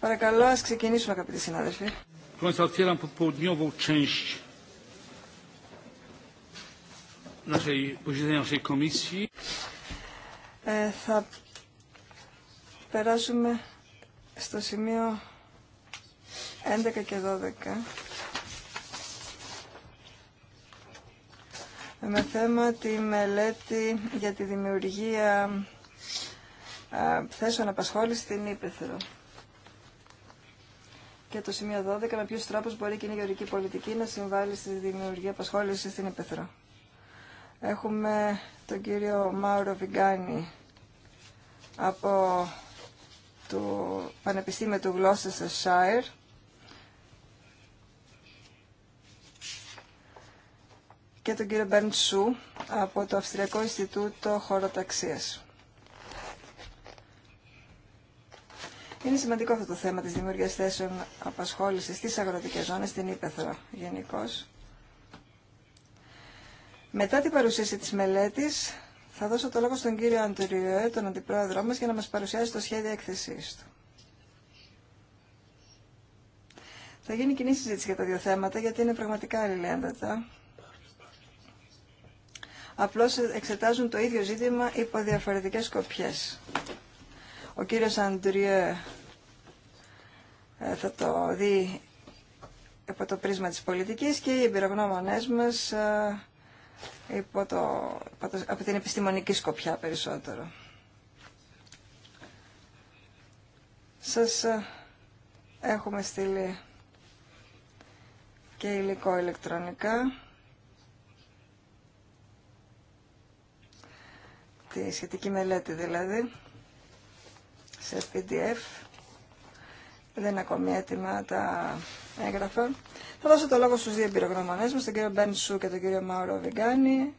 Παρακαλώ, ας ξεκινήσουμε, αγαπητοί συνάδελφοι. Ε, θα περάσουμε στο σημείο 11 και 12 με θέμα τη μελέτη για τη δημιουργία θέσεων απασχόληση στην Ήπεθρο. Και το σημείο 12, με ποιου τρόπου μπορεί και η γεωργική πολιτική να συμβάλλει στη δημιουργία απασχόληση στην Ήπεθρο. Έχουμε τον κύριο Μάουρο Βιγκάνη από το Πανεπιστήμιο του Σάιρ και τον κύριο Μπέρντ Σου από το Αυστριακό Ινστιτούτο Χωροταξίας. Είναι σημαντικό αυτό το θέμα της δημιουργίας θέσεων απασχόλησης στις αγροτικές ζώνες, στην Ήπεθρο γενικώ. Μετά την παρουσίαση της μελέτης, θα δώσω το λόγο στον κύριο Αντουριουέ, τον αντιπρόεδρό μας, για να μας παρουσιάσει το σχέδιο έκθεσής του. Θα γίνει κοινή συζήτηση για τα δύο θέματα, γιατί είναι πραγματικά αλληλέντατα. Απλώς εξετάζουν το ίδιο ζήτημα υπό διαφορετικές σκοπιές. Ο κύριος Αντουριέ ε, θα το δει υπό το πρίσμα της πολιτικής και οι εμπειρογνώμονές μας ε, το, από την επιστημονική σκοπιά περισσότερο. Σας ε, έχουμε στείλει και υλικό ηλεκτρονικά. Τη σχετική μελέτη δηλαδή σε PDF. Δεν είναι ακόμη έτοιμα τα έγγραφα. Θα δώσω το λόγο στους δύο εμπειρογνωμονές μας, τον κύριο Μπεν Σου και τον κύριο Μάουρο Βιγκάνη,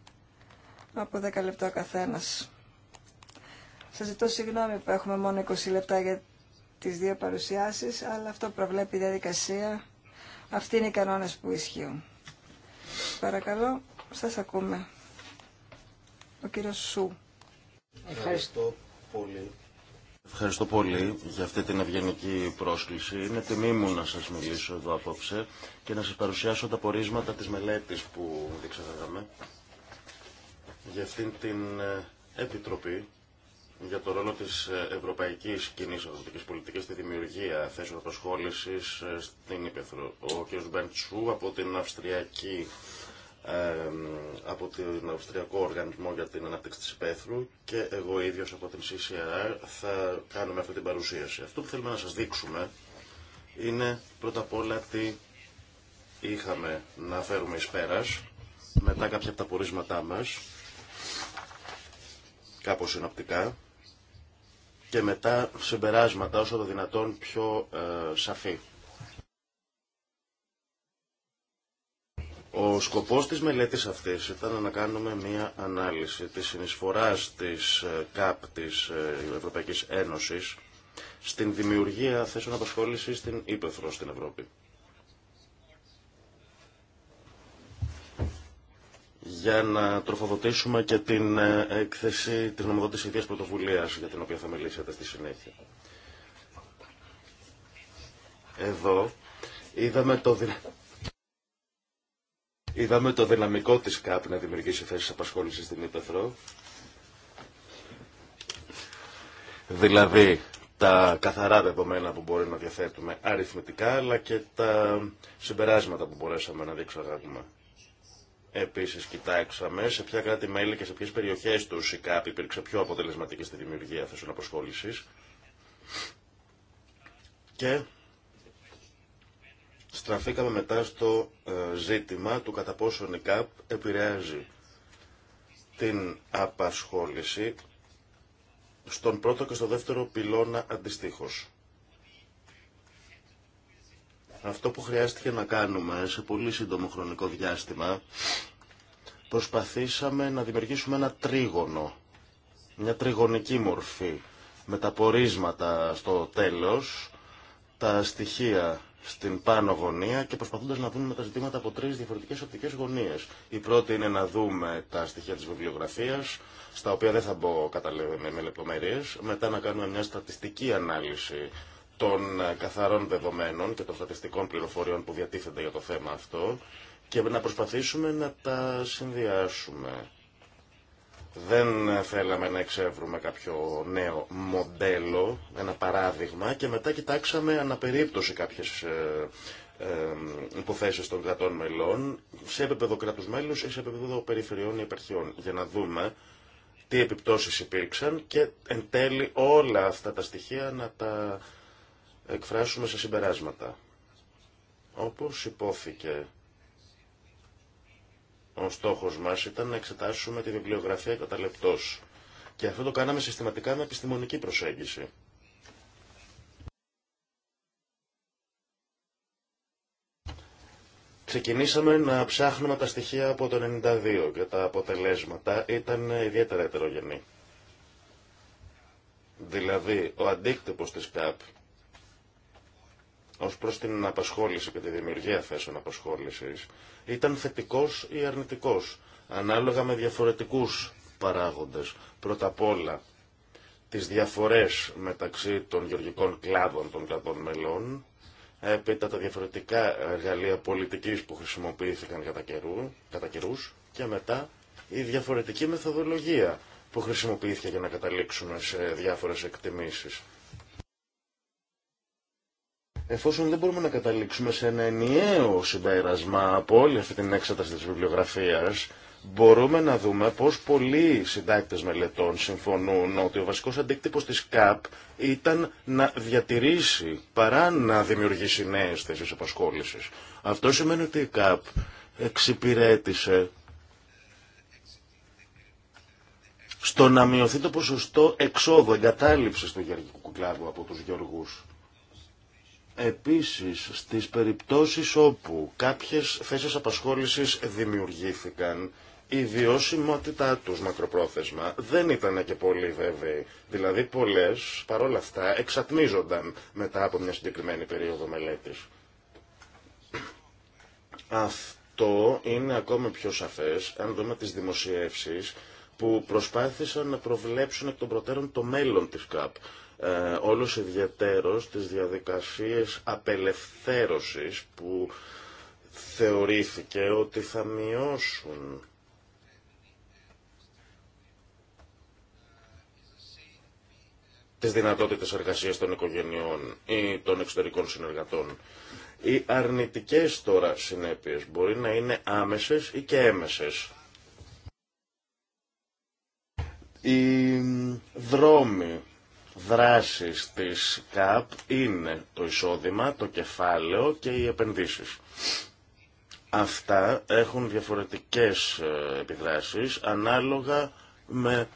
από 10 λεπτά ο καθένας. Σας ζητώ συγγνώμη που έχουμε μόνο 20 λεπτά για τις δύο παρουσιάσεις, αλλά αυτό προβλέπει η διαδικασία. Αυτοί είναι οι κανόνες που ισχύουν. Παρακαλώ, σας ακούμε. Ο κύριος Σου. Ευχαριστώ πολύ. Ευχαριστώ πολύ για αυτή την ευγενική πρόσκληση. Είναι τιμή μου να σας μιλήσω εδώ απόψε και να σας παρουσιάσω τα πορίσματα της μελέτης που διεξαγάγαμε για αυτήν την ε, Επιτροπή για το ρόλο της ε, Ευρωπαϊκής Κοινής Αγροτικής Πολιτικής στη δημιουργία θέσεων απασχόλησης ε, στην Ήπεθρο. Ο κ. Μπεντσού από την Αυστριακή από τον Αυστριακό Οργανισμό για την Ανάπτυξη της Υπέθρου και εγώ ίδιος από την CCR θα κάνουμε αυτή την παρουσίαση. Αυτό που θέλουμε να σας δείξουμε είναι πρώτα απ' όλα τι είχαμε να φέρουμε εις πέρας, μετά κάποια από τα πορίσματά μας, κάπως συνοπτικά, και μετά συμπεράσματα όσο το δυνατόν πιο ε, σαφή. Ο σκοπός της μελέτης αυτής ήταν να κάνουμε μία ανάλυση της συνεισφοράς της ε, ΚΑΠ της ε, Ευρωπαϊκής Ένωσης στην δημιουργία θέσεων απασχόλησης στην Ήπεθρο στην Ευρώπη. για να τροφοδοτήσουμε και την ε, έκθεση της νομοδότης ιδίας πρωτοβουλίας για την οποία θα μιλήσετε στη συνέχεια. Εδώ είδαμε το, Είδαμε το δυναμικό της ΚΑΠ να δημιουργήσει θέσεις απασχόλησης στην Ήπεθρο. Δηλαδή τα καθαρά δεδομένα που μπορεί να διαθέτουμε αριθμητικά, αλλά και τα συμπεράσματα που μπορέσαμε να διεξαγάγουμε. Επίσης κοιτάξαμε σε ποια κράτη-μέλη και σε ποιες περιοχές του η ΚΑΠ υπήρξε πιο αποτελεσματική στη δημιουργία θέσεων απασχόλησης. Και στραφήκαμε μετά στο ε, ζήτημα του κατά πόσο η ΚΑΠ επηρεάζει την απασχόληση στον πρώτο και στο δεύτερο πυλώνα αντιστοίχως. Αυτό που χρειάστηκε να κάνουμε σε πολύ σύντομο χρονικό διάστημα προσπαθήσαμε να δημιουργήσουμε ένα τρίγωνο, μια τριγωνική μορφή με τα πορίσματα στο τέλος, τα στοιχεία στην πάνω γωνία και προσπαθώντας να δούμε τα ζητήματα από τρεις διαφορετικές οπτικές γωνίες. Η πρώτη είναι να δούμε τα στοιχεία της βιβλιογραφίας, στα οποία δεν θα μπω καταλέμε με λεπτομέρειες, μετά να κάνουμε μια στατιστική ανάλυση των ε, καθαρών δεδομένων και των στατιστικών πληροφοριών που διατίθενται για το θέμα αυτό και να προσπαθήσουμε να τα συνδυάσουμε δεν θέλαμε να εξεύρουμε κάποιο νέο μοντέλο, ένα παράδειγμα και μετά κοιτάξαμε αναπερίπτωση κάποιες ε, ε, υποθέσεις των κρατών μελών σε επίπεδο κράτους μέλους ή σε επίπεδο περιφερειών ή επαρχιών για να δούμε τι επιπτώσεις υπήρξαν και εν τέλει όλα αυτά τα στοιχεία να τα εκφράσουμε σε συμπεράσματα. Όπως υπόθηκε ο στόχος μας ήταν να εξετάσουμε τη βιβλιογραφία κατά λεπτός. Και αυτό το κάναμε συστηματικά με επιστημονική προσέγγιση. Ξεκινήσαμε να ψάχνουμε τα στοιχεία από το 92 και τα αποτελέσματα ήταν ιδιαίτερα ετερογενή. Δηλαδή, ο αντίκτυπος της ΚΑΠ ω προ την απασχόληση και τη δημιουργία θέσεων απασχόληση ήταν θετικό ή αρνητικό, ανάλογα με διαφορετικού παράγοντε. Πρώτα απ' όλα, τι διαφορέ μεταξύ των γεωργικών κλάδων των κρατών μελών, έπειτα τα διαφορετικά εργαλεία πολιτικής που χρησιμοποιήθηκαν κατά, καιρού, κατά καιρούς και μετά η διαφορετική μεθοδολογία που χρησιμοποιηθηκαν κατα καιρου και μετα η διαφορετικη μεθοδολογια που χρησιμοποιηθηκε για να καταλήξουμε σε διάφορες εκτιμήσεις εφόσον δεν μπορούμε να καταλήξουμε σε ένα ενιαίο συμπέρασμα από όλη αυτή την έξαταση της βιβλιογραφίας, μπορούμε να δούμε πώς πολλοί συντάκτες μελετών συμφωνούν ότι ο βασικός αντίκτυπος της ΚΑΠ ήταν να διατηρήσει παρά να δημιουργήσει νέες θέσεις απασχόλησης. Αυτό σημαίνει ότι η ΚΑΠ εξυπηρέτησε στο να μειωθεί το ποσοστό εξόδου εγκατάλειψης του γεωργικού κλάδου από τους γεωργούς. Επίσης, στις περιπτώσεις όπου κάποιες θέσεις απασχόλησης δημιουργήθηκαν, η βιώσιμότητά τους μακροπρόθεσμα δεν ήταν και πολύ βέβαιη. Δηλαδή πολλές, παρόλα αυτά, εξατμίζονταν μετά από μια συγκεκριμένη περίοδο μελέτης. Αυτό είναι ακόμη πιο σαφές, αν δούμε τις δημοσιεύσεις, που προσπάθησαν να προβλέψουν εκ των προτέρων το μέλλον της ΚΑΠ ε, όλος ιδιαιτέρως τις διαδικασίες απελευθέρωσης που θεωρήθηκε ότι θα μειώσουν τις δυνατότητες εργασίας των οικογενειών ή των εξωτερικών συνεργατών. Οι αρνητικές τώρα συνέπειες μπορεί να είναι άμεσες ή και έμεσες. Οι δρόμοι δράσεις της ΚΑΠ είναι το εισόδημα, το κεφάλαιο και οι επενδύσεις. Αυτά έχουν διαφορετικές ε, επιδράσεις ανάλογα με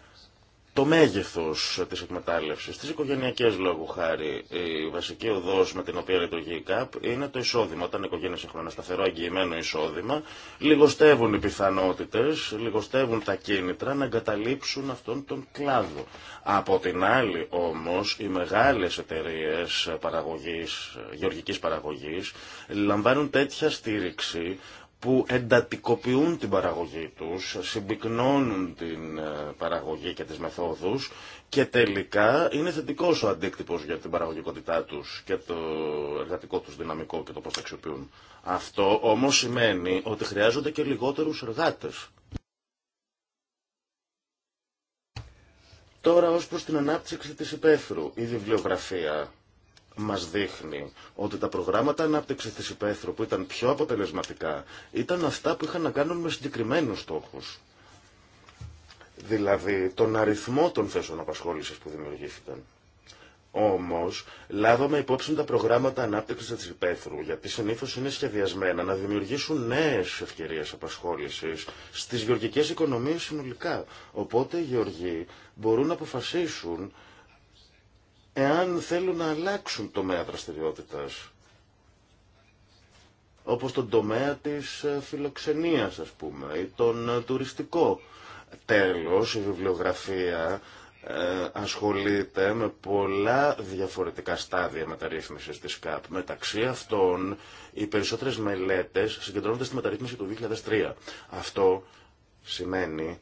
το μέγεθος της εκμετάλλευσης, της οικογενειακές λόγου χάρη. Η βασική οδός με την οποία λειτουργεί η ΚΑΠ είναι το εισόδημα. Όταν οι οικογένειες έχουν ένα σταθερό εγγυημένο εισόδημα, λιγοστεύουν οι πιθανότητες, λιγοστεύουν τα κίνητρα να εγκαταλείψουν αυτόν τον κλάδο. Από την άλλη όμως, οι μεγάλες εταιρείες παραγωγής, γεωργικής παραγωγής λαμβάνουν τέτοια στήριξη που εντατικοποιούν την παραγωγή τους, συμπυκνώνουν την ε, παραγωγή και τις μεθόδους και τελικά είναι θετικός ο αντίκτυπος για την παραγωγικότητά τους και το εργατικό τους δυναμικό και το πώς τα αξιοποιούν. Αυτό όμως σημαίνει ότι χρειάζονται και λιγότερους εργάτες. Τώρα ως προς την ανάπτυξη της υπαίθρου, η βιβλιογραφία μας δείχνει ότι τα προγράμματα ανάπτυξη της υπαίθρου που ήταν πιο αποτελεσματικά ήταν αυτά που είχαν να κάνουν με συγκεκριμένους στόχους. Δηλαδή τον αριθμό των θέσεων απασχόληση που δημιουργήθηκαν. Όμω, λάβαμε υπόψη τα προγράμματα ανάπτυξη τη υπαίθρου, γιατί συνήθω είναι σχεδιασμένα να δημιουργήσουν νέε ευκαιρίε απασχόληση στι γεωργικέ οικονομίε συνολικά. Οπότε οι γεωργοί μπορούν να αποφασίσουν εάν θέλουν να αλλάξουν τομέα δραστηριότητα. Όπως τον τομέα της ε, φιλοξενίας, ας πούμε, ή τον ε, τουριστικό. Τέλος, η βιβλιογραφία ε, ασχολείται με πολλά διαφορετικά στάδια μεταρρύθμισης της ΚΑΠ. Μεταξύ αυτών, οι περισσότερες μελέτες συγκεντρώνονται στη μεταρρύθμιση του 2003. Αυτό σημαίνει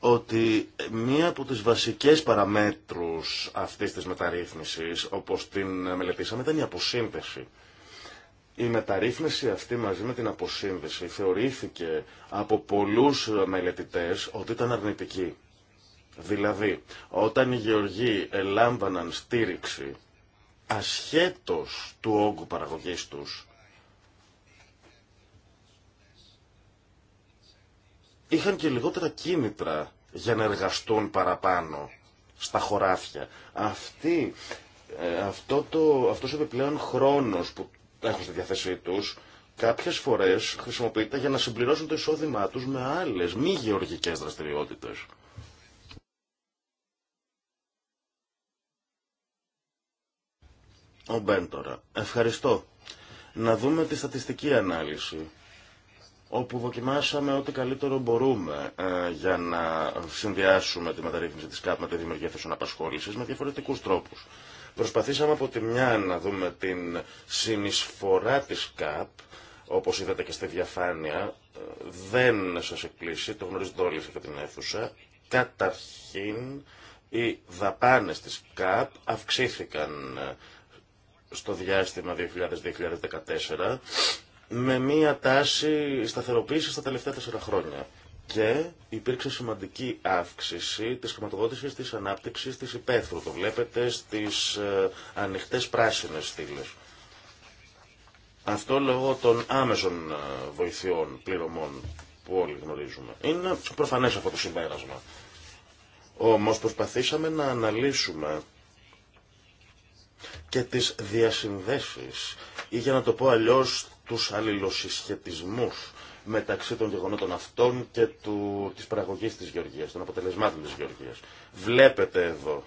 ότι μία από τις βασικές παραμέτρους αυτής της μεταρρύθμισης, όπως την μελετήσαμε, ήταν η αποσύνδεση. Η μεταρρύθμιση αυτή μαζί με την αποσύνδεση θεωρήθηκε από πολλούς μελετητές ότι ήταν αρνητική. Δηλαδή, όταν οι γεωργοί ελάμβαναν στήριξη ασχέτως του όγκου παραγωγής τους, είχαν και λιγότερα κίνητρα για να εργαστούν παραπάνω στα χωράφια. Αυτή, ε, αυτό το, αυτός ο επιπλέον χρόνος που έχουν στη διάθεσή τους κάποιες φορές χρησιμοποιείται για να συμπληρώσουν το εισόδημά τους με άλλες μη γεωργικές δραστηριότητες. Ο Μπέντορα. Ευχαριστώ. Να δούμε τη στατιστική ανάλυση όπου δοκιμάσαμε ό,τι καλύτερο μπορούμε ε, για να συνδυάσουμε τη μεταρρύθμιση της ΚΑΠ με τη δημιουργία θέσεων απασχόληση με διαφορετικούς τρόπους. Προσπαθήσαμε από τη μια να δούμε την συνεισφορά της ΚΑΠ, όπως είδατε και στη διαφάνεια, ε, δεν σας εκπλήσει, το γνωρίζετε όλοι σε αυτή την αίθουσα. Καταρχήν, οι δαπάνες τη ΚΑΠ αυξήθηκαν ε, στο διάστημα 2000-2014 με μία τάση σταθεροποίησης τα τελευταία τέσσερα χρόνια. Και υπήρξε σημαντική αύξηση της χρηματοδότησης της ανάπτυξης της υπαίθρου. Το βλέπετε στις ε, ανοιχτές πράσινες στήλες. Αυτό λόγω των άμεσων ε, βοηθειών πληρωμών που όλοι γνωρίζουμε. Είναι προφανές αυτό το συμπέρασμα. Όμως προσπαθήσαμε να αναλύσουμε και τις διασυνδέσεις ή για να το πω αλλιώς τους αλληλοσυσχετισμούς μεταξύ των γεγονότων αυτών και του, της παραγωγής της Γεωργίας, των αποτελεσμάτων της Γεωργίας. Βλέπετε εδώ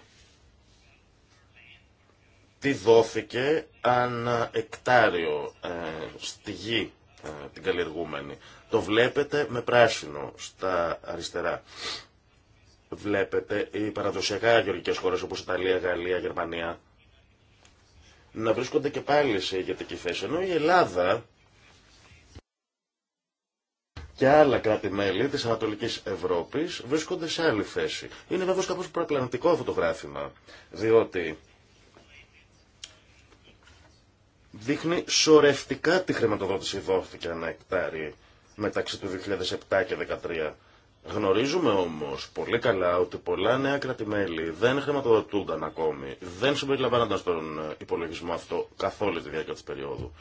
τι δόθηκε αν ε, εκτάριο ε, στη γη ε, την καλλιεργούμενη. Το βλέπετε με πράσινο στα αριστερά. Βλέπετε οι παραδοσιακά γεωργικές χώρες όπως Ιταλία, Γαλλία, Γερμανία να βρίσκονται και πάλι σε ηγετική θέση. Ενώ η Ελλάδα και άλλα κράτη-μέλη της Ανατολικής Ευρώπης βρίσκονται σε άλλη θέση. Είναι βέβαιος κάπως προεκλανητικό αυτό το γράφημα, διότι δείχνει σωρευτικά τι χρηματοδότηση δόθηκε ένα εκτάρι μεταξύ του 2007 και 2013. Γνωρίζουμε όμως πολύ καλά ότι πολλά νέα κράτη-μέλη δεν χρηματοδοτούνταν ακόμη, δεν συμπεριλαμβάνονταν στον υπολογισμό αυτό καθ' όλη τη διάρκεια της περίοδου.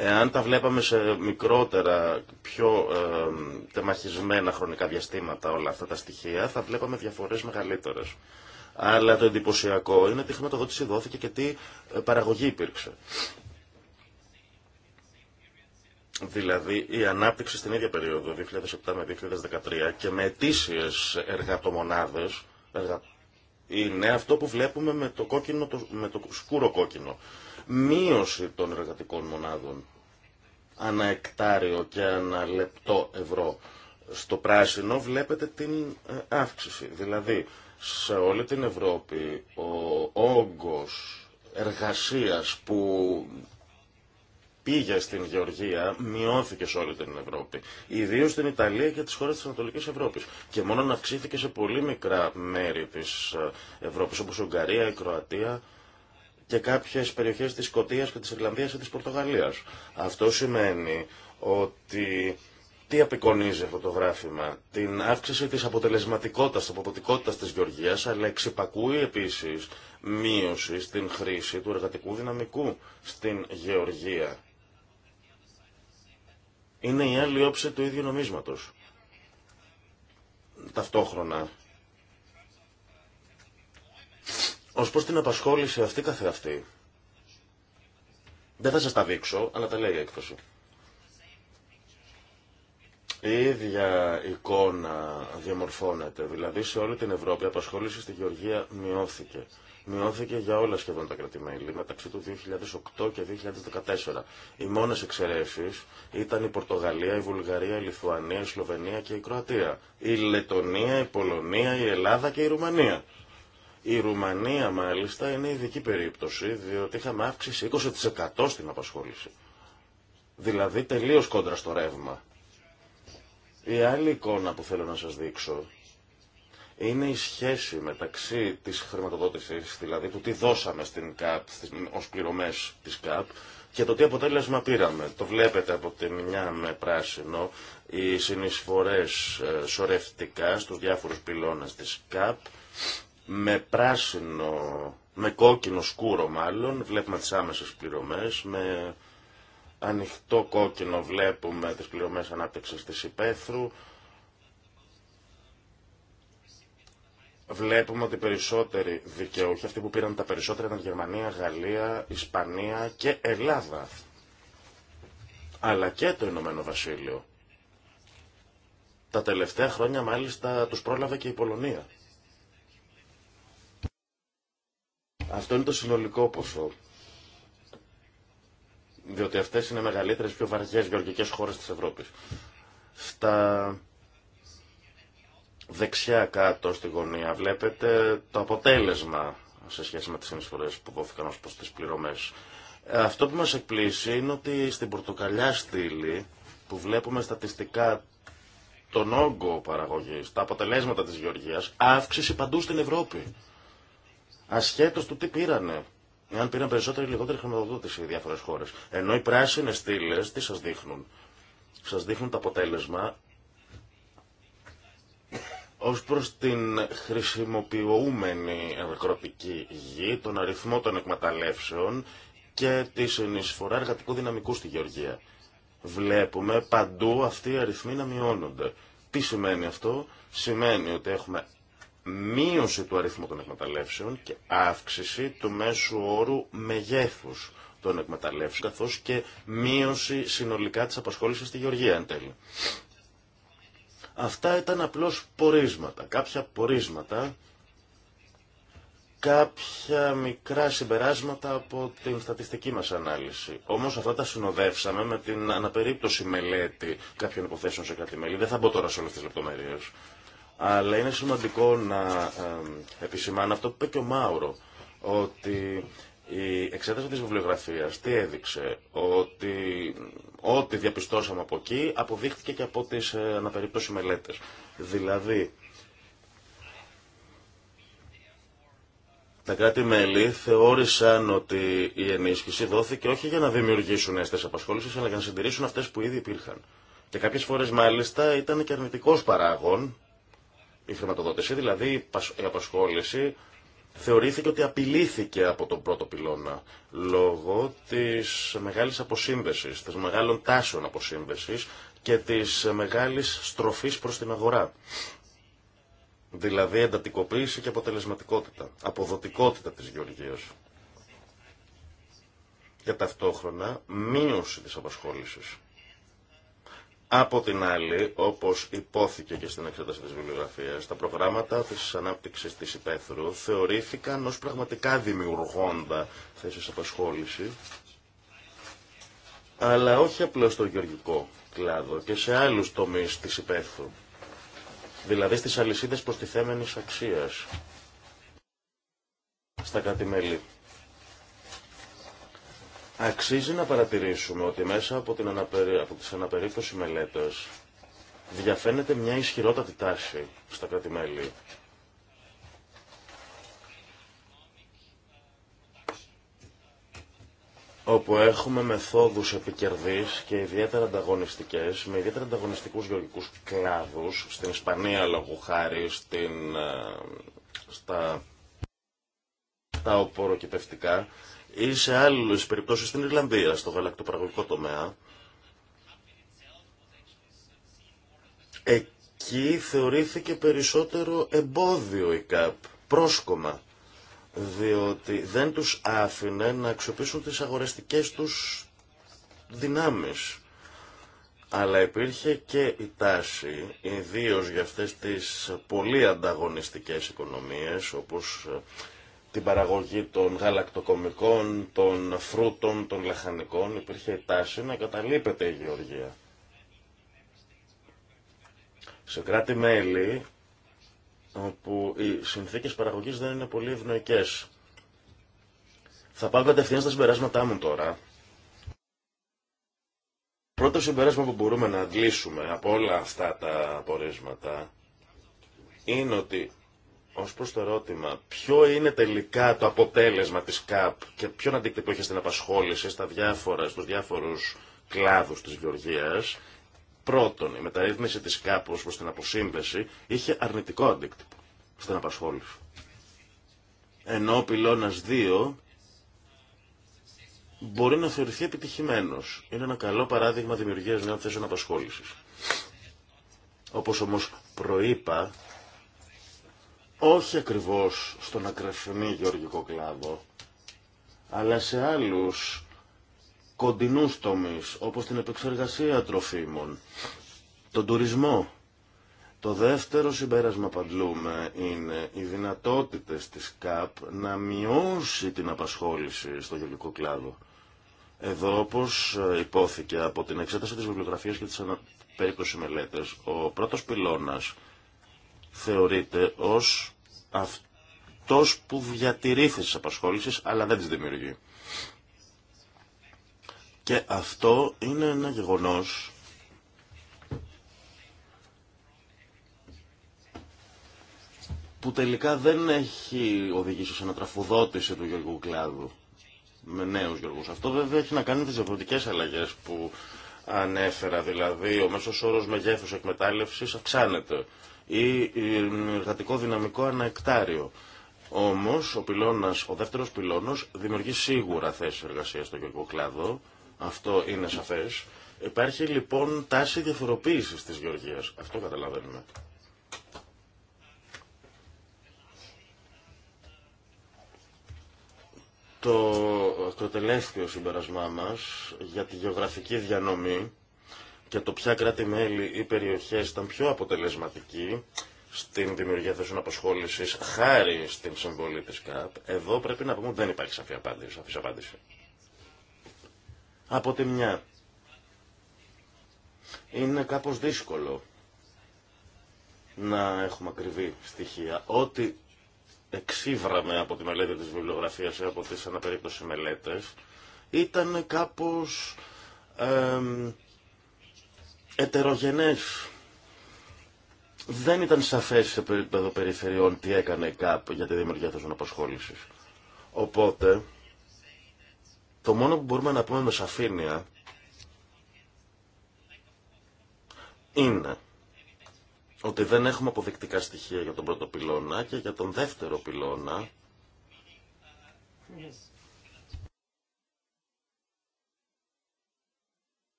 Εάν τα βλέπαμε σε μικρότερα, πιο τεμαχισμένα χρονικά διαστήματα όλα αυτά τα στοιχεία, θα βλέπαμε διαφορές μεγαλύτερες. Αλλά το εντυπωσιακό είναι τι χρηματοδότηση δόθηκε και τι ε, παραγωγή υπήρξε. Δηλαδή η ανάπτυξη στην ίδια περίοδο, 2007 με 2013, και με αιτήσιες εργατομονάδες, εργα... είναι αυτό που βλέπουμε με το, κόκκινο, το... με το σκούρο κόκκινο μείωση των εργατικών μονάδων ανά εκτάριο και ανά λεπτό ευρώ. Στο πράσινο βλέπετε την ε, αύξηση. Δηλαδή, σε όλη την Ευρώπη ο όγκος εργασίας που πήγε στην Γεωργία μειώθηκε σε όλη την Ευρώπη. Ιδίω στην Ιταλία και τις χώρες της Ανατολικής Ευρώπης. Και μόνο να αυξήθηκε σε πολύ μικρά μέρη της ε, Ευρώπης όπως η Ουγγαρία, η Κροατία, και κάποιες περιοχές της Σκοτίας και της Ιρλανδία και άλλη της αποτελεσματικοτητας τη αποδοτικότητα της γεωργιας αλλα εξυπακουει επισης μειωση στην χρηση του ίδιου νομίσματος. Ταυτόχρονα Ως πώς την απασχόληση αυτή καθεαυτή, δεν θα σας τα δείξω, αλλά τα λέει η έκφραση. Η ίδια εικόνα διαμορφώνεται, δηλαδή σε όλη την Ευρώπη η απασχόληση στη Γεωργία μειώθηκε. Μειώθηκε για όλα σχεδόν τα κρατημέλη μεταξύ του 2008 και 2014. Οι μόνες εξαιρέσεις ήταν η Πορτογαλία, η Βουλγαρία, η Λιθουανία, η Σλοβενία και η Κροατία. Η Λετωνία, η Πολωνία, η Ελλάδα και η Ρουμανία. Η Ρουμανία μάλιστα είναι ειδική περίπτωση, διότι είχαμε αύξηση 20% στην απασχόληση. Δηλαδή τελείως κόντρα στο ρεύμα. Η άλλη εικόνα που θέλω να σας δείξω είναι η σχέση μεταξύ της χρηματοδότησης, δηλαδή του τι δώσαμε στην ΚΑΠ, ως πληρωμές της ΚΑΠ, και το τι αποτέλεσμα πήραμε. Το βλέπετε από τη μια με πράσινο, οι συνεισφορές ε, σωρευτικά στους διάφορους πυλώνες της ΚΑΠ με πράσινο, με κόκκινο σκούρο μάλλον, βλέπουμε τις άμεσες πληρωμές, με ανοιχτό κόκκινο βλέπουμε τις πληρωμές ανάπτυξης της υπαίθρου, Βλέπουμε ότι περισσότεροι δικαιούχοι, αυτοί που πήραν τα περισσότερα ήταν Γερμανία, Γαλλία, Ισπανία και Ελλάδα. Αλλά και το Ηνωμένο Βασίλειο. Τα τελευταία χρόνια μάλιστα τους πρόλαβε και η Πολωνία. Αυτό είναι το συνολικό ποσό. Διότι αυτές είναι μεγαλύτερες, πιο βαριές γεωργικές χώρες της Ευρώπης. Στα δεξιά κάτω στη γωνία βλέπετε το αποτέλεσμα σε σχέση με τις συνεισφορές που δόθηκαν ως προς τις πληρωμές. Αυτό που μας εκπλήσει είναι ότι στην πορτοκαλιά στήλη που βλέπουμε στατιστικά τον όγκο παραγωγής, τα αποτελέσματα της γεωργίας, αύξηση παντού στην Ευρώπη ασχέτως του τι πήρανε. Εάν πήραν περισσότερη ή λιγότερη χρηματοδότηση οι διάφορε χώρε. Ενώ οι πράσινε στήλε τι σα δείχνουν. Σα δείχνουν το αποτέλεσμα ω προ την χρησιμοποιούμενη ευρωκροτική γη, τον αριθμό των εκμεταλλεύσεων και τη συνεισφορά εργατικού δυναμικού στη Γεωργία. Βλέπουμε παντού αυτοί οι αριθμοί να μειώνονται. Τι σημαίνει αυτό, σημαίνει ότι έχουμε μείωση του αριθμού των εκμεταλλεύσεων και αύξηση του μέσου όρου μεγέθους των εκμεταλλεύσεων, καθώς και μείωση συνολικά της απασχόλησης στη Γεωργία εν τέλει. Αυτά ήταν απλώς πορίσματα, κάποια πορίσματα, κάποια μικρά συμπεράσματα από την στατιστική μας ανάλυση. Όμως αυτά τα συνοδεύσαμε με την αναπερίπτωση μελέτη κάποιων υποθέσεων σε κάτι μέλη. Δεν θα μπω τώρα σε όλες τις λεπτομέρειες. Αλλά είναι σημαντικό να επισημάνω αυτό που είπε και ο Μάουρο, ότι η εξέταση της βιβλιογραφίας τι έδειξε, ότι ό,τι διαπιστώσαμε από εκεί αποδείχθηκε και από τις ε, αναπερίπτωση μελέτες. Δηλαδή, Τα κράτη-μέλη θεώρησαν ότι η ενίσχυση δόθηκε όχι για να δημιουργήσουν νέε απασχόλησης αλλά για να συντηρήσουν αυτές που ήδη υπήρχαν. Και κάποιες φορές, μάλιστα ήταν και αρνητικός παράγων η χρηματοδότηση, δηλαδή η απασχόληση, θεωρήθηκε ότι απειλήθηκε από τον πρώτο πυλώνα λόγω της μεγάλης αποσύνδεση, της μεγάλων τάσεων αποσύνδεση και της μεγάλης στροφής προς την αγορά. Δηλαδή εντατικοποίηση και αποτελεσματικότητα, αποδοτικότητα της γεωργίας. Και ταυτόχρονα μείωση της απασχόλησης. Από την άλλη, όπως υπόθηκε και στην εξέταση της βιβλιογραφίας, τα προγράμματα της ανάπτυξης της υπαίθρου θεωρήθηκαν ως πραγματικά δημιουργώντα θέσεις απασχόληση, αλλά όχι απλώς στο γεωργικό κλάδο και σε άλλους τομείς της υπαίθρου, δηλαδή στις αλυσίδες προστιθέμενης αξίας στα κάτι μέλη. Αξίζει να παρατηρήσουμε ότι μέσα από, την αναπερί... από τις αναπερίπτωση μελέτες διαφαίνεται μια ισχυρότατη τάση στα κράτη-μέλη. όπου έχουμε μεθόδους επικερδής και ιδιαίτερα ανταγωνιστικές, με ιδιαίτερα ανταγωνιστικούς γεωργικούς κλάδους, στην Ισπανία λόγω χάρη, στην, ε, στα, στα ή σε άλλες περιπτώσεις στην Ιρλανδία, στο γαλακτοπαραγωγικό τομέα, εκεί θεωρήθηκε περισσότερο εμπόδιο η ΚΑΠ, πρόσκομα, διότι δεν τους άφηνε να αξιοποιήσουν τις αγορεστικές τους δυνάμεις. Αλλά υπήρχε και η τάση, ιδίω για αυτές τις πολύ ανταγωνιστικές οικονομίες, όπως ε, την παραγωγή των γαλακτοκομικών, των φρούτων, των λαχανικών υπήρχε η τάση να καταλείπεται η γεωργία. Σε κράτη-μέλη όπου οι συνθήκες παραγωγής δεν είναι πολύ ευνοϊκές. Θα πάω κατευθείαν στα συμπεράσματά μου τώρα. Πρώτο συμπεράσμα που μπορούμε να αντλήσουμε από όλα αυτά τα απορίσματα είναι ότι ως προς το ερώτημα, ποιο είναι τελικά το αποτέλεσμα της ΚΑΠ και ποιον αντίκτυπο είχε στην απασχόληση στα διάφορα, στους διάφορους κλάδους της γεωργίας, πρώτον, η μεταρρύθμιση της ΚΑΠ ως προς την αποσύνδεση είχε αρνητικό αντίκτυπο στην απασχόληση. Ενώ ο πυλώνας 2 μπορεί να θεωρηθεί επιτυχημένος. Είναι ένα καλό παράδειγμα δημιουργίας νέων θέσεων απασχόλησης. Όπως όμως προείπα, όχι ακριβώς στον ακρεφνή γεωργικό κλάδο, αλλά σε άλλους κοντινούς τομείς, όπως την επεξεργασία τροφίμων, τον τουρισμό. Το δεύτερο συμπέρασμα παντλούμε είναι οι δυνατότητες της ΚΑΠ να μειώσει την απασχόληση στο γεωργικό κλάδο. Εδώ, όπως υπόθηκε από την εξέταση της βιβλιογραφίας και της περίπτωση μελέτες, ο πρώτος πυλώνας θεωρείται ως αυτός που διατηρεί θέσεις απασχόλησης αλλά δεν τις δημιουργεί. Και αυτό είναι ένα γεγονός που τελικά δεν έχει οδηγήσει σε ανατραφοδότηση του Γιώργου κλάδου με νέους γεωργούς. Αυτό βέβαια έχει να κάνει με τις διαφορετικές αλλαγές που ανέφερα, δηλαδή ο μέσος όρος μεγέθους εκμετάλλευσης αυξάνεται ή εργατικό δυναμικό ανά εκτάριο. Όμως ο, πυλώνας, ο δεύτερος πυλώνος δημιουργεί σίγουρα θέσεις εργασίας στο γεωργικό κλάδο, αυτό είναι σαφές. Υπάρχει λοιπόν τάση διαφοροποίησης της γεωργίας, αυτό καταλαβαίνουμε. Το, το τελευταίο συμπερασμά μας για τη γεωγραφική διανομή και το ποια κράτη-μέλη ή περιοχές ήταν πιο αποτελεσματικοί στην δημιουργία θέσεων απασχόληση χάρη στην συμβολή τη ΚΑΠ, εδώ πρέπει να πούμε ότι δεν υπάρχει σαφή απάντηση. Από τη μια, είναι κάπως δύσκολο να έχουμε ακριβή στοιχεία. Ό,τι εξήβραμε από τη μελέτη της βιβλιογραφίας ή από τις αναπερίπτωση μελέτες ήταν κάπως ετερογενές. Δεν ήταν σαφές σε επίπεδο περιφερειών τι έκανε η ΚΑΠ για τη δημιουργία θέσεων απασχόληση. Οπότε, το μόνο που μπορούμε να πούμε με σαφήνεια είναι ότι δεν έχουμε αποδεικτικά στοιχεία για τον πρώτο πυλώνα και για τον δεύτερο πυλώνα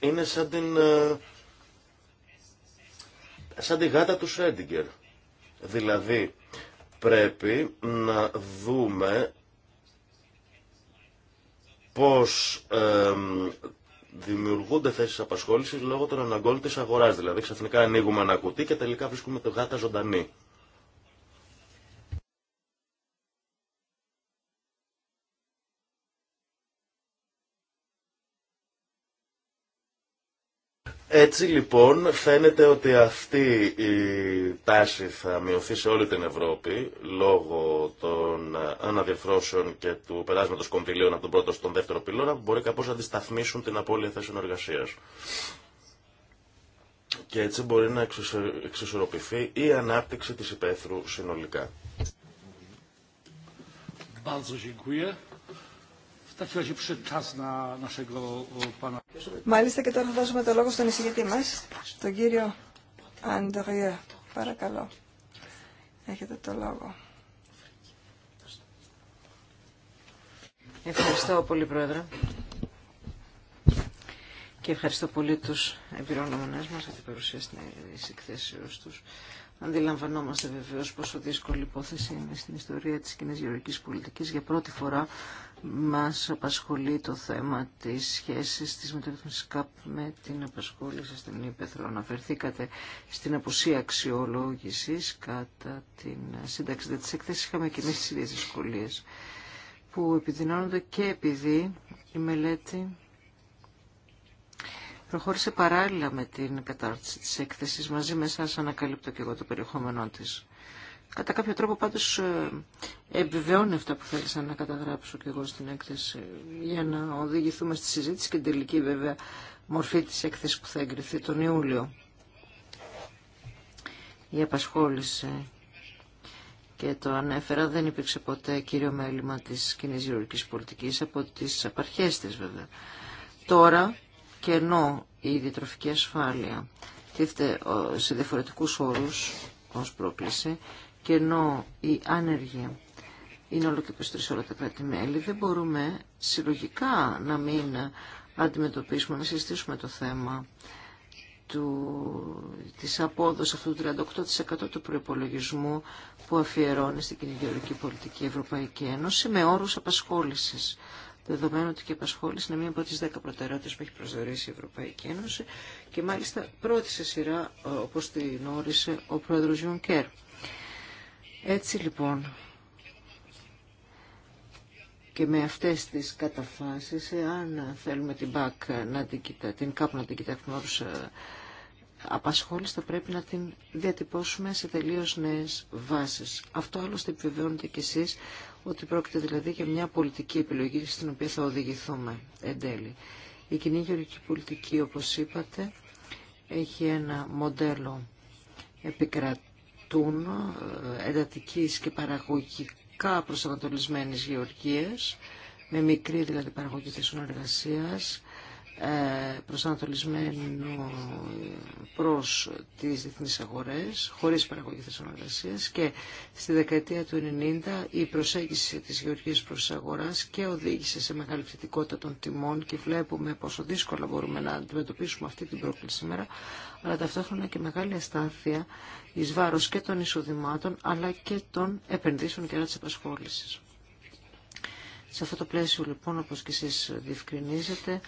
είναι σαν την ε, σαν τη γάτα του Σέντιγκερ. Δηλαδή, πρέπει να δούμε πώς δημιουργούνται θέσεις απασχόλησης λόγω των αναγκών της αγοράς. Δηλαδή, ξαφνικά ανοίγουμε ένα κουτί και τελικά βρίσκουμε το γάτα ζωντανή. Έτσι λοιπόν φαίνεται ότι αυτή η τάση θα μειωθεί σε όλη την Ευρώπη λόγω των αναδιαφρώσεων και του περάσματος κονδυλίων από τον πρώτο στον δεύτερο πυλώνα που μπορεί κάπως να αντισταθμίσουν την απώλεια θέσεων εργασία. Και έτσι μπορεί να εξισορροπηθεί η ανάπτυξη της υπαίθρου συνολικά. Μάλιστα και τώρα θα δώσουμε το λόγο στον εισηγητή μα τον κύριο Αντρέα. Παρακαλώ. Έχετε το λόγο. Ευχαριστώ πολύ, Πρόεδρε. Και ευχαριστώ πολύ τους εμπειρογνωμονές μας για την παρουσία στην εκθέσεις τους. Αντιλαμβανόμαστε βεβαίως πόσο δύσκολη υπόθεση είναι στην ιστορία της κοινής γεωργικής πολιτικής. Για πρώτη φορά μας απασχολεί το θέμα της σχέσης της μεταρρύθμισης ΚΑΠ με την απασχόληση στην Ήπεθρο. Αναφερθήκατε στην απουσία αξιολόγησης κατά την σύνταξη της εκθέσης. Είχαμε και εμείς τις ίδιες δυσκολίες που επιδεινώνονται και επειδή η μελέτη προχώρησε παράλληλα με την κατάρτιση της έκθεσης. Μαζί με εσάς ανακαλύπτω και εγώ το περιεχόμενό της. Κατά κάποιο τρόπο πάντως ε, επιβεβαιώνει αυτά που θέλησα να καταγράψω και εγώ στην έκθεση για να οδηγηθούμε στη συζήτηση και την τελική βέβαια μορφή της έκθεσης που θα εγκριθεί τον Ιούλιο. Η απασχόληση και το ανέφερα δεν υπήρξε ποτέ κύριο μέλημα της κοινή γεωργικής πολιτικής από τις απαρχές της βέβαια. Τώρα και ενώ η διατροφική ασφάλεια τίθεται ε, σε διαφορετικούς όρους ως πρόκληση και ενώ η άνεργη είναι όλο και σε όλα τα κράτη-μέλη, δεν μπορούμε συλλογικά να μην αντιμετωπίσουμε, να συζητήσουμε το θέμα του, της απόδοσης αυτού του 38% του προϋπολογισμού που αφιερώνει στην κυνηγεωρική πολιτική Ευρωπαϊκή Ένωση με όρους απασχόλησης. Δεδομένου ότι και η απασχόληση είναι μία από τις 10 προτεραιότητες που έχει προσδιορίσει η Ευρωπαϊκή Ένωση και μάλιστα πρώτη σε σειρά ε, όπως την όρισε ο πρόεδρος Γιουνκέρ. Έτσι λοιπόν και με αυτές τις καταφάσεις, εάν θέλουμε την ΠΑΚ να την, κοιτά, την ΚΑΠ να την κοιτάξουμε όρους ε, θα πρέπει να την διατυπώσουμε σε τελείως νέες βάσεις. Αυτό άλλωστε επιβεβαιώνετε κι εσείς ότι πρόκειται δηλαδή για μια πολιτική επιλογή στην οποία θα οδηγηθούμε εν τέλει. Η κοινή γεωργική πολιτική, όπως είπατε, έχει ένα μοντέλο επικρατή απαιτούν ε, εντατικής και παραγωγικά προσανατολισμένης γεωργίας, με μικρή δηλαδή παραγωγή θέσεων εργασίας, ε, προσανατολισμένο προς τις διεθνείς αγορές, χωρίς παραγωγή θέσεων και στη δεκαετία του 90 η προσέγγιση της γεωργίας προς τις αγοράς και οδήγησε σε μεγάλη φυτικότητα των τιμών και βλέπουμε πόσο δύσκολα μπορούμε να αντιμετωπίσουμε αυτή την πρόκληση σήμερα, αλλά ταυτόχρονα και μεγάλη αστάθεια ει βάρο και των εισοδημάτων, αλλά και των επενδύσεων και τη επασχόληση. Σε αυτό το πλαίσιο, λοιπόν, όπω και εσεί διευκρινίζετε,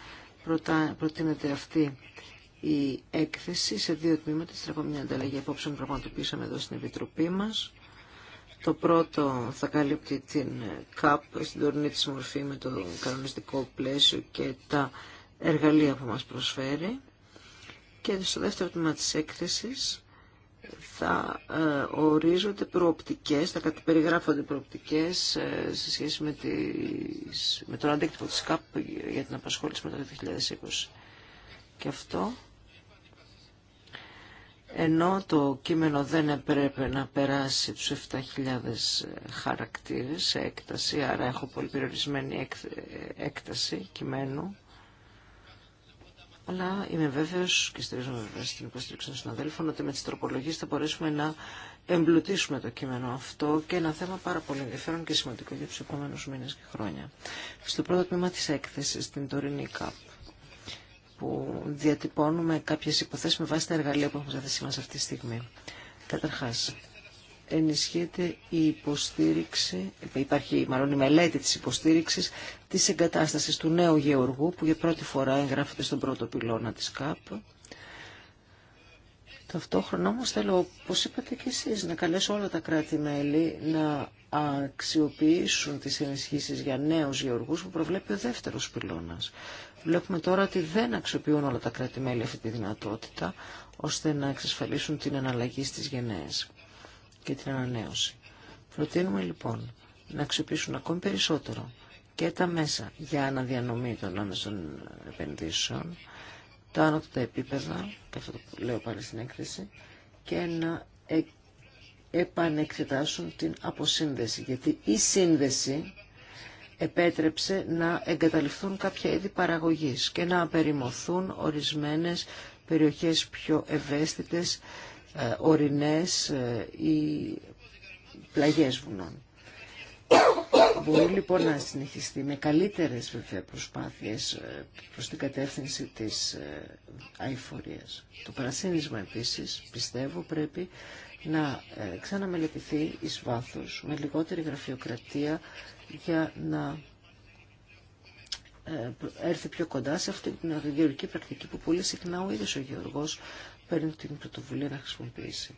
προτείνεται αυτή η έκθεση σε δύο τμήματα. Στην μια ανταλλαγή απόψεων πραγματοποιήσαμε εδώ στην Επιτροπή μα. Το πρώτο θα καλύπτει την ΚΑΠ στην τωρινή της μορφή με το κανονιστικό πλαίσιο και τα εργαλεία που μας προσφέρει. Και στο δεύτερο τμήμα της έκθεσης θα ε, ορίζονται προοπτικές, θα περιγράφονται προοπτικές ε, σε σχέση με, τις, με τον αντίκτυπο της ΚΑΠ για την απασχόληση μετά το 2020. Και αυτό ενώ το κείμενο δεν έπρεπε να περάσει τους 7.000 ε, χαρακτήρες σε έκταση, άρα έχω πολύ περιορισμένη έκταση κειμένου, αλλά είμαι βέβαιος και στηρίζομαι βέβαια στην υποστήριξη των συναδέλφων ότι με τι τροπολογίε θα μπορέσουμε να εμπλουτίσουμε το κείμενο αυτό και ένα θέμα πάρα πολύ ενδιαφέρον και σημαντικό για του επόμενου μήνες και χρόνια. Στο πρώτο τμήμα τη έκθεσης, την τωρινή ΚΑΠ, που διατυπώνουμε κάποιες υποθέσει με βάση τα εργαλεία που έχουμε ζητήσει θέση αυτή τη στιγμή. Καταρχά, ενισχύεται η υποστήριξη, υπάρχει μάλλον η μελέτη της υποστήριξης της εγκατάστασης του νέου γεωργού που για πρώτη φορά εγγράφεται στον πρώτο πυλώνα της ΚΑΠ. Ταυτόχρονα όμως θέλω, όπως είπατε και εσείς, να καλέσω όλα τα κράτη-μέλη να αξιοποιήσουν τις ενισχύσεις για νέους γεωργούς που προβλέπει ο δεύτερος πυλώνας. Βλέπουμε τώρα ότι δεν αξιοποιούν όλα τα κράτη-μέλη αυτή τη δυνατότητα, ώστε να εξασφαλίσουν την αναλλαγή στις γενναίες και την ανανέωση. Προτείνουμε λοιπόν να αξιοποιήσουν ακόμη περισσότερο και τα μέσα για αναδιανομή των άμεσων επενδύσεων, τα άνωτα επίπεδα, και αυτό το λέω πάλι στην έκθεση, και να ε, επανεξετάσουν την αποσύνδεση. Γιατί η σύνδεση επέτρεψε να εγκαταλειφθούν κάποια είδη παραγωγής και να απεριμωθούν ορισμένες περιοχές πιο ευαίσθητες ε, ορεινές ε, ή πλαγιές βουνών. Μπορεί λοιπόν να συνεχιστεί με καλύτερες βέβαια προσπάθειες ε, προς την κατεύθυνση της αηφορίας. Το παρασύνισμα επίσης πιστεύω πρέπει να ξαναμελετηθεί εις βάθος με λιγότερη γραφειοκρατία για να έρθει πιο κοντά σε αυτή την γεωργική πρακτική που πολύ συχνά ο ίδιος ο Γεωργός παίρνει την πρωτοβουλία να χρησιμοποιήσει.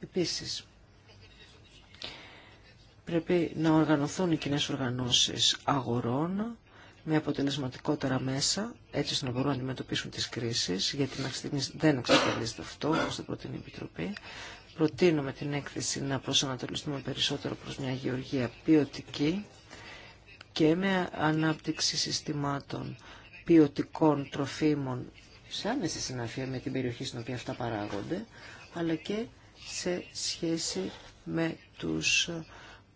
Επίσης, πρέπει να οργανωθούν οι κοινέ οργανώσεις αγορών με αποτελεσματικότερα μέσα, έτσι ώστε να μπορούν να αντιμετωπίσουν τις κρίσεις, γιατί να στιγμής δεν εξασφαλίζεται αυτό, όπως το προτείνει η Επιτροπή. Προτείνουμε την έκθεση να προσανατολιστούμε περισσότερο προς μια γεωργία ποιοτική και με ανάπτυξη συστημάτων ποιοτικών τροφίμων σε άμεση συναφία με την περιοχή στην οποία αυτά παράγονται, αλλά και σε σχέση με τους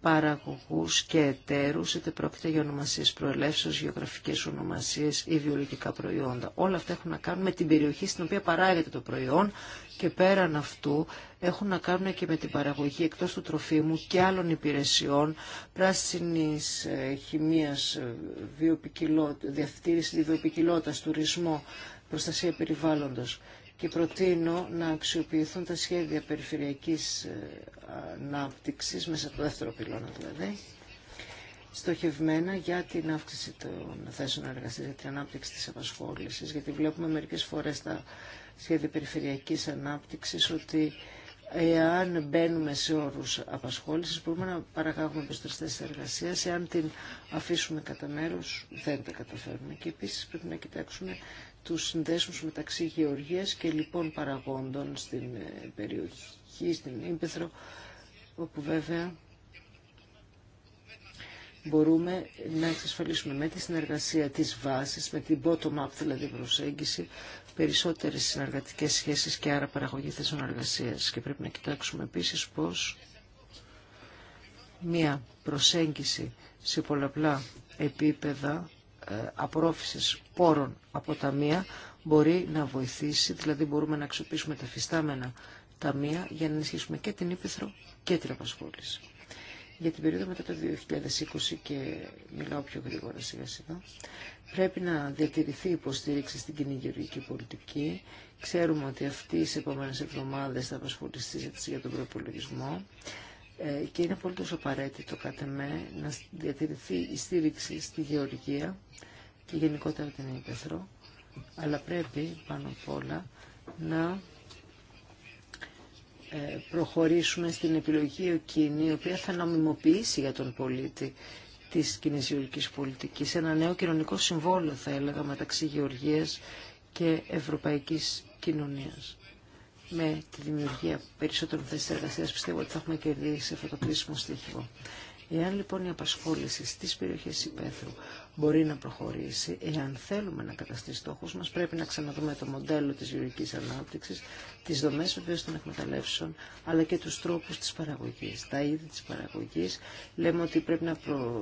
παραγωγούς και εταίρους, είτε πρόκειται για ονομασίες προελεύσεως, γεωγραφικές ονομασίες ή βιολογικά προϊόντα. Όλα αυτά έχουν να κάνουν με την περιοχή στην οποία παράγεται το προϊόν και πέραν αυτού έχουν να κάνουν και με την παραγωγή εκτός του τροφίμου και άλλων υπηρεσιών, πράσινης ε, χημίας, ε, διαφτήρηση βιοπικιλότητα, τουρισμό, προστασία περιβάλλοντος και προτείνω να αξιοποιηθούν τα σχέδια περιφερειακής ε, ανάπτυξης, μέσα από το δεύτερο πυλώνα δηλαδή, στοχευμένα για την αύξηση των θέσεων εργασίας, για την ανάπτυξη της απασχόλησης, γιατί βλέπουμε μερικές φορές τα σχέδια περιφερειακής ανάπτυξης ότι εάν μπαίνουμε σε όρους απασχόλησης μπορούμε να παραγάγουμε προς τις εργασίας, εάν την αφήσουμε κατά μέρος δεν τα καταφέρουμε. Και επίσης πρέπει να κοιτάξουμε τους συνδέσμους μεταξύ γεωργίας και λοιπόν παραγόντων στην ε, περιοχή, στην Ήμπεθρο, όπου βέβαια μπορούμε να εξασφαλίσουμε με τη συνεργασία της βάσης, με την bottom-up δηλαδή προσέγγιση, περισσότερες συνεργατικές σχέσεις και άρα παραγωγή θέσεων εργασίας. Και πρέπει να κοιτάξουμε επίσης πώς μία προσέγγιση σε πολλαπλά επίπεδα ε, απορρόφησης πόρων από ταμεία μπορεί να βοηθήσει, δηλαδή μπορούμε να αξιοποιήσουμε τα φυστάμενα ταμεία για να ενισχύσουμε και την ύπεθρο και την απασχόληση. Για την περίοδο μετά το 2020 και μιλάω πιο γρήγορα σιγά σιγά, πρέπει να διατηρηθεί υποστήριξη στην κοινή γεωργική πολιτική. Ξέρουμε ότι αυτή τις επόμενες εβδομάδες θα απασχοληθεί για τον προπολογισμό. Ε, και είναι πολύ τόσο απαραίτητο κατά με να διατηρηθεί η στήριξη στη γεωργία και γενικότερα την Ήπεθρο, αλλά πρέπει πάνω απ' όλα να ε, προχωρήσουμε στην επιλογή εκείνη, η οποία θα νομιμοποιήσει για τον πολίτη της κοινής πολιτικής, ένα νέο κοινωνικό συμβόλαιο θα έλεγα μεταξύ γεωργίας και ευρωπαϊκής κοινωνίας με τη δημιουργία περισσότερων θέσεων εργασία πιστεύω ότι θα έχουμε κερδίσει αυτό το κρίσιμο στοίχημα. Εάν λοιπόν η απασχόληση στις περιοχές υπαίθρου μπορεί να προχωρήσει, εάν θέλουμε να καταστεί στόχους μας, πρέπει να ξαναδούμε το μοντέλο της γεωργικής ανάπτυξης, τις δομές βεβαίως των εκμεταλλεύσεων, αλλά και τους τρόπους της παραγωγής, τα είδη της παραγωγής. Λέμε ότι πρέπει να,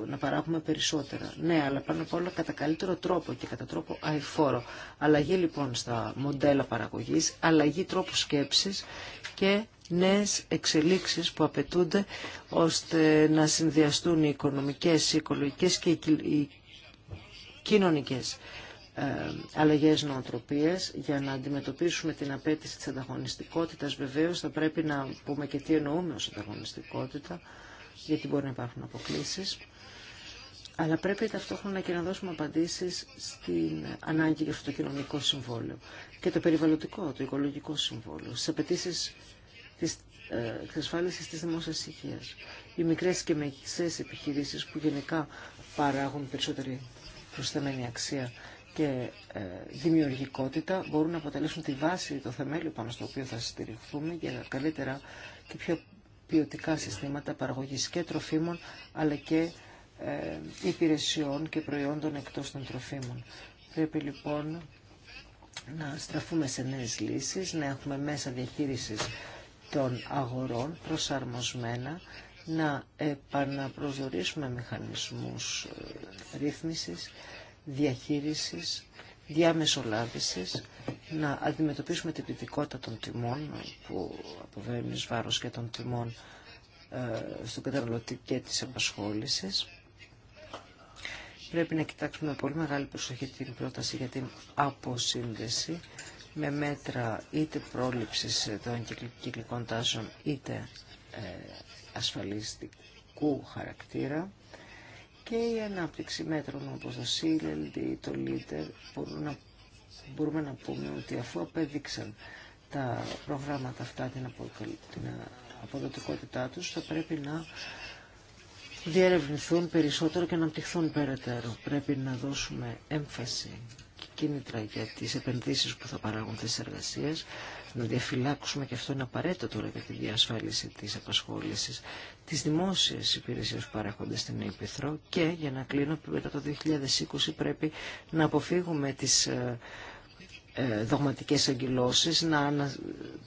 να παράγουμε περισσότερα. Ναι, αλλά πάνω απ' όλα κατά καλύτερο τρόπο και κατά τρόπο αηφόρο. Αλλαγή λοιπόν στα μοντέλα παραγωγής, αλλαγή τρόπου σκέψης και νέες εξελίξεις που απαιτούνται ώστε να συνδυαστούν οι οικονομικές, οι οικολογικές και οι κοινωνικές ε, αλλαγές νοοτροπίες για να αντιμετωπίσουμε την απέτηση της ανταγωνιστικότητας βεβαίως θα πρέπει να πούμε και τι εννοούμε ως ανταγωνιστικότητα γιατί μπορεί να υπάρχουν αποκλήσεις αλλά πρέπει ταυτόχρονα και να δώσουμε απαντήσεις στην ανάγκη για αυτό το κοινωνικό συμβόλαιο και το περιβαλλοντικό, το οικολογικό συμβόλαιο, στις απαιτήσει της ε, εξασφάλιση της δημόσιας υγείας. Οι μικρές και μεγιστές επιχειρήσεις που γενικά παράγουν περισσότερη προσθεμένη αξία και ε, δημιουργικότητα μπορούν να αποτελέσουν τη βάση, το θεμέλιο πάνω στο οποίο θα στηριχθούμε για καλύτερα και πιο ποιοτικά συστήματα παραγωγής και τροφίμων αλλά και ε, υπηρεσιών και προϊόντων εκτός των τροφίμων. Πρέπει λοιπόν να στραφούμε σε νέες λύσεις, να έχουμε μέσα διαχείρισης των αγορών προσαρμοσμένα να επαναπροσδορίσουμε μηχανισμούς ε, ρύθμισης, διαχείρισης, διαμεσολάβησης, να αντιμετωπίσουμε την ποιητικότητα των τιμών που αποβαίνουν εις βάρος και των τιμών ε, στον καταναλωτή και της απασχόλησης. Πρέπει να κοιτάξουμε με πολύ μεγάλη προσοχή την πρόταση για την αποσύνδεση με μέτρα είτε πρόληψης των κυκλικών τάσεων είτε ε, ασφαλιστικού χαρακτήρα και η ανάπτυξη μέτρων όπως το ΣΥΛΕΛΔΙ ή το LEADER να, μπορούμε να πούμε ότι αφού απέδειξαν τα προγράμματα αυτά την, την αποδοτικότητά τους θα πρέπει να διερευνηθούν περισσότερο και να πτυχθούν περαιτέρω. Πρέπει να δώσουμε έμφαση και κίνητρα για τις επενδύσεις που θα παράγουν τις εργασίες, να διαφυλάξουμε και αυτό είναι απαραίτητο τώρα για τη διασφάλιση της απασχόλησης τις δημόσιες υπηρεσίες που παρέχονται στην Ήπειθρο και για να κλείνω μετά το 2020 πρέπει να αποφύγουμε τις ε, ε, δογματικές αγκυλώσεις, να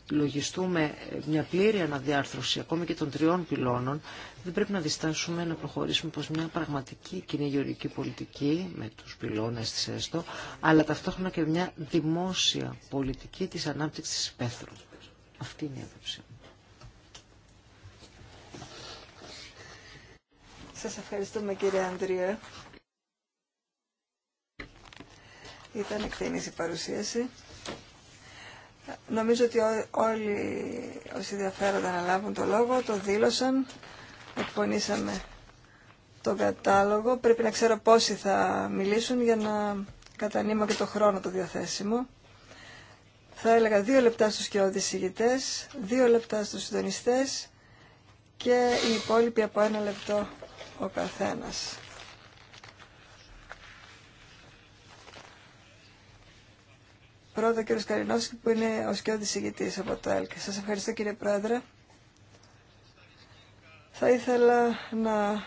αναλογιστούμε μια πλήρη αναδιάρθρωση ακόμη και των τριών πυλώνων. Δεν πρέπει να διστάσουμε να προχωρήσουμε προς μια πραγματική κοινή πολιτική, με τους πυλώνες της ΕΣΤΟ, αλλά ταυτόχρονα και μια δημόσια πολιτική της ανάπτυξης της υπαίθρου. Αυτή είναι η άποψη. Σας ευχαριστούμε κύριε Ανδρία. Ήταν εκτενής η παρουσίαση. Νομίζω ότι όλοι όσοι ενδιαφέρονται να λάβουν το λόγο το δήλωσαν. Εκπονήσαμε τον κατάλογο. Πρέπει να ξέρω πόσοι θα μιλήσουν για να κατανείμω και το χρόνο το διαθέσιμο. Θα έλεγα δύο λεπτά στους και ηγητές, δύο λεπτά στους συντονιστές και οι υπόλοιποι από ένα λεπτό ο καθένας. Πρώτα που είναι ο από το ΕΛΚ. Σας ευχαριστώ κύριε Πρόεδρε. Θα ήθελα να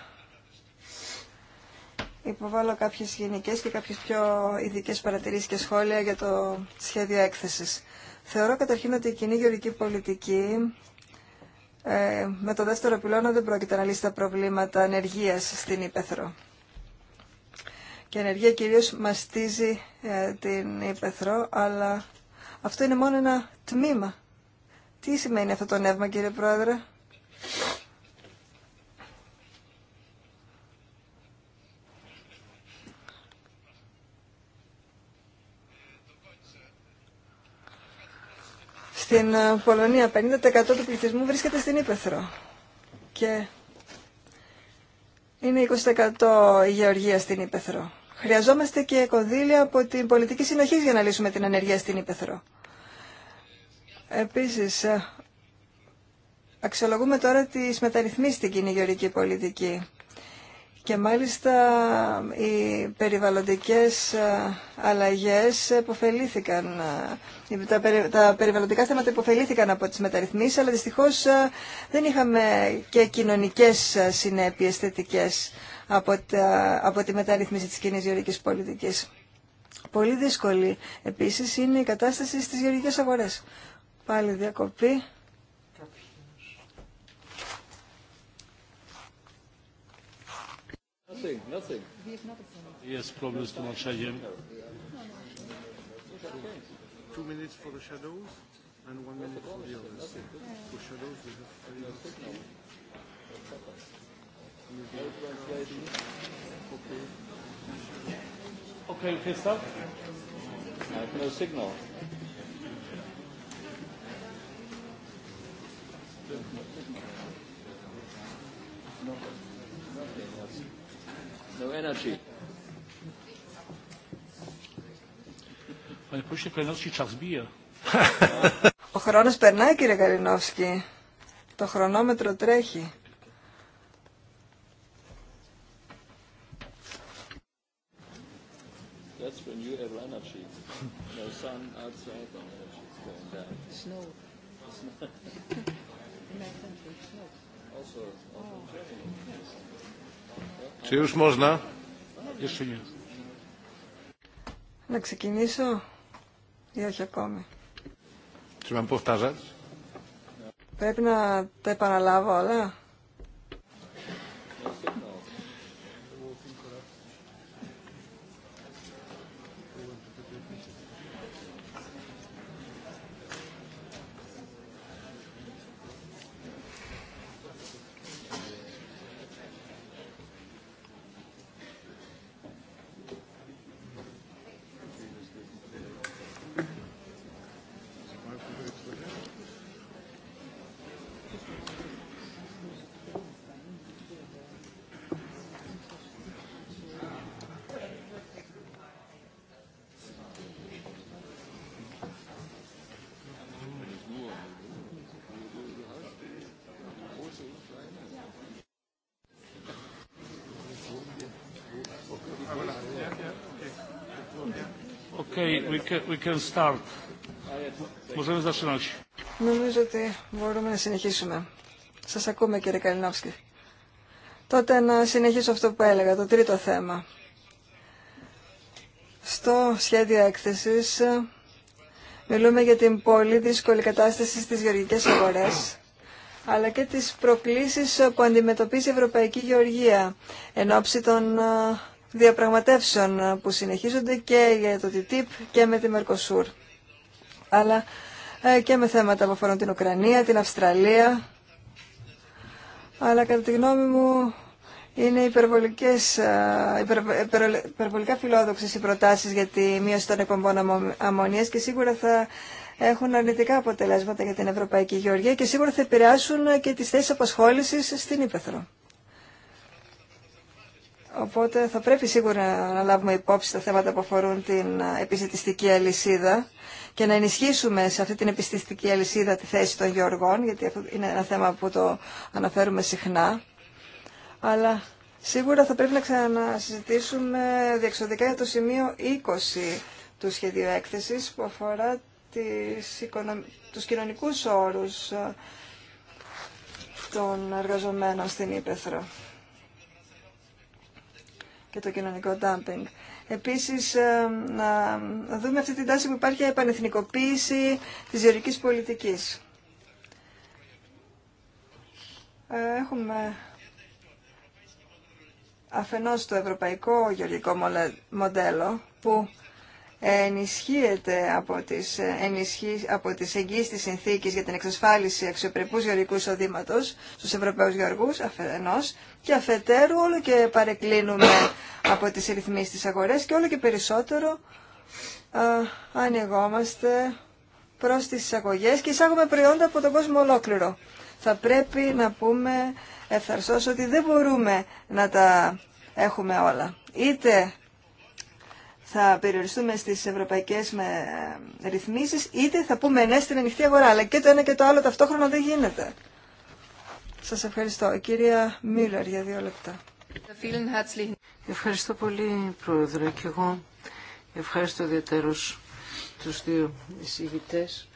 υποβάλω κάποιες γενικές και κάποιες πιο ειδικές παρατηρήσεις και σχόλια για το σχέδιο έκθεσης. Θεωρώ καταρχήν ότι η κοινή γεωρική πολιτική ε, με το δεύτερο πυλώνα δεν πρόκειται να λύσει τα προβλήματα ανεργίας στην Ήπεθρο και ενεργεία κυρίως μαστίζει ε, την Υπεθρό, αλλά αυτό είναι μόνο ένα τμήμα. Τι σημαίνει αυτό το νεύμα κύριε Πρόεδρε? Στην ε, Πολωνία 50% του πληθυσμού βρίσκεται στην Ήπεθρο και είναι 20% η γεωργία στην Ήπεθρο. Χρειαζόμαστε και κονδύλια από την πολιτική συνοχή για να λύσουμε την ανεργία στην Ήπεθρο. Επίσης, ε, αξιολογούμε τώρα τι μεταρρυθμίσει στην κοινή πολιτική. Και μάλιστα οι περιβαλλοντικές ε, αλλαγές υποφελήθηκαν, ε, τα περιβαλλοντικά θέματα υποφελήθηκαν από τις μεταρρυθμίσεις, αλλά δυστυχώς δεν είχαμε και κοινωνικές συνέπειες θετικές από, τα, από τη μεταρρύθμιση της κοινή γεωργικής πολιτικής. Πολύ δύσκολη επίσης είναι η κατάσταση στις γεωργικές αγορές. Πάλι διακοπή. problem Two minutes for the shadows and one minute for the others. For shadows we have no Ο χρόνος περνάει κύριε Καρινόφσκι, Το χρονόμετρο τρέχει. Να ξεκινήσω ή όχι ακόμη. Πρέπει να τα επαναλάβω όλα. Νομίζω ότι μπορούμε να συνεχίσουμε. Σας ακούμε κύριε Καλινόφσκι. Τότε να συνεχίσω αυτό που έλεγα, το τρίτο θέμα. Στο σχέδιο έκθεσης μιλούμε για την πολύ δύσκολη κατάσταση στις γεωργικές αγορέ, αλλά και τις προκλήσεις που αντιμετωπίζει η Ευρωπαϊκή Γεωργία εν των διαπραγματεύσεων που συνεχίζονται και για το TTIP και με τη Μερκοσούρ. Αλλά ε, και με θέματα που αφορούν την Ουκρανία, την Αυστραλία. Αλλά κατά τη γνώμη μου είναι υπερβολικές, ε, υπερβολικά φιλόδοξες οι προτάσεις για τη μείωση των εκπομπών αμμονίας και σίγουρα θα έχουν αρνητικά αποτελέσματα για την Ευρωπαϊκή Γεωργία και σίγουρα θα επηρεάσουν και τις θέσεις απασχόλησης στην Ήπεθρο. Οπότε θα πρέπει σίγουρα να λάβουμε υπόψη τα θέματα που αφορούν την επιστημιστική αλυσίδα και να ενισχύσουμε σε αυτή την επιστημιστική αλυσίδα τη θέση των γεωργών, γιατί αυτό είναι ένα θέμα που το αναφέρουμε συχνά. Αλλά σίγουρα θα πρέπει να ξανασυζητήσουμε διεξοδικά για το σημείο 20 του σχεδίου έκθεσης που αφορά τις οικονομ... τους κοινωνικούς όρους των εργαζομένων στην Ήπεθρο και το κοινωνικό dumping. Επίσης, ε, να δούμε αυτή την τάση που υπάρχει επανεθνικοποίηση της γεωρικής πολιτικής. Ε, έχουμε αφενός το ευρωπαϊκό γεωργικό μοντέλο που ενισχύεται από τις, ενισχύ, από τις της συνθήκης για την εξασφάλιση αξιοπρεπούς γεωργικού εισοδήματο στους Ευρωπαίους γεωργούς αφενός και αφετέρου όλο και παρεκκλίνουμε από τις ρυθμίσεις της αγορές και όλο και περισσότερο α, ανοιγόμαστε προς τις εισαγωγές και εισάγουμε προϊόντα από τον κόσμο ολόκληρο. Θα πρέπει να πούμε ευθαρσώς ότι δεν μπορούμε να τα έχουμε όλα. Είτε θα περιοριστούμε στις ευρωπαϊκές με ε, ρυθμίσεις, είτε θα πούμε ναι στην ανοιχτή αγορά. Αλλά και το ένα και το άλλο ταυτόχρονα δεν γίνεται. Σας ευχαριστώ. Κυρία Μίλλερ για δύο λεπτά. Ευχαριστώ πολύ, Πρόεδρε, και εγώ ευχαριστώ ιδιαίτερως τους δύο εισηγητές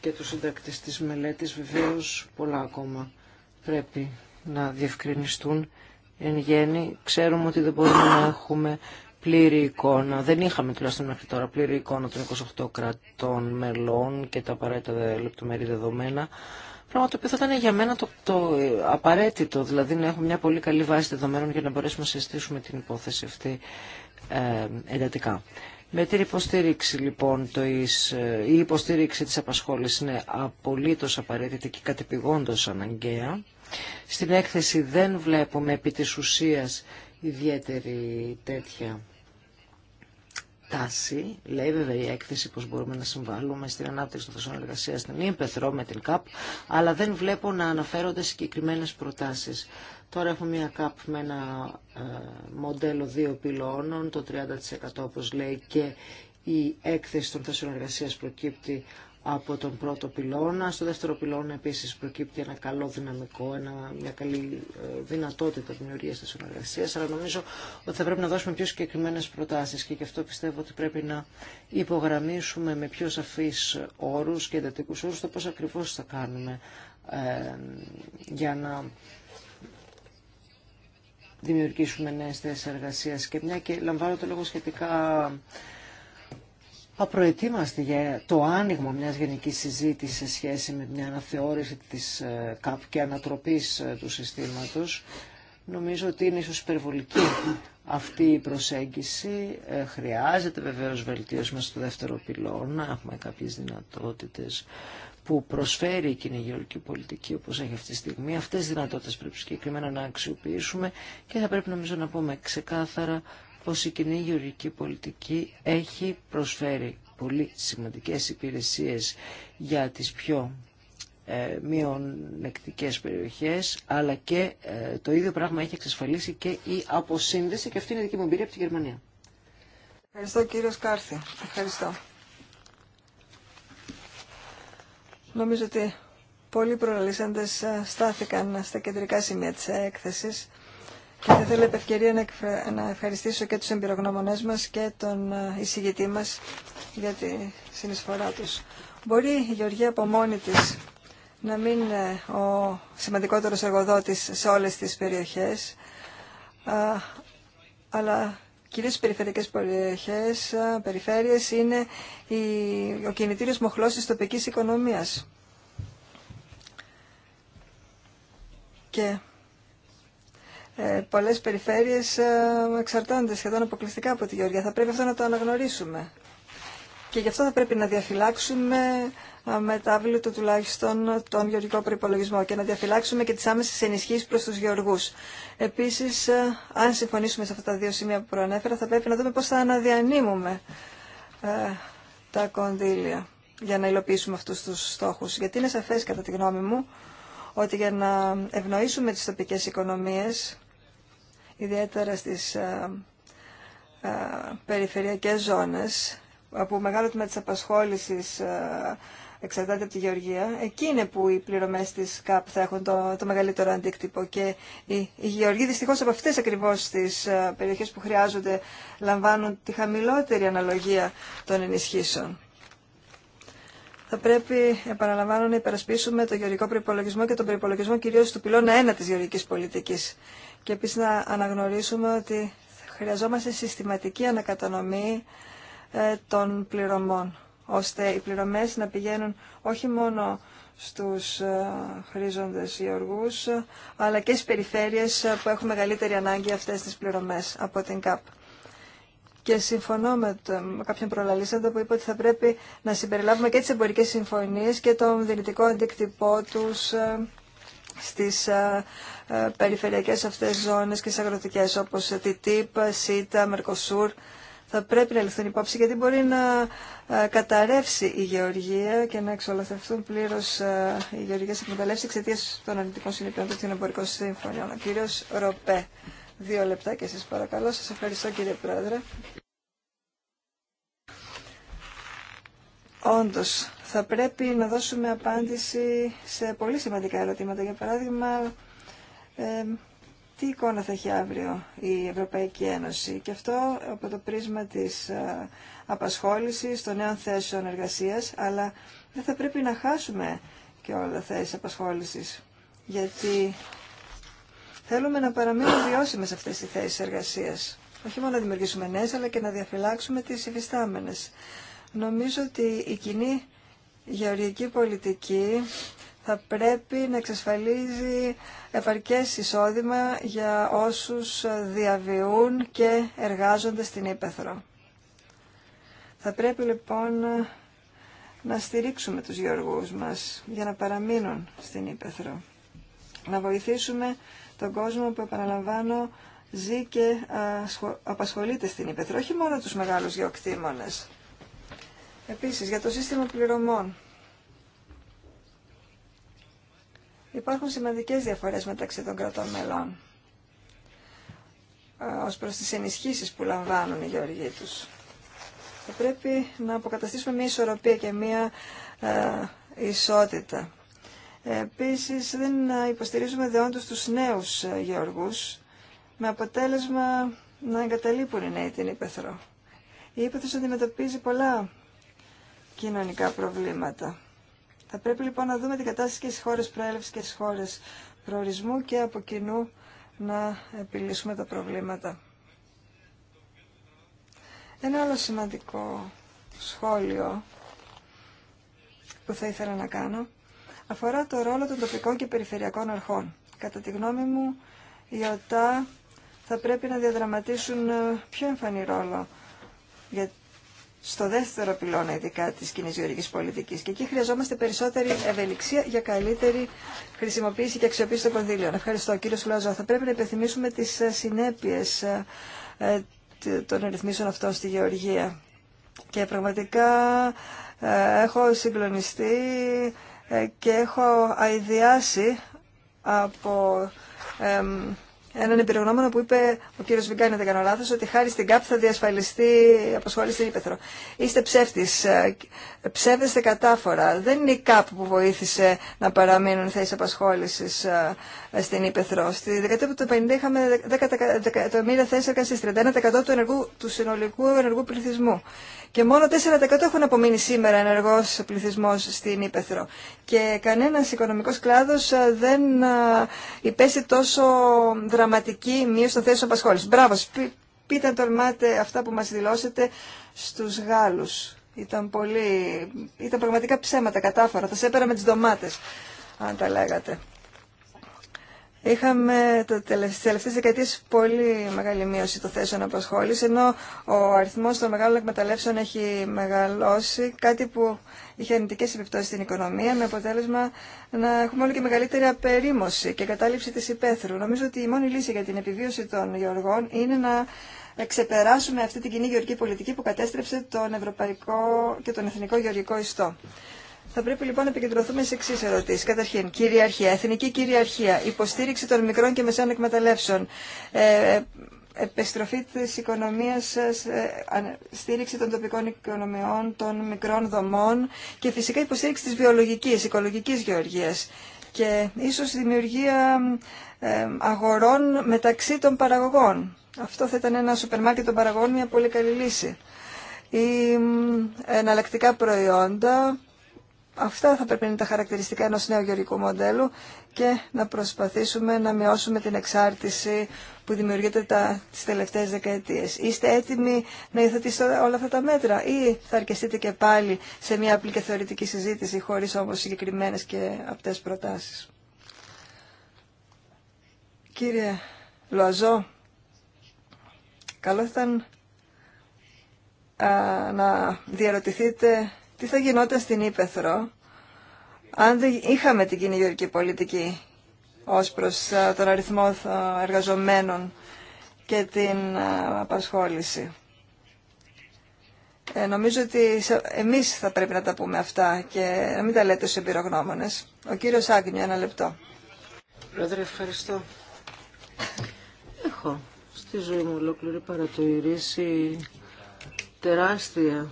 και τους συντάκτες της μελέτης. Βεβαίως, πολλά ακόμα πρέπει να διευκρινιστούν εν γέννη. Ξέρουμε ότι δεν μπορούμε να έχουμε πλήρη εικόνα, δεν είχαμε τουλάχιστον μέχρι τώρα πλήρη εικόνα των 28 κρατών μελών και τα απαραίτητα λεπτομερή δεδομένα. Πράγμα το οποίο θα ήταν για μένα το, το ε, απαραίτητο, δηλαδή να έχουμε μια πολύ καλή βάση δεδομένων για να μπορέσουμε να συζητήσουμε την υπόθεση αυτή ε, εντατικά. Με την υποστήριξη λοιπόν, το ε, η υποστήριξη της απασχόλησης είναι απολύτως απαραίτητη και κατεπηγόντως αναγκαία. Στην έκθεση δεν βλέπουμε επί της ουσίας ιδιαίτερη τέτοια τάση. Λέει βέβαια η έκθεση πως μπορούμε να συμβάλλουμε στην ανάπτυξη των θεσμών εργασία στην Ήπεθρο με την ΚΑΠ, αλλά δεν βλέπω να αναφέρονται συγκεκριμένες προτάσεις. Τώρα έχουμε μια ΚΑΠ με ένα ε, μοντέλο δύο πυλώνων, το 30% όπως λέει και η έκθεση των θέσεων εργασία προκύπτει από τον πρώτο πυλώνα. Στο δεύτερο πυλώνα επίσης προκύπτει ένα καλό δυναμικό, ένα, μια καλή ε, δυνατότητα δημιουργία της εργασίας, αλλά νομίζω ότι θα πρέπει να δώσουμε πιο συγκεκριμένε προτάσεις και γι' αυτό πιστεύω ότι πρέπει να υπογραμμίσουμε με πιο σαφείς όρους και εντατικούς όρους το πώς ακριβώς θα κάνουμε ε, για να δημιουργήσουμε νέες θέσεις εργασίας και μια και λαμβάνω το λόγο σχετικά Απροετοίμαστε για το άνοιγμα μιας γενικής συζήτησης σε σχέση με μια αναθεώρηση της ε, ΚΑΠ και ανατροπής ε, του συστήματος. Νομίζω ότι είναι ίσως υπερβολική αυτή η προσέγγιση. Ε, χρειάζεται βεβαίως βελτίωση μέσα στο δεύτερο πυλώνα. Έχουμε κάποιες δυνατότητες που προσφέρει η γεωλογική πολιτική όπως έχει αυτή τη στιγμή. Αυτές τις δυνατότητες πρέπει συγκεκριμένα να αξιοποιήσουμε και θα πρέπει νομίζω να πούμε ξεκάθαρα πως η κοινή γεωργική πολιτική έχει προσφέρει πολύ σημαντικές υπηρεσίες για τις πιο ε, μειονεκτικές περιοχές, αλλά και ε, το ίδιο πράγμα έχει εξασφαλίσει και η αποσύνδεση και αυτή είναι η δική μου εμπειρία από τη Γερμανία. Ευχαριστώ κύριο Σκάρθη. Ευχαριστώ. Νομίζω ότι πολλοί προλαλήσαντες ε, στάθηκαν στα κεντρικά σημεία της έκθεσης. Και θα ήθελα ευκαιρία να ευχαριστήσω και τους εμπειρογνώμονές μας και τον ε, εισηγητή μας για τη συνεισφορά τους. Μπορεί η Γεωργία από μόνη της να μην είναι ο σημαντικότερος εργοδότης σε όλες τις περιοχές, αλλά κυρίως στις περιφερειακές περιοχές, περιφέρειες, είναι η, ο κινητήριος μοχλός της τοπικής οικονομίας. Και ε, πολλές περιφέρειες ε, εξαρτώνται σχεδόν αποκλειστικά από τη Γεωργία. Θα πρέπει αυτό να το αναγνωρίσουμε. Και γι' αυτό θα πρέπει να διαφυλάξουμε ε, μετάβλητο τουλάχιστον τον γεωργικό προπολογισμό και να διαφυλάξουμε και τις άμεσες ενισχύσεις προς τους γεωργούς. Επίσης, αν συμφωνήσουμε σε αυτά τα δύο σημεία που προανέφερα, θα πρέπει να δούμε πώ θα αναδιανύμουμε τα κονδύλια για να υλοποιήσουμε αυτού του στόχου. Γιατί είναι σαφέ κατά τη γνώμη μου ότι για να ευνοήσουμε τις τοπικέ οικονομίες ιδιαίτερα στις α, ε, α, ε, περιφερειακές ζώνες, που μεγάλο τμήμα της απασχόλησης α, ε, εξαρτάται από τη γεωργία, εκεί είναι που οι πληρωμές της ΚΑΠ θα έχουν το, το μεγαλύτερο αντίκτυπο και οι, οι γεωργοί δυστυχώς από αυτές ακριβώς τις περιοχές που χρειάζονται λαμβάνουν τη χαμηλότερη αναλογία των ενισχύσεων. Θα πρέπει, επαναλαμβάνω, να υπερασπίσουμε το γεωργικό προπολογισμό και τον προπολογισμό κυρίω του πυλώνα 1 τη γεωργική πολιτική και επίσης να αναγνωρίσουμε ότι χρειαζόμαστε συστηματική ανακατανομή ε, των πληρωμών, ώστε οι πληρωμές να πηγαίνουν όχι μόνο στους ε, χρήζοντες γεωργούς, αλλά και στις περιφέρειες ε, που έχουν μεγαλύτερη ανάγκη αυτές τις πληρωμές από την ΚΑΠ. Και συμφωνώ με, το, με κάποιον προλαλήσαντα που είπε ότι θα πρέπει να συμπεριλάβουμε και τις εμπορικές συμφωνίες και τον δυνητικό αντίκτυπό τους στις ε, ε, περιφερειακές αυτές ζώνες και στις αγροτικές όπως ε, ΤΙΤΙΠ, ΣΥΤΑ, Μερκοσούρ θα πρέπει να ληφθούν υπόψη γιατί μπορεί να καταρρεύσει η γεωργία και να εξολαθευτούν πλήρω οι γεωργικέ εκμεταλλεύσει εξαιτία των αρνητικών συνεπειών των εμπορικών συμφωνιών. Ο κύριο Ροπέ. Δύο λεπτά και παρακαλώ. Σα ευχαριστώ κύριε Πρόεδρε. Όντως, θα πρέπει να δώσουμε απάντηση σε πολύ σημαντικά ερωτήματα. Για παράδειγμα, ε, τι εικόνα θα έχει αύριο η Ευρωπαϊκή Ένωση και αυτό από το πρίσμα της ε, απασχόλησης, των νέων θέσεων εργασίας, αλλά δεν θα πρέπει να χάσουμε και όλα θέσεις απασχόλησης, γιατί θέλουμε να παραμείνουμε βιώσιμες αυτές οι θέσεις εργασίας. Όχι μόνο να δημιουργήσουμε νέες, αλλά και να διαφυλάξουμε τις υφιστάμενες. Νομίζω ότι η κοινή γεωργική πολιτική θα πρέπει να εξασφαλίζει επαρκές εισόδημα για όσους διαβιούν και εργάζονται στην Ήπεθρο. Θα πρέπει λοιπόν να στηρίξουμε τους γεωργούς μας για να παραμείνουν στην Ήπεθρο. Να βοηθήσουμε τον κόσμο που επαναλαμβάνω ζει και απασχολείται στην Ήπεθρο, όχι μόνο τους μεγάλους γεωκτήμονες. Επίσης, για το σύστημα πληρωμών. Υπάρχουν σημαντικές διαφορές μεταξύ των κρατών μελών ε, ως προς τις ενισχύσεις που λαμβάνουν οι γεωργοί τους. Θα πρέπει να αποκαταστήσουμε μια ισορροπία και μια ε, ισότητα. Επίσης, δεν υποστηρίζουμε δεόντως τους νέους ε, γεωργούς, με αποτέλεσμα να εγκαταλείπουν οι νέοι την Ήπεθρο. Η Ήπεθρος αντιμετωπίζει πολλά κοινωνικά προβλήματα. Θα πρέπει λοιπόν να δούμε την κατάσταση και στις χώρες προέλευσης και στις χώρες προορισμού και από κοινού να επιλύσουμε τα προβλήματα. Ένα άλλο σημαντικό σχόλιο που θα ήθελα να κάνω αφορά το ρόλο των τοπικών και περιφερειακών αρχών. Κατά τη γνώμη μου, οι ΟΤΑ θα πρέπει να διαδραματίσουν πιο εμφανή ρόλο για στο δεύτερο πυλώνα ειδικά της κοινή γεωργική πολιτικής. Και εκεί χρειαζόμαστε περισσότερη ευελιξία για καλύτερη χρησιμοποίηση και αξιοποίηση των κονδύλιων. Ευχαριστώ κύριο Σουλάζο. Θα πρέπει να υπενθυμίσουμε τις ε, συνέπειες ε, ε, των ρυθμίσεων αυτών στη γεωργία. Και πραγματικά έχω συγκλονιστεί και έχω αειδιάσει από έναν εμπειρογνώμονα που είπε ο κύριο Βιγκάνη, δεν κάνω λάθο, ότι χάρη στην ΚΑΠ θα διασφαλιστεί η απασχόληση Ήπεθρο. Είστε ψεύτη. Ε, ψεύδεστε κατάφορα. Δεν είναι η ΚΑΠ που βοήθησε να παραμείνουν θέσει απασχόληση ε, ε, στην Ήπεθρο. Στη δεκαετία του 50 είχαμε 10 εκατομμύρια θέσει εργασία, 31% του, ενεργού, του συνολικού ενεργού πληθυσμού. Και μόνο 4% έχουν απομείνει σήμερα ενεργό πληθυσμό στην Ήπεθρο. Και κανένα οικονομικό κλάδο δεν υπέστη τόσο δραματικά δραματική μείωση των θέσεων απασχόληση. Μπράβο, πείτε αν τολμάτε αυτά που μα δηλώσετε στους Γάλλου. Ήταν πολύ... Ήταν πραγματικά ψέματα, κατάφορα. Τα σε έπαιρνα με τις ντομάτες, αν τα λέγατε. Είχαμε το τελευταίε δεκαετίε πολύ μεγάλη μείωση των θέσεων απασχόληση, ενώ ο αριθμός των μεγάλων εκμεταλλεύσεων έχει μεγαλώσει, κάτι που είχε αρνητικέ επιπτώσει στην οικονομία, με αποτέλεσμα να έχουμε όλο και μεγαλύτερη απερίμωση και κατάληψη τη υπαίθρου. Νομίζω ότι η μόνη λύση για την επιβίωση των γεωργών είναι να ξεπεράσουμε αυτή την κοινή γεωργική πολιτική που κατέστρεψε τον ευρωπαϊκό και τον εθνικό γεωργικό ιστό. Θα πρέπει λοιπόν να επικεντρωθούμε σε εξή ερωτήσει. Καταρχήν, κυριαρχία, εθνική κυριαρχία, υποστήριξη των μικρών και μεσαίων εκμεταλλεύσεων, ε, επιστροφή της οικονομίας, ε, στήριξη των τοπικών οικονομιών, των μικρών δομών και φυσικά υποστήριξη της βιολογικής, οικολογικής γεωργίας και ίσως δημιουργία ε, αγορών μεταξύ των παραγωγών. Αυτό θα ήταν ένα σούπερ μάρκετ των παραγωγών μια πολύ καλή λύση. Οι εναλλακτικά προϊόντα, αυτά θα πρέπει να είναι τα χαρακτηριστικά ενός νέου γεωργικού μοντέλου και να προσπαθήσουμε να μειώσουμε την εξάρτηση που δημιουργείται τα, τις τελευταίες δεκαετίες. Είστε έτοιμοι να υιοθετήσετε όλα αυτά τα μέτρα ή θα αρκεστείτε και πάλι σε μια απλή και θεωρητική συζήτηση χωρίς όμως συγκεκριμένες και απτές προτάσεις. Κύριε Λοαζό, καλό ήταν α, να διαρωτηθείτε τι θα γινόταν στην Ήπεθρο αν δεν είχαμε την κοινή πολιτική ως προς τον αριθμό εργαζομένων και την απασχόληση. Ε, νομίζω ότι εμείς θα πρέπει να τα πούμε αυτά και να μην τα λέτε στους εμπειρογνώμονες. Ο κύριος Άγνιο, ένα λεπτό. Πρόεδρε, ευχαριστώ. Έχω στη ζωή μου ολόκληρη παρατηρήσει τεράστια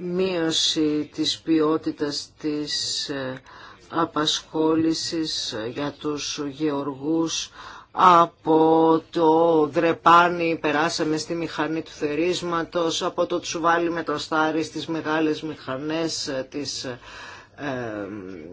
μείωση της ποιότητας της ε, απασχόλησης για τους γεωργούς από το δρεπάνι περάσαμε στη μηχανή του θερίσματος, από το τσουβάλι με το στάρι στις μεγάλες μηχανές, ε, της ε, ε,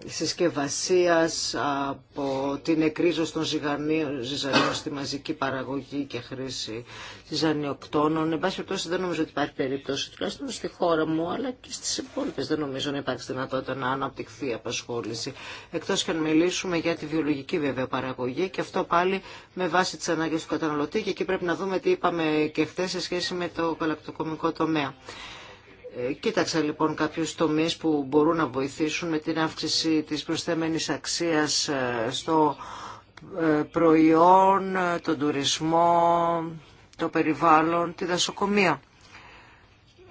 συσκευασίας από την εκρίζωση των ζυγανίων, ζυζανίων στη μαζική παραγωγή και χρήση ζυζανιοκτώνων. Εν πάση περιπτώσει δεν νομίζω ότι υπάρχει περίπτωση, τουλάχιστον στη χώρα μου, αλλά και στις υπόλοιπες δεν νομίζω να υπάρχει δυνατότητα να αναπτυχθεί η απασχόληση. Εκτός και αν μιλήσουμε για τη βιολογική βέβαια παραγωγή και αυτό πάλι με βάση τις ανάγκες του καταναλωτή και εκεί πρέπει να δούμε τι είπαμε και χθε σε σχέση με το καλακτοκομικό τομέα. Ε, κοίταξα λοιπόν κάποιους τομείς που μπορούν να βοηθήσουν με την αύξηση της προσθέμενης αξίας ε, στο ε, προϊόν, τον τουρισμό, το περιβάλλον, τη δασοκομεία.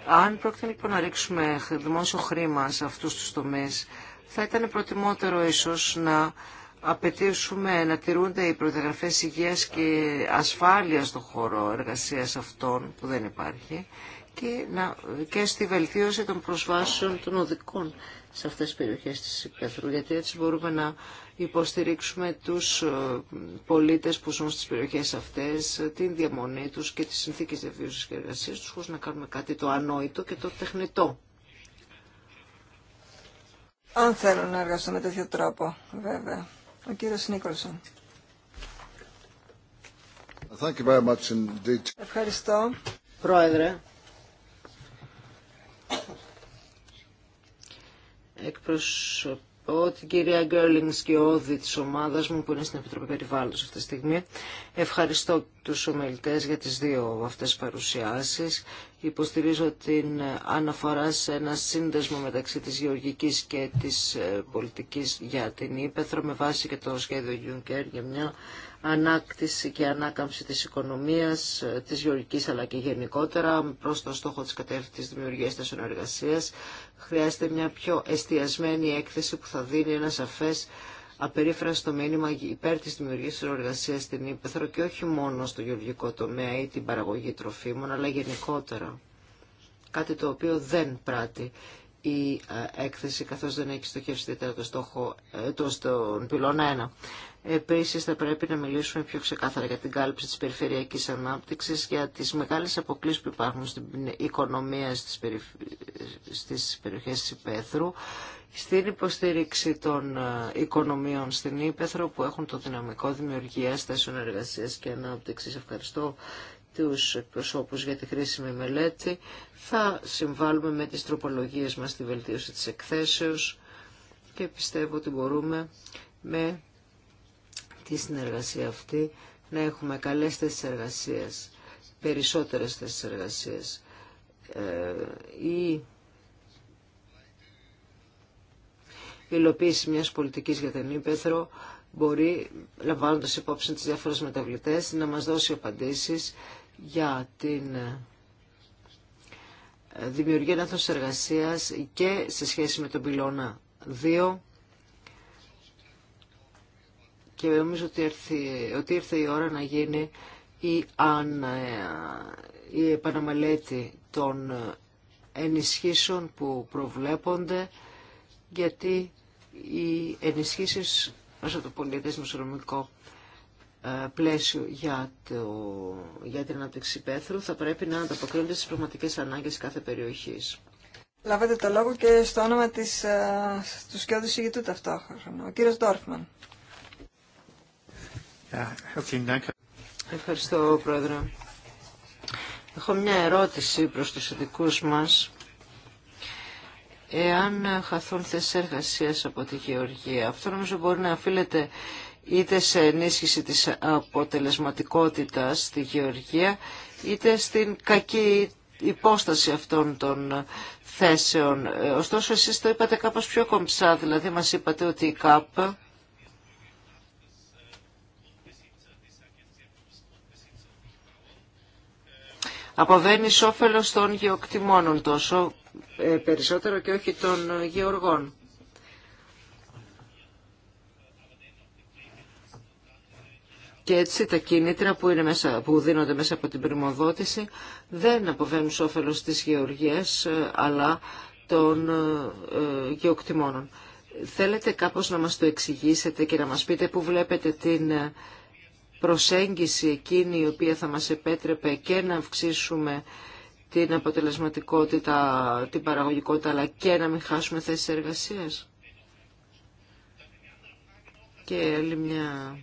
Αν πρόκειται λοιπόν να ρίξουμε δημόσιο χρήμα σε αυτούς τους τομείς, θα ήταν προτιμότερο ίσως να απαιτήσουμε να τηρούνται οι προδιαγραφές υγείας και ασφάλειας στον χώρο εργασίας αυτών που δεν υπάρχει και, να, και στη βελτίωση των προσβάσεων των οδικών σε αυτές τις περιοχές της Υπέθρου, γιατί έτσι μπορούμε να υποστηρίξουμε τους ε, πολίτες που ζουν στις περιοχές αυτές, την διαμονή τους και τις συνθήκες διαβίωσης και εργασίας τους, χωρίς να κάνουμε κάτι το ανόητο και το τεχνητό. Αν θέλουν να εργαστώ με τέτοιο τρόπο, βέβαια. Ο κύριος Νίκολσον. Ευχαριστώ. Πρόεδρε, Εκπροσωπώ την κυρία Γκέρλινγκ και όδη της ομάδας μου που είναι στην Επιτροπή Περιβάλλοντος αυτή τη στιγμή. Ευχαριστώ τους ομιλητέ για τις δύο αυτέ παρουσιάσεις. Υποστηρίζω την αναφορά σε ένα σύνδεσμο μεταξύ της Γεωργική και της ε, πολιτικής για την Ήπεθρο με βάση και το σχέδιο Γιούνκερ για μια ανάκτηση και ανάκαμψη της οικονομίας, ε, της γεωργικής αλλά και γενικότερα προς το στόχο της κατεύθυνσης δημιουργίας της εργασία. Χρειάζεται μια πιο εστιασμένη έκθεση που θα δίνει ένα σαφές απερίφραστο μήνυμα υπέρ της δημιουργίας της εργασίας στην Ήπεθρο και όχι μόνο στο γεωργικό τομέα ή την παραγωγή τροφίμων, αλλά γενικότερα. Κάτι το οποίο δεν πράττει η ε, έκθεση καθώς δεν έχει στοχευστεί ιδιαίτερα το στόχο ε, το στον πυλώνα 1. Επίσης θα πρέπει να μιλήσουμε πιο ξεκάθαρα για την κάλυψη της περιφερειακής ανάπτυξης, για τις μεγάλες αποκλήσεις που υπάρχουν στην οικονομία στις, περιφ... στις περιοχές της Υπέθρου, στην υποστήριξη των ε, οικονομίων στην Υπέθρο που έχουν το δυναμικό δημιουργία θέσεων εργασία και ανάπτυξης. Ευχαριστώ τους εκπροσώπους για τη χρήσιμη μελέτη. Θα συμβάλλουμε με τις τροπολογίες μας στη βελτίωση της εκθέσεως και πιστεύω ότι μπορούμε με τη συνεργασία αυτή να έχουμε καλές θέσεις εργασίας, περισσότερες θέσεις εργασίας. Ε, η υλοποίηση μιας πολιτικής για την Ήπεθρο μπορεί, λαμβάνοντας υπόψη τις διάφορες μεταβλητές, να μας δώσει απαντήσεις για την ε, δημιουργία λάθος εργασίας και σε σχέση με τον πυλώνα 2 και νομίζω ότι ήρθε, η ώρα να γίνει η, αν, ε, η επαναμελέτη των ε, ενισχύσεων που προβλέπονται γιατί οι ενισχύσεις από το σε νομικό ε, πλαίσιο για, το, για την ανάπτυξη πέθρου θα πρέπει να ανταποκρίνονται στις πραγματικές ανάγκες κάθε περιοχής. Λαβετε το λόγο και στο όνομα της, ε, του σκιώδης συγητού ταυτόχρονα, ο κύριος Ντόρφμαν. Ε, ευχαριστώ, Πρόεδρε. Έχω μια ερώτηση προς τους ειδικούς μας. Εάν χαθούν θέσεις εργασίας από τη Γεωργία, αυτό νομίζω μπορεί να αφήλεται είτε σε ενίσχυση της αποτελεσματικότητας στη γεωργία, είτε στην κακή υπόσταση αυτών των θέσεων. Ωστόσο, εσείς το είπατε κάπως πιο κομψά, δηλαδή μας είπατε ότι η ΚΑΠ αποβαίνει όφελος των γεωκτημόνων τόσο ε, περισσότερο και όχι των γεωργών. Και έτσι τα κίνητρα που, είναι μέσα, που δίνονται μέσα από την πρημοδότηση δεν αποβαίνουν σ' όφελος της γεωργίας ε, αλλά των ε, ε, γεωκτημόνων. Θέλετε κάπως να μας το εξηγήσετε και να μας πείτε πού βλέπετε την προσέγγιση εκείνη η οποία θα μας επέτρεπε και να αυξήσουμε την αποτελεσματικότητα, την παραγωγικότητα, αλλά και να μην χάσουμε θέσεις εργασίας. Και άλλη μια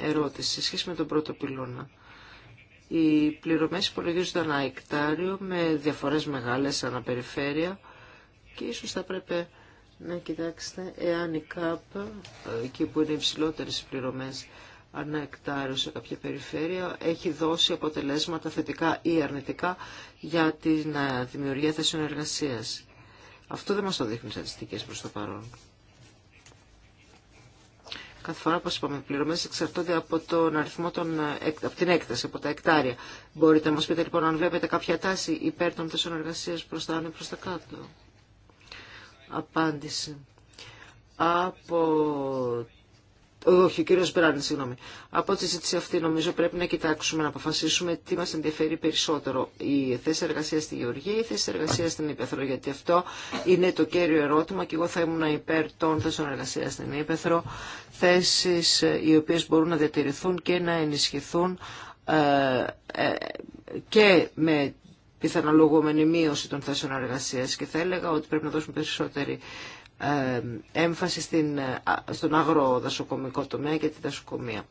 ερώτηση σε σχέση με τον πρώτο πυλώνα. Οι πληρωμές υπολογίζονται ανά με διαφορές μεγάλες αναπεριφέρεια και ίσως θα πρέπει να κοιτάξετε εάν η ΚΑΠ, εκεί που είναι υψηλότερε οι πληρωμές ανά εκτάριο σε κάποια περιφέρεια, έχει δώσει αποτελέσματα θετικά ή αρνητικά για τη ε, δημιουργία θέσεων εργασίας. Αυτό δεν μας το δείχνουν οι στατιστικές προς το παρόν. Κάθε φορά, όπως είπαμε, οι πληρωμές εξαρτώνται από, τον αριθμό των, από την έκταση, από τα εκτάρια. Μπορείτε να μας πείτε λοιπόν αν βλέπετε κάποια τάση υπέρ των θέσεων εργασία προς τα άνω ή προς τα κάτω. Απάντηση. Από όχι, ο κύριο Μπράνη, συγγνώμη. Από τη συζήτηση αυτή νομίζω πρέπει να κοιτάξουμε, να αποφασίσουμε τι μα ενδιαφέρει περισσότερο. Η θέση εργασία στη Γεωργία ή η θέση εργασία στην Ήπεθρο. Γιατί αυτό είναι το κέριο ερώτημα και εγώ θα ήμουν υπέρ των θέσεων εργασία στην Ήπεθρο. θέσει ε, οι οποίε μπορούν να διατηρηθούν και να ενισχυθούν ε, ε, και με πιθανολογούμενη μείωση των θέσεων εργασία. Και θα έλεγα ότι πρέπει να δώσουμε περισσότερη ε, έμφαση στην, ε, στον αγροδασοκομικό τομέα και τη δασοκομεία.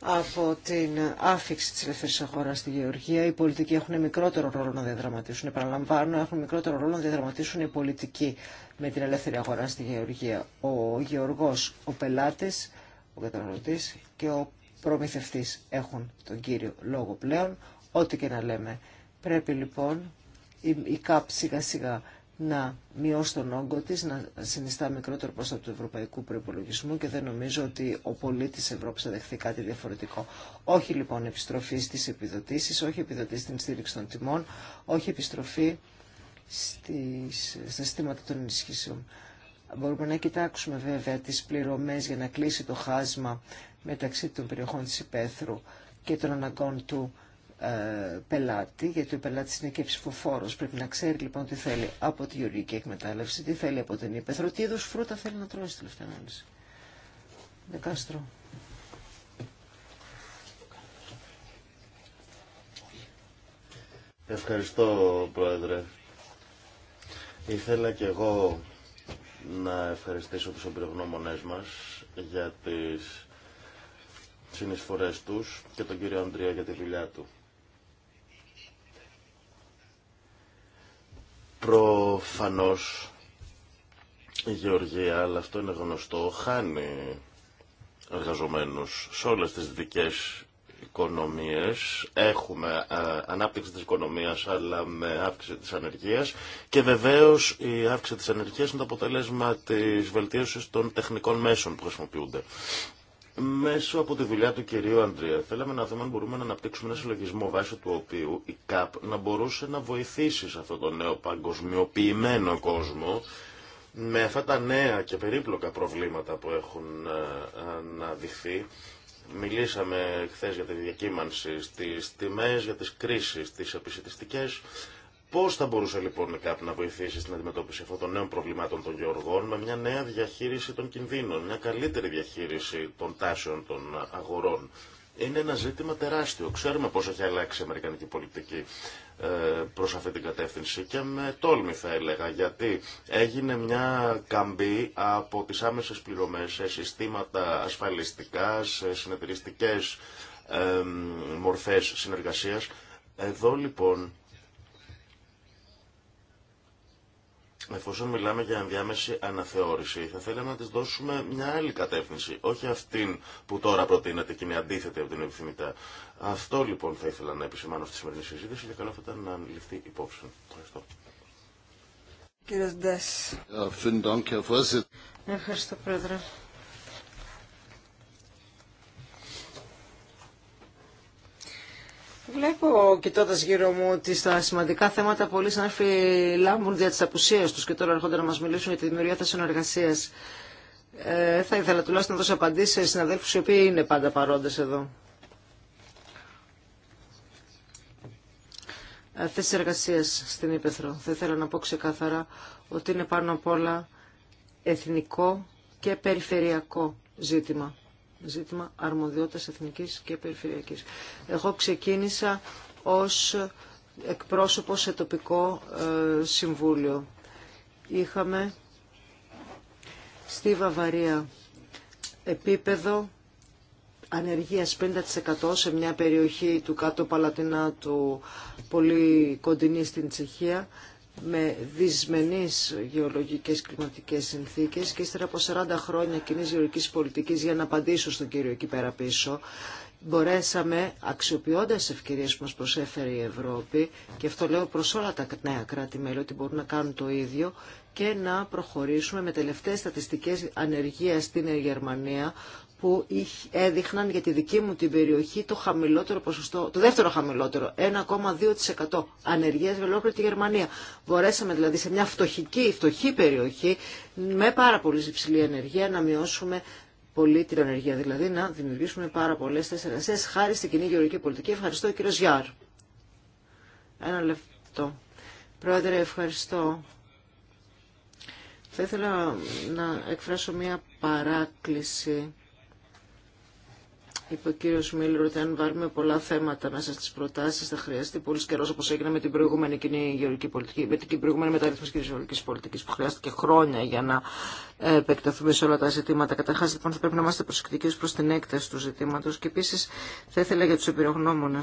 Από την άφηξη της ελεύθερης αγοράς στη Γεωργία, οι πολιτικοί έχουν μικρότερο ρόλο να διαδραματίσουν. Επαναλαμβάνω, έχουν μικρότερο ρόλο να διαδραματίσουν οι πολιτικοί με την ελεύθερη αγορά στη Γεωργία. Ο Γεωργός, ο πελάτης, ο καταναλωτή και ο προμηθευτή έχουν τον κύριο λόγο πλέον, ό,τι και να λέμε. Πρέπει λοιπόν η ΚΑΠ σιγά σιγά να μειώσει τον όγκο της, να συνιστά μικρότερο ποσό του ευρωπαϊκού προπολογισμού και δεν νομίζω ότι ο πολίτης Ευρώπης θα δεχθεί κάτι διαφορετικό. Όχι λοιπόν επιστροφή στις επιδοτήσεις, όχι επιδοτή στην στήριξη των τιμών, όχι επιστροφή στις, στα συστήματα των ενισχύσεων. Μπορούμε να κοιτάξουμε βέβαια τις πληρωμές για να κλείσει το χάσμα μεταξύ των περιοχών της υπαίθρου και των αναγκών του ε, πελάτη, γιατί ο πελάτης είναι και ψηφοφόρος, πρέπει να ξέρει λοιπόν τι θέλει από τη γεωργική εκμετάλλευση, τι θέλει από την ύπεθρο, τι είδους φρούτα θέλει να τρώει τη τελευταία ανάλυση. Δεκάστρο. Ευχαριστώ Πρόεδρε. Ήθελα και εγώ να ευχαριστήσω τους εμπειρογνώμονές μας για τις συνεισφορές τους και τον κύριο Ανδρία για τη δουλειά του. Προφανώς η Γεωργία, αλλά αυτό είναι γνωστό, χάνει εργαζομένους σε όλες τις δικές οικονομίες. Έχουμε ε, ανάπτυξη της οικονομίας, αλλά με αύξηση της ανεργίας. Και βεβαίως η αύξηση της ανεργίας είναι το αποτέλεσμα της βελτίωσης των τεχνικών μέσων που χρησιμοποιούνται. Μέσω από τη δουλειά του κυρίου Αντρία, θέλαμε να δούμε αν μπορούμε να αναπτύξουμε ένα συλλογισμό βάσει του οποίου η ΚΑΠ να μπορούσε να βοηθήσει σε αυτόν τον νέο παγκοσμιοποιημένο κόσμο με αυτά τα νέα και περίπλοκα προβλήματα που έχουν ε, αναδειχθεί. Μιλήσαμε χθε για τη διακύμανση, στις τιμές, για τις κρίσεις, τις επισητιστικές Πώ θα μπορούσε λοιπόν η να βοηθήσει στην αντιμετώπιση αυτών των νέων προβλημάτων των γεωργών με μια νέα διαχείριση των κινδύνων, μια καλύτερη διαχείριση των τάσεων των αγορών. Είναι ένα ζήτημα τεράστιο. Ξέρουμε πώ έχει αλλάξει η Αμερικανική πολιτική ε, προ αυτή την κατεύθυνση και με τόλμη θα έλεγα γιατί έγινε μια καμπή από τι άμεσε πληρωμέ σε συστήματα ασφαλιστικά, σε συνεταιριστικέ ε, μορφέ συνεργασία. Εδώ λοιπόν Εφόσον μιλάμε για ενδιάμεση αναθεώρηση, θα θέλαμε να τη δώσουμε μια άλλη κατεύθυνση, όχι αυτή που τώρα προτείνεται και είναι αντίθετη από την επιθυμητά. Αυτό λοιπόν θα ήθελα να επισημάνω στη σημερινή συζήτηση και καλό θα ήταν να ληφθεί υπόψη. Ευχαριστώ. Κύριε Ευχαριστώ, Πρόεδρε. Βλέπω, κοιτώντα γύρω μου, ότι στα σημαντικά θέματα πολλοί συνάδελφοι λάμπουν δια τη απουσία του και τώρα έρχονται να μα μιλήσουν για τη δημιουργία θέσεων εργασία. Ε, θα ήθελα τουλάχιστον να δώσω απαντήσει σε συναδέλφου οι οποίοι είναι πάντα παρόντε εδώ. Ε, Θέσει εργασία στην Ήπεθρο. Θα ήθελα να πω ξεκάθαρα ότι είναι πάνω απ' όλα εθνικό και περιφερειακό ζήτημα ζήτημα αρμοδιότητας εθνικής και περιφερειακής. Εγώ ξεκίνησα ως εκπρόσωπο σε τοπικό ε, συμβούλιο. Είχαμε στη Βαβαρία επίπεδο ανεργίας 50% σε μια περιοχή του κάτω Παλατινά του πολύ κοντινή στην Τσεχία με δυσμενείς γεωλογικές κλιματικές συνθήκες και ύστερα από 40 χρόνια κοινή γεωλογικής πολιτικής για να απαντήσω στον κύριο εκεί πέρα πίσω μπορέσαμε αξιοποιώντας ευκαιρίες που μας προσέφερε η Ευρώπη και αυτό λέω προς όλα τα νέα κράτη-μέλη ότι μπορούν να κάνουν το ίδιο και να προχωρήσουμε με τελευταίες στατιστικές ανεργίας στην Γερμανία που έδειχναν για τη δική μου την περιοχή το χαμηλότερο ποσοστό, το δεύτερο χαμηλότερο, 1,2% Ανεργία για ολόκληρη τη Γερμανία. Μπορέσαμε δηλαδή σε μια φτωχική, φτωχή περιοχή με πάρα πολύ υψηλή ανεργία, να μειώσουμε πολύ την ανεργία, δηλαδή να δημιουργήσουμε πάρα πολλέ θέσει εργασία χάρη στην κοινή γεωργική πολιτική. Ευχαριστώ, κύριο Γιάρ. Ένα λεπτό. Πρόεδρε, ευχαριστώ. Θα ήθελα να εκφράσω μια παράκληση Είπε ο κύριο Μίλλερ ότι αν βάλουμε πολλά θέματα μέσα στι προτάσει θα χρειαστεί πολύ καιρό όπω έγινε με την προηγούμενη κοινή γεωργική πολιτική, με την προηγούμενη μεταρρύθμιση κοινή γεωργική πολιτική που χρειάστηκε χρόνια για να ε, επεκταθούμε σε όλα τα ζητήματα. Καταρχά, λοιπόν, θα πρέπει να είμαστε προσεκτικοί προ την έκταση του ζητήματο και επίση θα ήθελα για του εμπειρογνώμονε.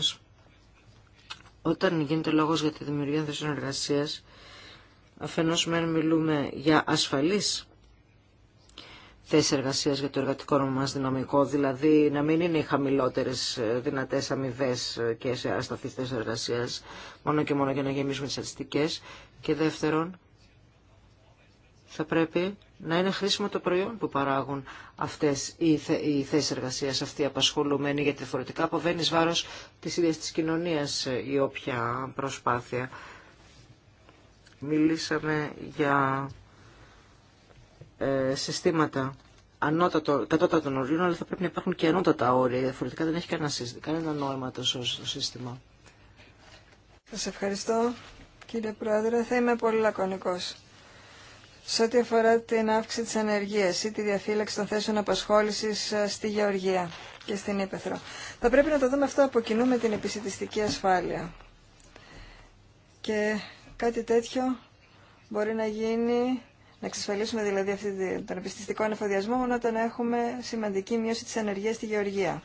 Όταν γίνεται λόγο για τη δημιουργία θέσεων εργασία, αφενό μεν μιλούμε για ασφαλή, θέσει εργασία για το εργατικό μα δυναμικό, δηλαδή να μην είναι οι χαμηλότερε ε, δυνατέ αμοιβέ ε, και σε ασταθεί θέσει εργασία, μόνο και μόνο για να γεμίσουμε τι αριστικέ. Και δεύτερον, θα πρέπει να είναι χρήσιμο το προϊόν που παράγουν αυτές οι, θε, οι θέσεις εργασίας, αυτοί οι απασχολουμένοι, γιατί διαφορετικά αποβαίνει βάρος της ίδιας της κοινωνίας ε, η όποια προσπάθεια. Μιλήσαμε για ε, συστήματα ανώτατο, κατώτατων ορίων, αλλά θα πρέπει να υπάρχουν και ανώτατα όρια. Διαφορετικά δεν έχει κανένα, κανένα νόημα το σύστημα. Σα ευχαριστώ κύριε Πρόεδρε. Θα είμαι πολύ λακωνικός. Σε ό,τι αφορά την αύξηση της ανεργία ή τη διαφύλαξη των θέσεων απασχόλησης ε, στη Γεωργία και στην Ήπεθρο. Θα πρέπει να το δούμε αυτό από κοινού με την επισητιστική ασφάλεια. Και κάτι τέτοιο μπορεί να γίνει να εξασφαλίσουμε δηλαδή αυτή τον επιστηστικό ανεφοδιασμό μόνο όταν έχουμε σημαντική μείωση της ανεργίας στη γεωργία.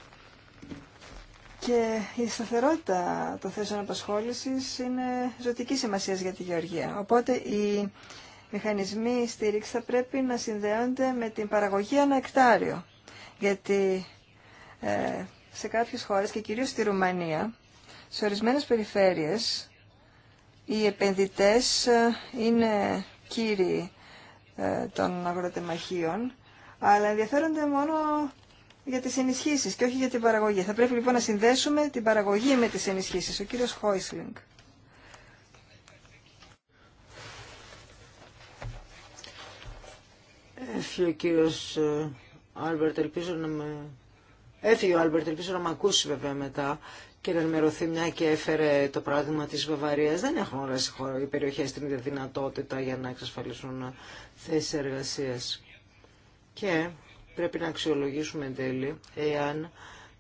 Και η σταθερότητα των θέσεων απασχόλησης είναι ζωτική σημασία για τη γεωργία. Οπότε οι μηχανισμοί στήριξη θα πρέπει να συνδέονται με την παραγωγή ένα εκτάριο. Γιατί ε, σε κάποιες χώρες και κυρίως στη Ρουμανία, σε ορισμένες περιφέρειες, οι επενδυτές ε, είναι κύριοι ε, των αγροτεμαχίων, αλλά ενδιαφέρονται μόνο για τις ενισχύσεις και όχι για την παραγωγή. Θα πρέπει λοιπόν να συνδέσουμε την παραγωγή με τις ενισχύσεις. Ο κύριος Χόισλινγκ. Έφυγε ο κύριος ε, Άλμπερτ, ελπίζω να με... Έφυγε ο Άλμπερτ, ελπίζω να με ακούσει βέβαια μετά και να ενημερωθεί μια και έφερε το παράδειγμα της Βαβαρίας. Δεν έχουν όλες οι περιοχές την ίδια δυνατότητα για να εξασφαλίσουν θέσεις εργασίας. Και πρέπει να αξιολογήσουμε εν τέλει εάν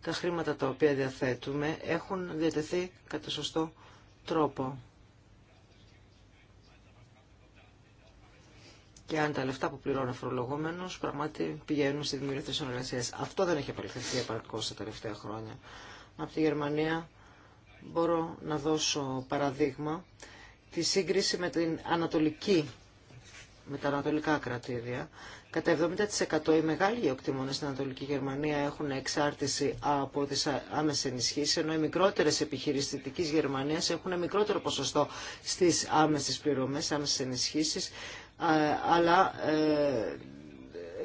τα χρήματα τα οποία διαθέτουμε έχουν διατεθεί κατά σωστό τρόπο. Και αν τα λεφτά που πληρώνει ο φορολογούμενο πηγαίνουν στη δημιουργία θέσεων εργασία. Αυτό δεν έχει απελευθερωθεί επαρκώ τα τελευταία χρόνια από τη Γερμανία μπορώ να δώσω παραδείγμα τη σύγκριση με την ανατολική με τα ανατολικά κρατήδια. Κατά 70% οι μεγάλοι γεωκτήμονε στην Ανατολική Γερμανία έχουν εξάρτηση από τι άμεσε ενισχύσει, ενώ οι μικρότερε επιχειρήσει Γερμανίας έχουν μικρότερο ποσοστό στι άμεσες πληρωμέ, άμεσε ενισχύσει, αλλά ε,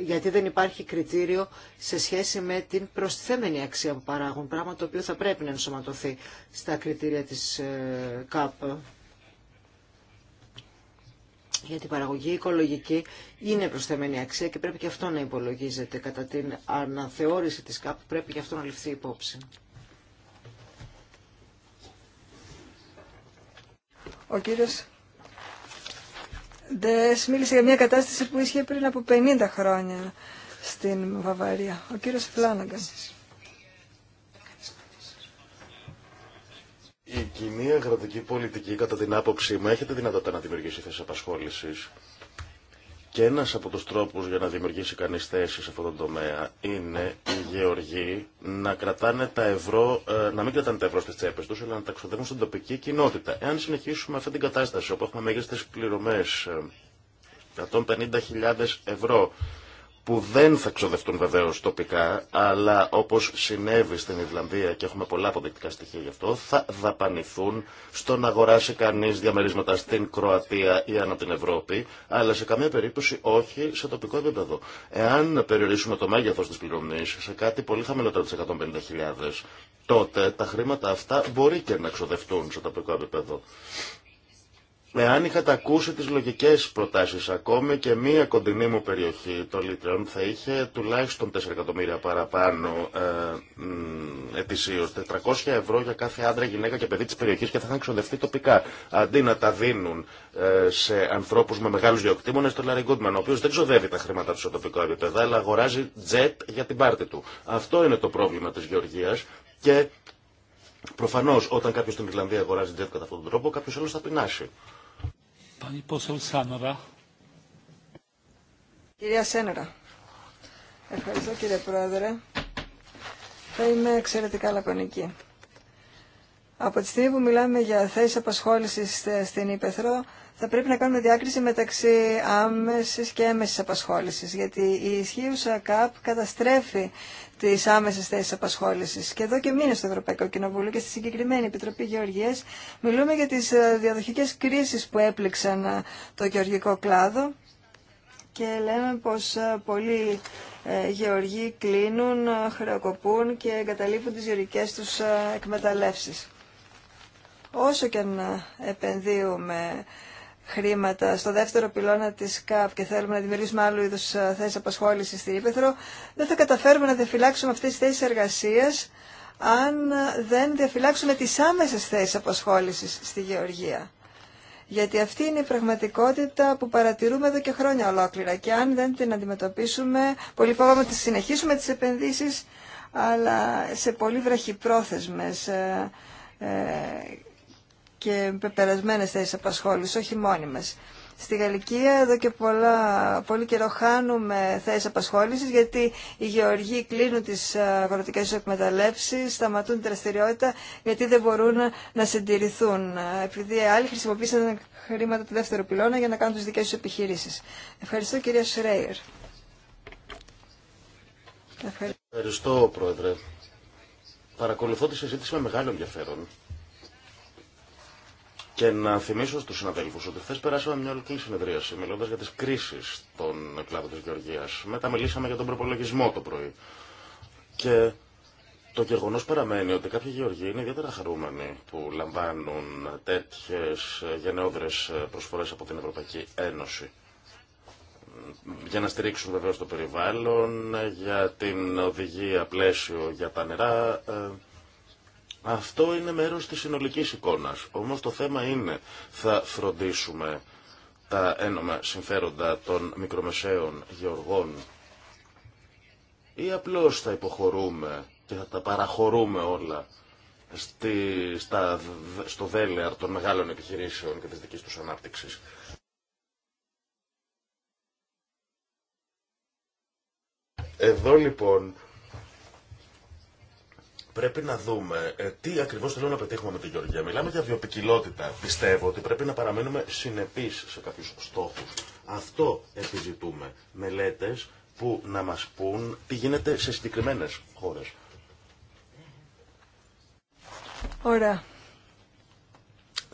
γιατί δεν υπάρχει κριτήριο σε σχέση με την προσθεμένη αξία που παράγουν, πράγμα το οποίο θα πρέπει να ενσωματωθεί στα κριτήρια της ε, ΚΑΠ Γιατί η παραγωγή οικολογική είναι προσθεμένη αξία και πρέπει και αυτό να υπολογίζεται. Κατά την αναθεώρηση της ΚΑΠ πρέπει και αυτό να ληφθεί υπόψη. Ο κύριος Δε μίλησε για μια κατάσταση που ίσχυε πριν από 50 χρόνια στην Βαβαρία. Ο κύριος Φλάναγκας. Η κοινή αγροτική πολιτική, κατά την άποψή μου, έχετε δυνατότητα να δημιουργήσει θέσει απασχόληση και ένα από του τρόπους για να δημιουργήσει κανεί θέση σε αυτόν τον τομέα είναι οι γεωργοί να, κρατάνε τα ευρώ, ε, να μην κρατάνε τα ευρώ στις τσέπες του, αλλά να τα ξοδεύουν στην τοπική κοινότητα. Εάν συνεχίσουμε αυτή την κατάσταση όπου έχουμε μέγιστες πληρωμές 150.000 ε, ευρώ που δεν θα ξοδευτούν βεβαίω τοπικά, αλλά όπω συνέβη στην Ιρλανδία και έχουμε πολλά αποδεικτικά στοιχεία γι' αυτό, θα δαπανηθούν στο να αγοράσει κανείς διαμερίσματα στην Κροατία ή ανά την Ευρώπη, αλλά σε καμία περίπτωση όχι σε τοπικό επίπεδο. Εάν περιορίσουμε το μέγεθο τη πληρωμή σε κάτι πολύ χαμηλότερο τι 150.000, τότε τα χρήματα αυτά μπορεί και να ξοδευτούν σε τοπικό επίπεδο. Εάν είχατε ακούσει τις λογικές προτάσεις ακόμη και μία κοντινή μου περιοχή, το Λίτρεον, θα είχε τουλάχιστον 4 εκατομμύρια παραπάνω ε, ετησίως, 400 ευρώ για κάθε άντρα, γυναίκα και παιδί της περιοχής και θα είχαν ξοδευτεί τοπικά, αντί να τα δίνουν ε, σε ανθρώπους με μεγάλους διοκτήμονες, το Λάρι Γκούντμαν, ο οποίος δεν ξοδεύει τα χρήματα του σε τοπικό επίπεδο, αλλά αγοράζει τζετ για την πάρτη του. Αυτό είναι το πρόβλημα της Γεωργίας και... Προφανώ, όταν κάποιο στην Ιρλανδία αγοράζει τζετ κατά αυτόν τον τρόπο, κάποιο άλλο θα πεινάσει. Κυρία Σένερα, ευχαριστώ κύριε Πρόεδρε. Θα είμαι εξαιρετικά λακωνική. Από τη στιγμή που μιλάμε για θέσεις απασχόλησης στην Ήπεθρο, θα πρέπει να κάνουμε διάκριση μεταξύ άμεσης και έμεσης απασχόλησης, γιατί η ισχύουσα ΚΑΠ καταστρέφει τις άμεσες θέσεις απασχόλησης. Και εδώ και μήνες στο Ευρωπαϊκό Κοινοβούλιο και στη συγκεκριμένη Επιτροπή Γεωργίας μιλούμε για τις ε, διαδοχικές κρίσεις που έπληξαν ε, το γεωργικό κλάδο και λέμε πως ε, πολλοί γεωργοί κλείνουν, χρεοκοπούν και εγκαταλείπουν τις γεωργικές τους εκμεταλλεύσεις. Όσο και να επενδύουμε χρήματα στο δεύτερο πυλώνα τη ΚΑΠ και θέλουμε να δημιουργήσουμε άλλου είδου ε, θέσει απασχόληση στη Ήπεθρο, δεν θα καταφέρουμε να διαφυλάξουμε αυτέ τι θέσει εργασίας αν ε, δεν διαφυλάξουμε τι άμεσε θέσει απασχόληση στη Γεωργία. Γιατί αυτή είναι η πραγματικότητα που παρατηρούμε εδώ και χρόνια ολόκληρα και αν δεν την αντιμετωπίσουμε, πολύ φοβάμαι ότι συνεχίσουμε τι επενδύσει, αλλά σε πολύ βραχυπρόθεσμες ε, και περασμένε θέσει απασχόληση, όχι μόνιμες. Στη Γαλλικία εδώ και πολλά, πολύ καιρό χάνουμε θέσει απασχόληση γιατί οι γεωργοί κλείνουν τι ε, αγροτικέ του εκμεταλλεύσει, σταματούν τη δραστηριότητα γιατί δεν μπορούν να συντηρηθούν ε, επειδή άλλοι χρησιμοποίησαν χρήματα του δεύτερου πυλώνα για να κάνουν τι δικέ του επιχειρήσει. Ευχαριστώ κυρία Σρέιερ. Ευχαριστώ πρόεδρε. Παρακολουθώ τη συζήτηση με μεγάλο ενδιαφέρον και να θυμίσω στους συναδέλφους ότι χθε περάσαμε μια ολική συνεδρίαση μιλώντας για τις κρίσεις των κλάδων της Γεωργίας. Μετά μιλήσαμε για τον προπολογισμό το πρωί. Και το γεγονό παραμένει ότι κάποιοι γεωργοί είναι ιδιαίτερα χαρούμενοι που λαμβάνουν τέτοιες γενναιόδρες προσφορές από την Ευρωπαϊκή Ένωση. Για να στηρίξουν βεβαίω το περιβάλλον, για την οδηγία πλαίσιο για τα νερά. Ε, αυτό είναι μέρος της συνολικής εικόνας. Όμως το θέμα είναι, θα φροντίσουμε τα ένομα συμφέροντα των μικρομεσαίων γεωργών ή απλώς θα υποχωρούμε και θα τα παραχωρούμε όλα στη, στο δέλεαρ των μεγάλων επιχειρήσεων και της δικής τους ανάπτυξης. Εδώ λοιπόν Πρέπει να δούμε ε, τι ακριβώ θέλουμε να πετύχουμε με τη Γεωργία. Μιλάμε για βιοπικιλότητα. Πιστεύω ότι πρέπει να παραμένουμε συνεπεί σε κάποιου στόχου. Αυτό επιζητούμε. Μελέτε που να μα πούν τι γίνεται σε συγκεκριμένε χώρε. Ωραία.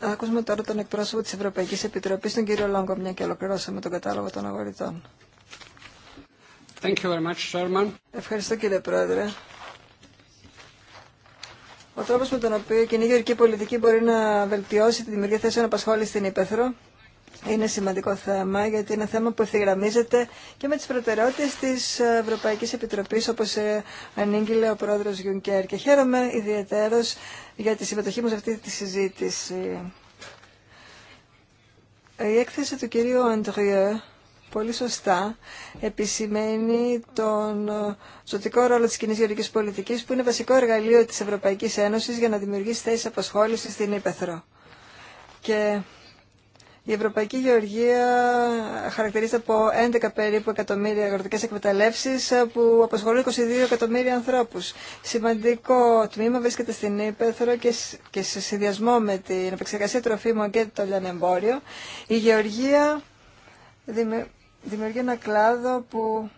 Άκουσαμε τώρα τον εκπρόσωπο τη Ευρωπαϊκή Επιτροπή τον κύριο Λόγκο, μια και ολοκληρώσαμε τον κατάλογο των αγοριτών. Ευχαριστώ κύριε Πρόεδρε. Ο τρόπο με τον οποίο η κοινή γεωργική πολιτική μπορεί να βελτιώσει τη δημιουργία θέσεων απασχόληση στην Ήπεθρο είναι σημαντικό θέμα, γιατί είναι θέμα που ευθυγραμμίζεται και με τι προτεραιότητε τη Ευρωπαϊκή Επιτροπή, όπω ανήγγειλε ο πρόεδρο Γιουνκέρ. Και χαίρομαι ιδιαίτερω για τη συμμετοχή μου σε αυτή τη συζήτηση. Η έκθεση του κυρίου Αντριέ πολύ σωστά επισημαίνει τον ε, ζωτικό ρόλο της κοινή γεωργικής πολιτικής που είναι βασικό εργαλείο της Ευρωπαϊκής Ένωσης για να δημιουργήσει θέσεις απασχόλησης στην Ήπεθρο. Και η Ευρωπαϊκή Γεωργία χαρακτηρίζεται από 11 περίπου εκατομμύρια αγροτικές εκμεταλλεύσεις ε, που απασχολούν 22 εκατομμύρια ανθρώπους. Σημαντικό τμήμα βρίσκεται στην Ήπεθρο και σε συνδυασμό με την επεξεργασία τροφίμων και το λιανεμπόριο. Η Γεωργία δημιουργεί ένα κλάδο που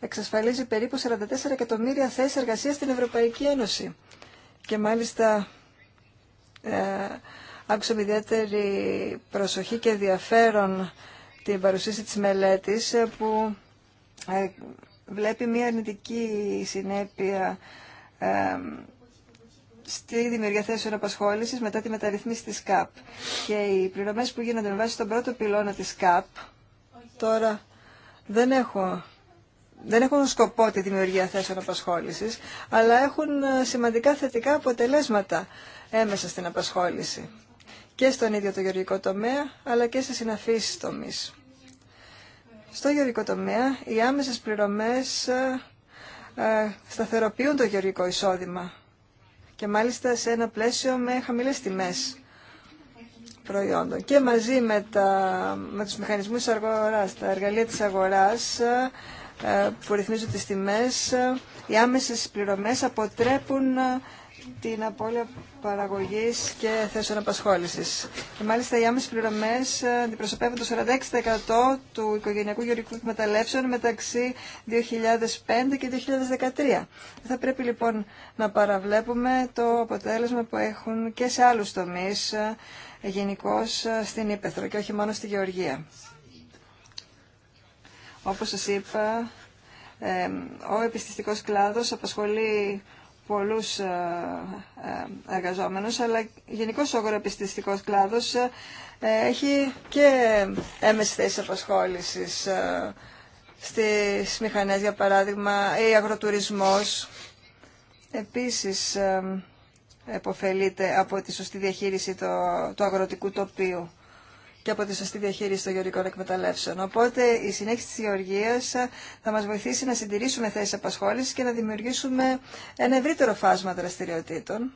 εξασφαλίζει περίπου 44 εκατομμύρια θέσεις εργασίας στην Ευρωπαϊκή Ένωση. Και μάλιστα ε, άκουσα με ιδιαίτερη προσοχή και ενδιαφέρον την παρουσίαση της μελέτης ε, που ε, βλέπει μια αρνητική συνέπεια ε, στη δημιουργία θέσεων απασχόλησης μετά τη μεταρρυθμίση της ΚΑΠ. Και οι πληρωμές που γίνονται με βάση τον πρώτο πυλώνα της ΚΑΠ τώρα δεν έχουν, δεν έχουν σκοπό τη δημιουργία θέσεων απασχόλησης, αλλά έχουν ε, σημαντικά θετικά αποτελέσματα έμεσα στην απασχόληση και στον ίδιο το γεωργικό τομέα, αλλά και σε συναφείς τομείς. Στο γεωργικό τομέα, οι άμεσες πληρωμές ε, ε, σταθεροποιούν το γεωργικό εισόδημα και μάλιστα σε ένα πλαίσιο με χαμηλές τιμές προϊόντων. Και μαζί με, τα, με τους μηχανισμούς αγοράς, τα εργαλεία της αγοράς ε, που ρυθμίζουν τις τιμές, ε, οι άμεσες πληρωμές αποτρέπουν ε, την απώλεια παραγωγής και θέσεων απασχόλησης. Και μάλιστα οι άμεσες πληρωμές αντιπροσωπεύουν το 46% του οικογενειακού γεωργικού εκμεταλλεύσεων μεταξύ 2005 και 2013. Θα πρέπει λοιπόν να παραβλέπουμε το αποτέλεσμα που έχουν και σε άλλους τομείς γενικώ ε, στην Ήπεθρο και όχι μόνο στη Γεωργία. Όπως σας είπα, ο επιστηστικός κλάδος απασχολεί πολλούς ε, ε, εργαζόμενους, αλλά γενικώ ο αγοροεπιστηστικός κλάδος έχει και έμεση θέση απασχόλησης στις μηχανές, για παράδειγμα, ή αγροτουρισμός. Επίσης, εποφελείται από τη σωστή διαχείριση το, του αγροτικού τοπίου και από τη σωστή διαχείριση των γεωργικών εκμεταλλεύσεων. Οπότε η συνέχιση της γεωργίας θα μας βοηθήσει να συντηρήσουμε θέσεις απασχόλησης και να δημιουργήσουμε ένα ευρύτερο φάσμα δραστηριοτήτων.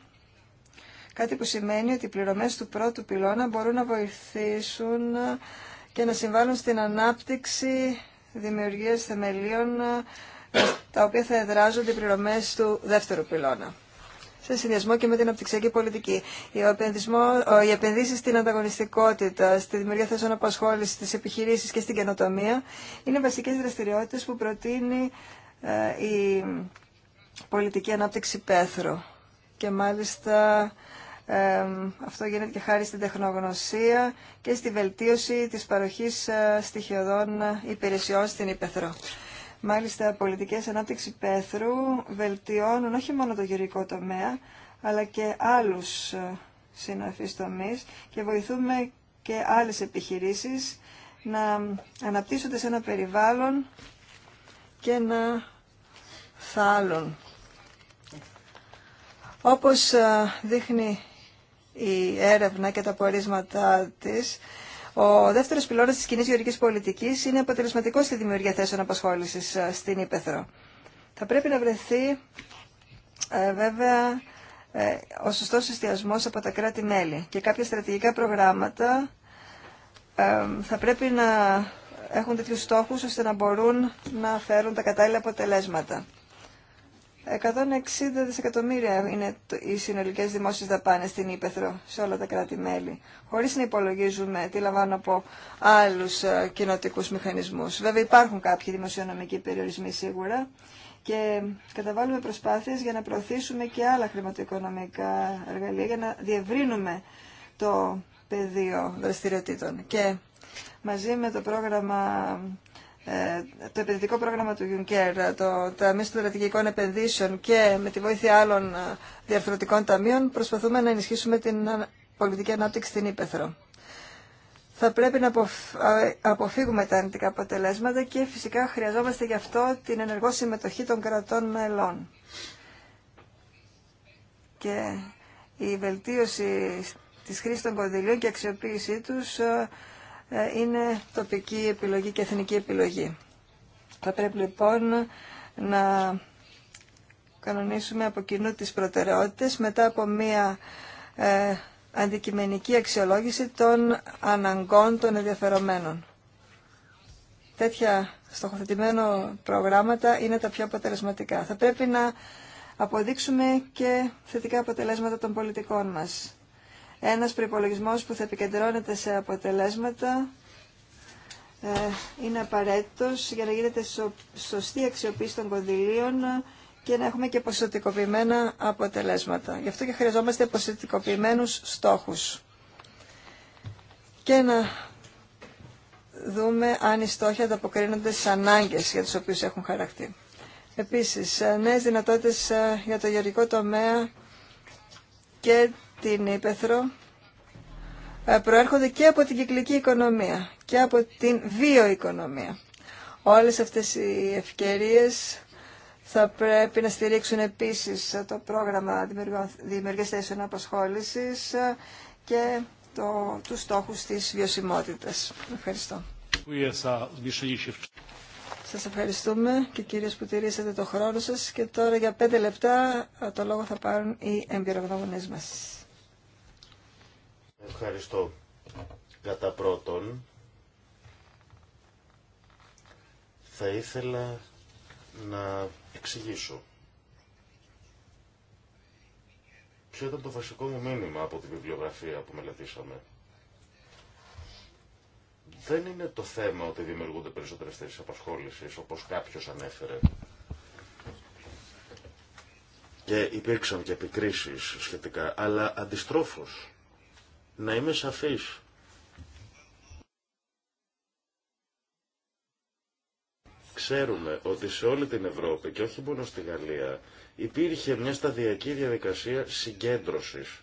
Κάτι που σημαίνει ότι οι πληρωμές του πρώτου πυλώνα μπορούν να βοηθήσουν και να συμβάλλουν στην ανάπτυξη δημιουργίας θεμελίων ε, τα οποία θα εδράζονται οι πληρωμές του δεύτερου πυλώνα σε συνδυασμό και με την αναπτυξιακή πολιτική. Οι επενδύσει στην ανταγωνιστικότητα, στη δημιουργία θέσεων απασχόληση, στι επιχειρήσει και στην καινοτομία είναι βασικέ δραστηριότητε που προτείνει ε, η πολιτική ανάπτυξη πέθρου. Και μάλιστα αυτό γίνεται και χάρη στην τεχνογνωσία και στη βελτίωση της παροχής ε, στοιχειωδών υπηρεσιών στην Υπεθρό. Μάλιστα, πολιτικές ανάπτυξη πέθρου βελτιώνουν όχι μόνο το γερικό τομέα, αλλά και άλλους ε, συναφεί τομεί και βοηθούμε και άλλες επιχειρήσεις να αναπτύσσονται σε ένα περιβάλλον και να θάλουν. Όπως ε, δείχνει η έρευνα και τα πορίσματά της, ο δεύτερο πυλώνα τη κοινή γεωργική πολιτική είναι αποτελεσματικό στη δημιουργία θέσεων απασχόληση ε, στην Ήπεθρο. Θα πρέπει να βρεθεί ε, βέβαια ε, ο σωστό εστιασμό από τα κράτη-μέλη και κάποια στρατηγικά προγράμματα ε, θα πρέπει να έχουν τέτοιου στόχου ώστε να μπορούν να φέρουν τα κατάλληλα αποτελέσματα. 160 δισεκατομμύρια είναι οι συνολικές δημόσιες δαπάνες στην Ήπεθρο σε όλα τα κράτη-μέλη, χωρίς να υπολογίζουμε τι λαμβάνω από άλλους ε, κοινοτικού μηχανισμούς. Βέβαια υπάρχουν κάποιοι δημοσιονομικοί περιορισμοί σίγουρα και καταβάλουμε προσπάθειες για να προωθήσουμε και άλλα χρηματοοικονομικά εργαλεία για να διευρύνουμε το πεδίο δραστηριοτήτων. Και μαζί με το πρόγραμμα ε, το επενδυτικό πρόγραμμα του Juncker, το Ταμείο Στρατηγικών Επενδύσεων και με τη βοήθεια άλλων ε, διαρθρωτικών ταμείων προσπαθούμε να ενισχύσουμε την πολιτική ανάπτυξη στην Ήπεθρο. Θα πρέπει να αποφύγουμε τα αρνητικά αποτελέσματα και φυσικά χρειαζόμαστε γι' αυτό την ενεργό συμμετοχή των κρατών μελών. Και η βελτίωση της χρήσης των κονδυλίων και αξιοποίησή τους ε, ε, είναι τοπική επιλογή και εθνική επιλογή. Θα πρέπει λοιπόν να κανονίσουμε από κοινού τις προτεραιότητες μετά από μία ε, αντικειμενική αξιολόγηση των αναγκών των ενδιαφερομένων. Τέτοια στοχοθετημένο προγράμματα είναι τα πιο αποτελεσματικά. Θα πρέπει να αποδείξουμε και θετικά αποτελέσματα των πολιτικών μας. Ένας προϋπολογισμός που θα επικεντρώνεται σε αποτελέσματα ε, είναι απαραίτητος για να γίνεται σωστή αξιοποίηση των κονδυλίων και να έχουμε και ποσοτικοποιημένα αποτελέσματα. Γι' αυτό και χρειαζόμαστε ποσοτικοποιημένους στόχους. Και να δούμε αν οι στόχοι ανταποκρίνονται στις ανάγκες για τους οποίους έχουν χαρακτή. Επίσης, ε, νέες δυνατότητες ε, για το γεωργικό τομέα και την Ήπεθρο ε, προέρχονται και από την κυκλική οικονομία και από την βιοοικονομία. Όλες αυτές οι ευκαιρίες θα πρέπει να στηρίξουν επίσης ε, το πρόγραμμα δημιουργίας θέσεων απασχόλησης ε, και το, τους στόχους της βιωσιμότητας. Ευχαριστώ. Σας ευχαριστούμε και κυρίες που τηρήσατε το χρόνο σας και τώρα για πέντε λεπτά το λόγο θα πάρουν οι εμπειρογνώμονες μας. Ευχαριστώ. Κατά πρώτον, θα ήθελα να εξηγήσω ποιο ήταν το βασικό μου μήνυμα από τη βιβλιογραφία που μελετήσαμε. Δεν είναι το θέμα ότι δημιουργούνται περισσότερες θέσεις απασχόλησης, όπως κάποιος ανέφερε. Και υπήρξαν και επικρίσεις σχετικά, αλλά αντιστρόφως να είμαι σαφής. Ξέρουμε ότι σε όλη την Ευρώπη και όχι μόνο στη Γαλλία υπήρχε μια σταδιακή διαδικασία συγκέντρωσης.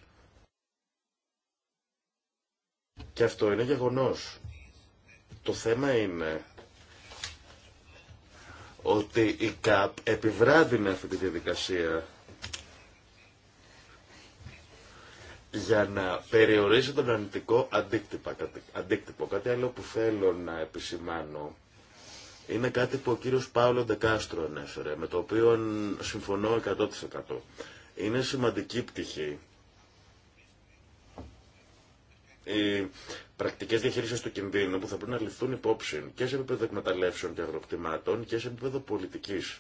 Και αυτό είναι γεγονός. Το θέμα είναι ότι η ΚΑΠ επιβράδυνε αυτή τη διαδικασία για να περιορίσει τον αρνητικό αντίκτυπο. Κάτι άλλο που θέλω να επισημάνω είναι κάτι που ο κύριος Πάολο Ντεκάστρο ανέφερε, με το οποίο συμφωνώ 100%. Είναι σημαντική πτυχή οι πρακτικές διαχείρισης του κινδύνου που θα πρέπει να ληφθούν υπόψη και σε επίπεδο εκμεταλλεύσεων και αγροκτημάτων και σε επίπεδο πολιτικής.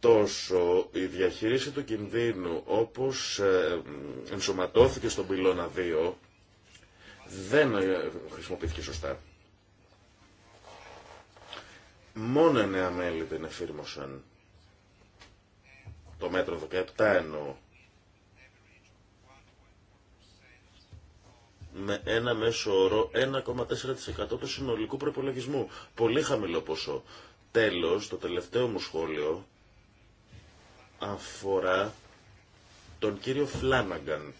Τόσο, η διαχείριση του κινδύνου όπως ε, ενσωματώθηκε στον πυλώνα 2 δεν ε, χρησιμοποιήθηκε σωστά. Μόνο εννέα μέλη δεν εφήρμοσαν το μέτρο 17 εννοώ. με ένα μέσο όρο 1,4% του συνολικού προπολογισμού. Πολύ χαμηλό ποσό. Τέλος, το τελευταίο μου σχόλιο αφορά τον κύριο Φλάναγκαν.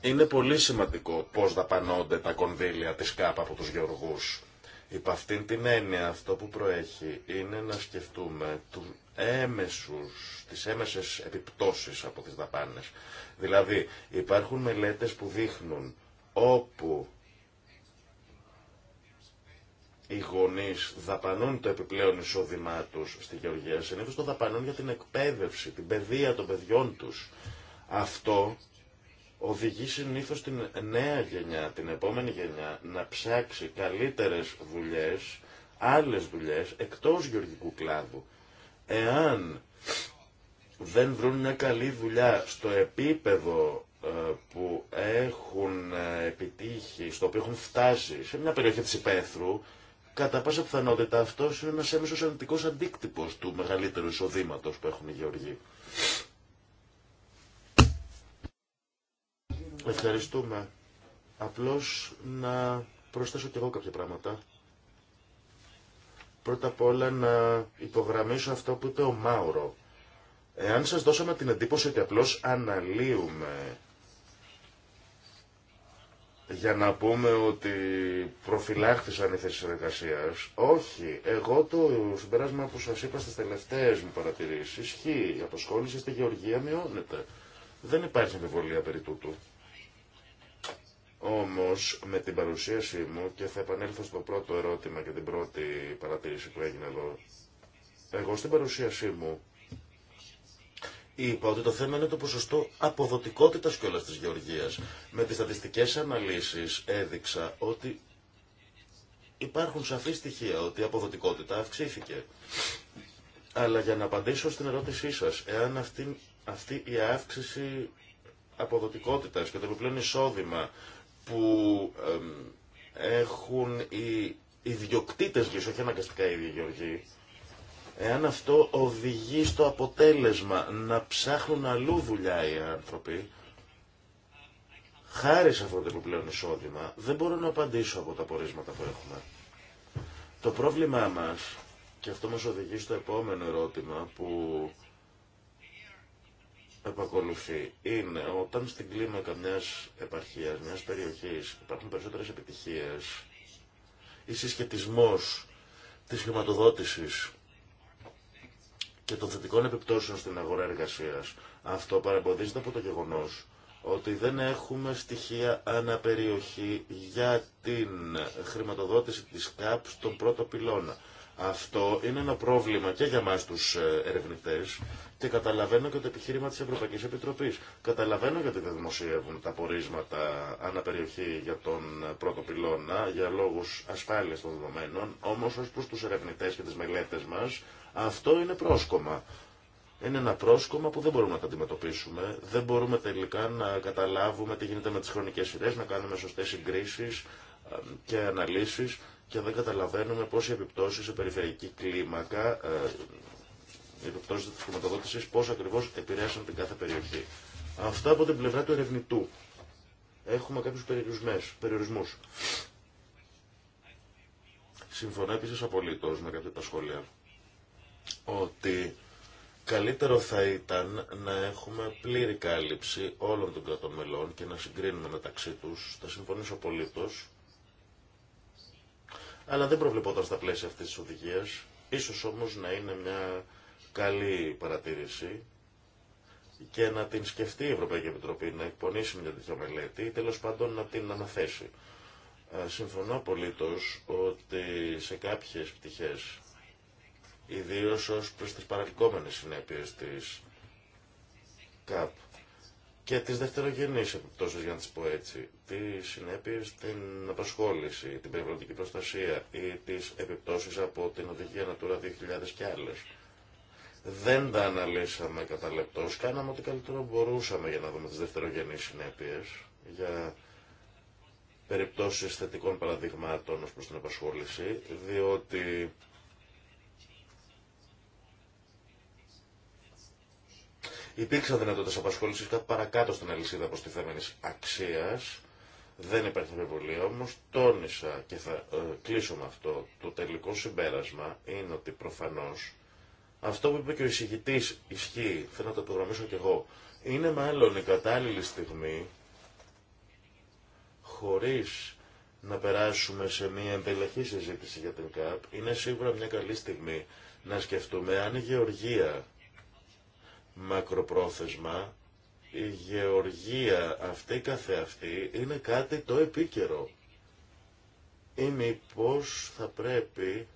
Είναι πολύ σημαντικό πώς δαπανώνται τα κονδύλια της ΚΑΠ από τους γεωργούς. Υπ' αυτήν την έννοια αυτό που προέχει είναι να σκεφτούμε του έμεσους, τις έμεσες επιπτώσεις από τις δαπάνες. Δηλαδή υπάρχουν μελέτες που δείχνουν όπου οι γονεί δαπανούν το επιπλέον εισόδημά του στη γεωργία, συνήθω το δαπανούν για την εκπαίδευση, την παιδεία των παιδιών του. Αυτό οδηγεί συνήθω την νέα γενιά, την επόμενη γενιά, να ψάξει καλύτερε δουλειέ, άλλε δουλειέ εκτό γεωργικού κλάδου. Εάν δεν βρουν μια καλή δουλειά στο επίπεδο ε, που έχουν ε, επιτύχει, στο οποίο έχουν φτάσει σε μια περιοχή της υπαίθρου, Κατά πάσα πιθανότητα αυτό είναι ένα έμεσο αρνητικό αντίκτυπο του μεγαλύτερου εισοδήματο που έχουν οι γεωργοί. Ευχαριστούμε. Απλώς να προσθέσω και εγώ κάποια πράγματα. Πρώτα απ' όλα να υπογραμμίσω αυτό που είπε ο Μάουρο. Εάν σας δώσαμε την εντύπωση ότι απλώς αναλύουμε για να πούμε ότι προφυλάχθησαν οι θέσει εργασία. Όχι. Εγώ το συμπεράσμα που σα είπα στι τελευταίε μου παρατηρήσει ισχύει. Η απασχόληση στη γεωργία μειώνεται. Δεν υπάρχει αμφιβολία περί τούτου. Όμω, με την παρουσίασή μου, και θα επανέλθω στο πρώτο ερώτημα και την πρώτη παρατήρηση που έγινε εδώ, εγώ στην παρουσίασή μου είπα ότι το θέμα είναι το ποσοστό αποδοτικότητας κιόλας της γεωργίας. Με τις στατιστικές αναλύσεις έδειξα ότι υπάρχουν σαφή στοιχεία ότι η αποδοτικότητα αυξήθηκε. Αλλά για να απαντήσω στην ερώτησή σας, εάν αυτή, αυτή η αύξηση αποδοτικότητας και το επιπλέον εισόδημα που έχουν οι ιδιοκτήτες γης, όχι αναγκαστικά οι ίδιοι γεωργοί, Εάν αυτό οδηγεί στο αποτέλεσμα να ψάχνουν αλλού δουλειά οι άνθρωποι, χάρη σε αυτό το επιπλέον εισόδημα, δεν μπορώ να απαντήσω από τα πορίσματα που έχουμε. Το πρόβλημά μας, και αυτό μας οδηγεί στο επόμενο ερώτημα που επακολουθεί, είναι όταν στην κλίμακα μιας επαρχίας, μιας περιοχής υπάρχουν περισσότερες επιτυχίες, ή συσχετισμός της χρηματοδότησης και των θετικών επιπτώσεων στην αγορά εργασία. Αυτό παρεμποδίζεται από το γεγονό ότι δεν έχουμε στοιχεία αναπεριοχή για την χρηματοδότηση της ΚΑΠ στον πρώτο πυλώνα. Αυτό είναι ένα πρόβλημα και για εμά του ε, ερευνητέ και καταλαβαίνω και το επιχείρημα τη Ευρωπαϊκή Επιτροπή. Καταλαβαίνω γιατί δεν δημοσιεύουν τα πορίσματα αναπεριοχή για τον πρώτο πυλώνα για λόγου ασφάλεια των δεδομένων, όμω ω προ του ερευνητέ και τι μελέτε μα αυτό είναι πρόσκομα. Είναι ένα πρόσκομα που δεν μπορούμε να τα αντιμετωπίσουμε. Δεν μπορούμε τελικά να καταλάβουμε τι γίνεται με τι χρονικέ σειρέ, να κάνουμε σωστέ συγκρίσει ε, και αναλύσει και δεν καταλαβαίνουμε πώς οι επιπτώσεις σε περιφερειακή κλίμακα, ε, οι επιπτώσεις της χρηματοδότησης, πώς ακριβώς επηρέασαν την κάθε περιοχή. Αυτά από την πλευρά του ερευνητού. Έχουμε κάποιους περιορισμούς. Συμφωνώ επίσης απολύτω με κάποια τα σχόλια ότι Καλύτερο θα ήταν να έχουμε πλήρη κάλυψη όλων των κρατών μελών και να συγκρίνουμε μεταξύ τους. Θα συμφωνήσω απολύτως αλλά δεν προβλεπόταν στα πλαίσια αυτής της οδηγίας. Ίσως όμως να είναι μια καλή παρατήρηση και να την σκεφτεί η Ευρωπαϊκή Επιτροπή, να εκπονήσει μια τέτοια μελέτη ή τέλος πάντων να την αναθέσει. Ε, συμφωνώ απολύτως ότι σε κάποιες πτυχές, ιδίως ως προς τις παραλυκόμενες συνέπειες της ΚΑΠ, και τις δευτερογενείς επιπτώσεις, για να τις πω έτσι, τις συνέπειες στην απασχόληση, την περιβαλλοντική προστασία ή τις επιπτώσεις από την οδηγία Natura 2000 και άλλες. Δεν τα αναλύσαμε κατά λεπτός, κάναμε ό,τι καλύτερο μπορούσαμε για να δούμε τις δευτερογενείς συνέπειες, για περιπτώσεις θετικών παραδειγμάτων ως προς την απασχόληση, διότι Υπήρξαν δυνατότητε απασχόληση κάτι παρακάτω στην αλυσίδα προστιθέμενη αξία. Δεν υπάρχει επιβολή όμω. Τόνισα και θα ε, κλείσω με αυτό. Το τελικό συμπέρασμα είναι ότι προφανώ αυτό που είπε και ο εισηγητή ισχύει. Θέλω να το υπογραμμίσω κι εγώ. Είναι μάλλον η κατάλληλη στιγμή χωρί να περάσουμε σε μια εντελεχή συζήτηση για την ΚΑΠ, είναι σίγουρα μια καλή στιγμή να σκεφτούμε αν η γεωργία μακροπρόθεσμα η γεωργία αυτή καθεαυτή είναι κάτι το επίκαιρο. Ή μήπω θα πρέπει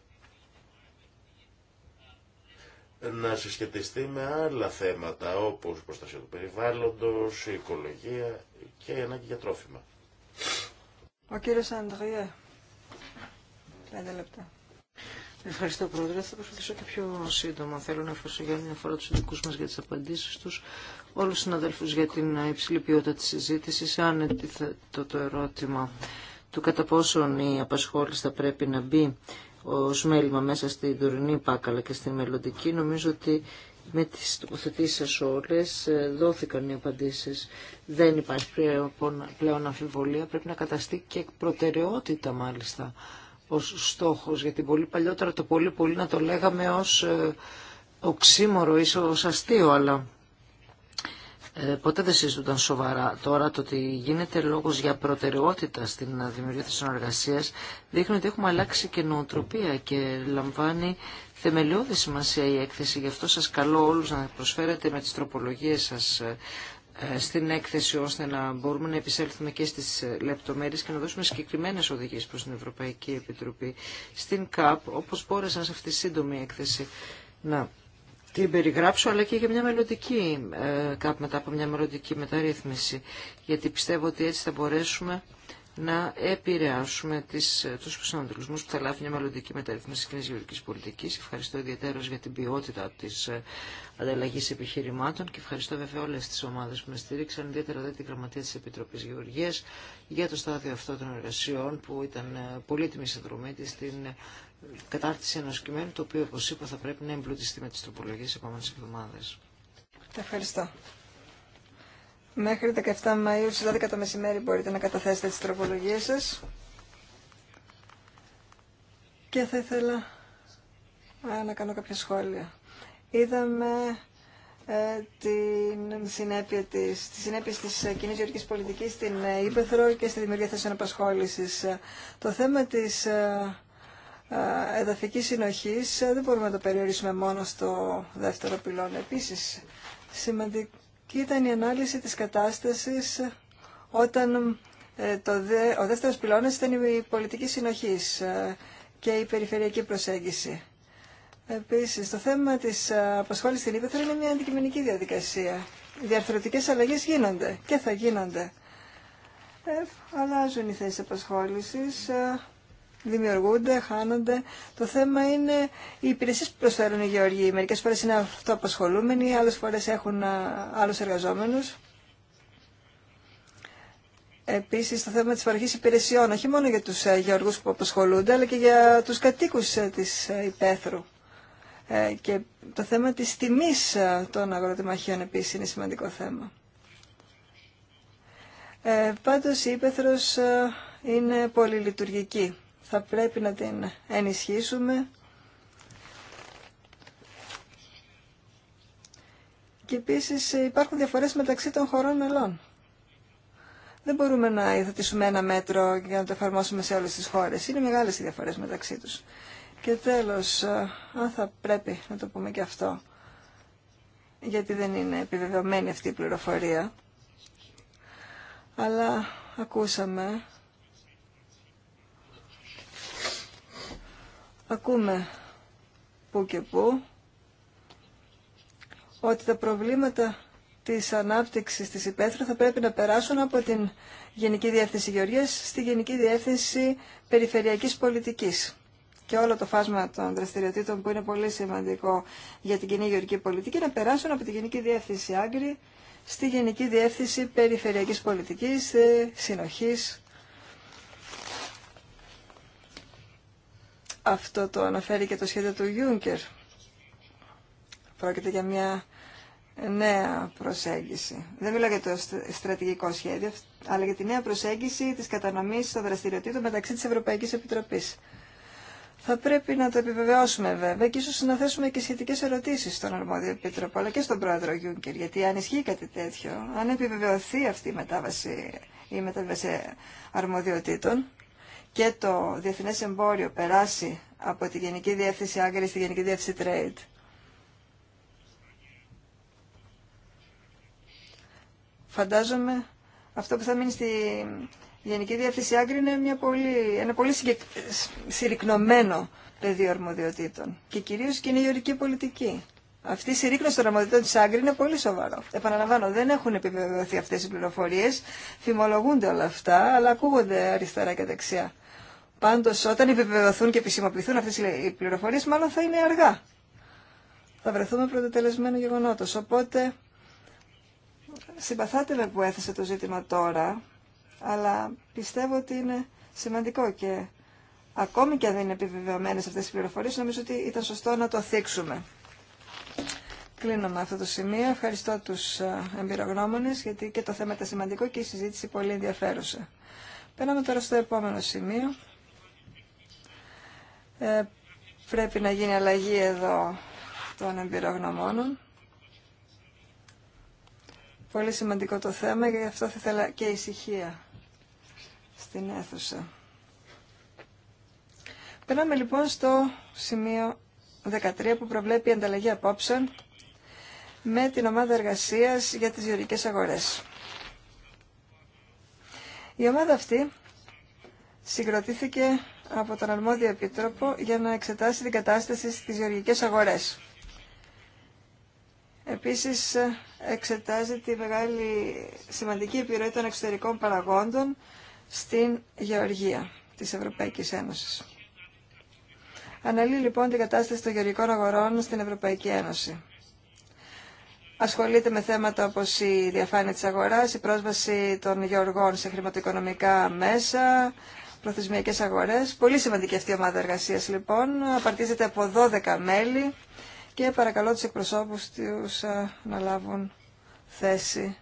να συσχετιστεί με άλλα θέματα όπως προστασία του περιβάλλοντος, η οικολογία και ένα ανάγκη για τρόφιμα. Ο κύριος Πέντε λεπτά. Ευχαριστώ, Πρόεδρε. Θα προσπαθήσω και πιο σύντομα. Θέλω να ευχαριστήσω για μια φορά του ειδικού μα για τι απαντήσει του, όλου του συναδέλφου για την υψηλή ποιότητα τη συζήτηση. Αν το, το ερώτημα του κατά πόσον η απασχόληση θα πρέπει να μπει ω μέλημα μέσα στην τωρινή πάκαλα και στη μελλοντική, νομίζω ότι με τις σα όλε ε, δόθηκαν οι απαντήσει, Δεν υπάρχει πλέον αμφιβολία, πρέπει να καταστεί και προτεραιότητα μάλιστα ως στόχος, γιατί πολύ παλιότερα το πολύ πολύ να το λέγαμε ως ε, οξύμορο, ως αστείο, αλλά ε, ποτέ δεν συζητούνταν σοβαρά. Τώρα το ότι γίνεται λόγος για προτεραιότητα στην δημιουργία της συνεργασίας δείχνει ότι έχουμε αλλάξει και νοοτροπία και λαμβάνει θεμελιώδη σημασία η έκθεση. Γι' αυτό σας καλώ όλους να προσφέρετε με τις τροπολογίες σας ε, ε, στην έκθεση ώστε να μπορούμε να επισέλθουμε και στις ε, λεπτομέρειες και να δώσουμε συγκεκριμένες οδηγίες προς την Ευρωπαϊκή Επιτροπή στην ΚΑΠ, όπως μπόρεσα σε αυτή τη σύντομη έκθεση να την περιγράψω, αλλά και για μια μελλοντική ε, ΚΑΠ μετά από μια μελλοντική μεταρρύθμιση, γιατί πιστεύω ότι έτσι θα μπορέσουμε να επηρεάσουμε τις, τους προσανατολισμούς που θα λάβει μια μελλοντική μεταρρύθμιση της κοινής γεωργικής πολιτικής. Ευχαριστώ ιδιαίτερα για την ποιότητα της ε, ανταλλαγής επιχειρημάτων και ευχαριστώ βέβαια όλες τις ομάδες που με στήριξαν, ιδιαίτερα δε τη Γραμματεία της Επιτροπής Γεωργίας για το στάδιο αυτό των εργασιών που ήταν ε, πολύτιμη συνδρομή της στην ε, κατάρτιση ενός κειμένου το οποίο όπως είπα θα πρέπει να εμπλουτιστεί με τις τροπολογίες επόμενες εβδομάδες. Ευχαριστώ. Μέχρι 17 Μαΐου στις 12 το μεσημέρι μπορείτε να καταθέσετε τις τροπολογίες σας. Και θα ήθελα να κάνω κάποια σχόλια. Είδαμε ε, την συνέπεια της, τη συνέπεια της ε, κοινής γεωργικής πολιτικής στην ε, Ήπεθρο και στη δημιουργία θέσεων απασχόλησης. Το θέμα της εδαφικής συνοχής δεν μπορούμε να το περιορίσουμε μόνο στο δεύτερο πυλόν. Επίσης, σημαντικό και ήταν η ανάλυση της κατάστασης όταν ε, το δε, ο δεύτερος πυλώνας ήταν η πολιτική συνοχής ε, και η περιφερειακή προσέγγιση. Επίσης, το θέμα της ε, απασχόλησης στην Ήπεθρο είναι μια αντικειμενική διαδικασία. Οι διαρθρωτικές αλλαγές γίνονται και θα γίνονται. αλλάζουν οι θέσεις απασχόλησης, δημιουργούνται, χάνονται. Το θέμα είναι οι υπηρεσίε που προσφέρουν οι γεωργοί. Μερικέ φορέ είναι αυτοαπασχολούμενοι, άλλε φορέ έχουν άλλου εργαζόμενου. Επίση, το θέμα τη παροχή υπηρεσιών, όχι μόνο για του ε, γεωργού που απασχολούνται, αλλά και για του κατοίκου ε, τη ε, υπαίθρου. Και το θέμα της τιμής των αγροτεμαχίων επίσης είναι σημαντικό θέμα. Ε, πάντως η ύπεθρος είναι πολυλειτουργική θα πρέπει να την ενισχύσουμε και επίσης υπάρχουν διαφορές μεταξύ των χωρών μελών. Δεν μπορούμε να υιοθετήσουμε ένα μέτρο για να το εφαρμόσουμε σε όλες τις χώρες. Είναι μεγάλες οι διαφορές μεταξύ τους. Και τέλος, ε, αν θα πρέπει να το πούμε και αυτό, γιατί δεν είναι επιβεβαιωμένη αυτή η πληροφορία, αλλά ακούσαμε Ακούμε που και που ότι τα προβλήματα της ανάπτυξης της υπαίθρου θα πρέπει να περάσουν από την Γενική Διεύθυνση Γεωργίας στη Γενική Διεύθυνση Περιφερειακής Πολιτικής και όλο το φάσμα των δραστηριοτήτων που είναι πολύ σημαντικό για την κοινή γεωργική πολιτική να περάσουν από τη Γενική Διεύθυνση Άγκρη στη Γενική Διεύθυνση Περιφερειακής Πολιτικής, ε, Συνοχής Αυτό το αναφέρει και το σχέδιο του Γιούνκερ. Πρόκειται για μια νέα προσέγγιση. Δεν μιλάω για το στρατηγικό σχέδιο, αλλά για τη νέα προσέγγιση της κατανομής των δραστηριοτήτων μεταξύ της Ευρωπαϊκής Επιτροπής. Θα πρέπει να το επιβεβαιώσουμε βέβαια και ίσως να θέσουμε και σχετικές ερωτήσεις στον αρμόδιο επίτροπο, αλλά και στον πρόεδρο Γιούνκερ, γιατί αν ισχύει κάτι τέτοιο, αν επιβεβαιωθεί αυτή η μετάβαση ή η η αρμοδιοτήτων, και το διεθνές εμπόριο περάσει από τη Γενική Διεύθυνση Άγκρη στη Γενική Διεύθυνση Trade, φαντάζομαι αυτό που θα μείνει στη Γενική Διεύθυνση Άγκρη είναι μια πολύ, ένα πολύ συγκεκ... συρρυκνωμένο πεδίο αρμοδιοτήτων και κυρίως και είναι η ορική πολιτική. Αυτή η συρρήκνωση των αρμοδιότητων τη Άγκρη είναι πολύ σοβαρό. Επαναλαμβάνω, δεν έχουν επιβεβαιωθεί αυτέ οι πληροφορίε. Φημολογούνται όλα αυτά, αλλά ακούγονται αριστερά και δεξιά. Πάντω όταν επιβεβαιωθούν και επισημοποιηθούν αυτέ οι πληροφορίε, μάλλον θα είναι αργά. Θα βρεθούμε πρωτοτελεσμένο γεγονότο. Οπότε συμπαθάτε με που έθεσε το ζήτημα τώρα, αλλά πιστεύω ότι είναι σημαντικό και ακόμη και αν δεν είναι επιβεβαιωμένε αυτέ οι πληροφορίε, νομίζω ότι ήταν σωστό να το θίξουμε. Κλείνω με αυτό το σημείο. Ευχαριστώ του ε, εμπειρογνώμονε γιατί και το θέμα ήταν σημαντικό και η συζήτηση πολύ ενδιαφέρουσα. Περνάμε τώρα στο επόμενο σημείο. Ε, πρέπει να γίνει αλλαγή εδώ των εμπειρογνωμόνων. Πολύ σημαντικό το θέμα και γι' αυτό θα ήθελα και ησυχία στην αίθουσα. Περνάμε λοιπόν στο σημείο 13 που προβλέπει η ανταλλαγή απόψεων με την ομάδα εργασίας για τις γεωργικές αγορές. Η ομάδα αυτή συγκροτήθηκε από τον αρμόδιο επίτροπο για να εξετάσει την κατάσταση στις γεωργικές αγορές. Επίσης, εξετάζει τη μεγάλη σημαντική επιρροή των εξωτερικών παραγόντων στην γεωργία της Ευρωπαϊκής Ένωσης. Αναλύει λοιπόν την κατάσταση των γεωργικών αγορών στην Ευρωπαϊκή Ένωση. Ασχολείται με θέματα όπως η διαφάνεια της αγοράς, η πρόσβαση των γεωργών σε χρηματοοικονομικά μέσα, προθεσμιακές αγορές. Πολύ σημαντική αυτή η ομάδα εργασίας λοιπόν. Απαρτίζεται από 12 μέλη και παρακαλώ τους εκπροσώπους τους ε, να λάβουν θέση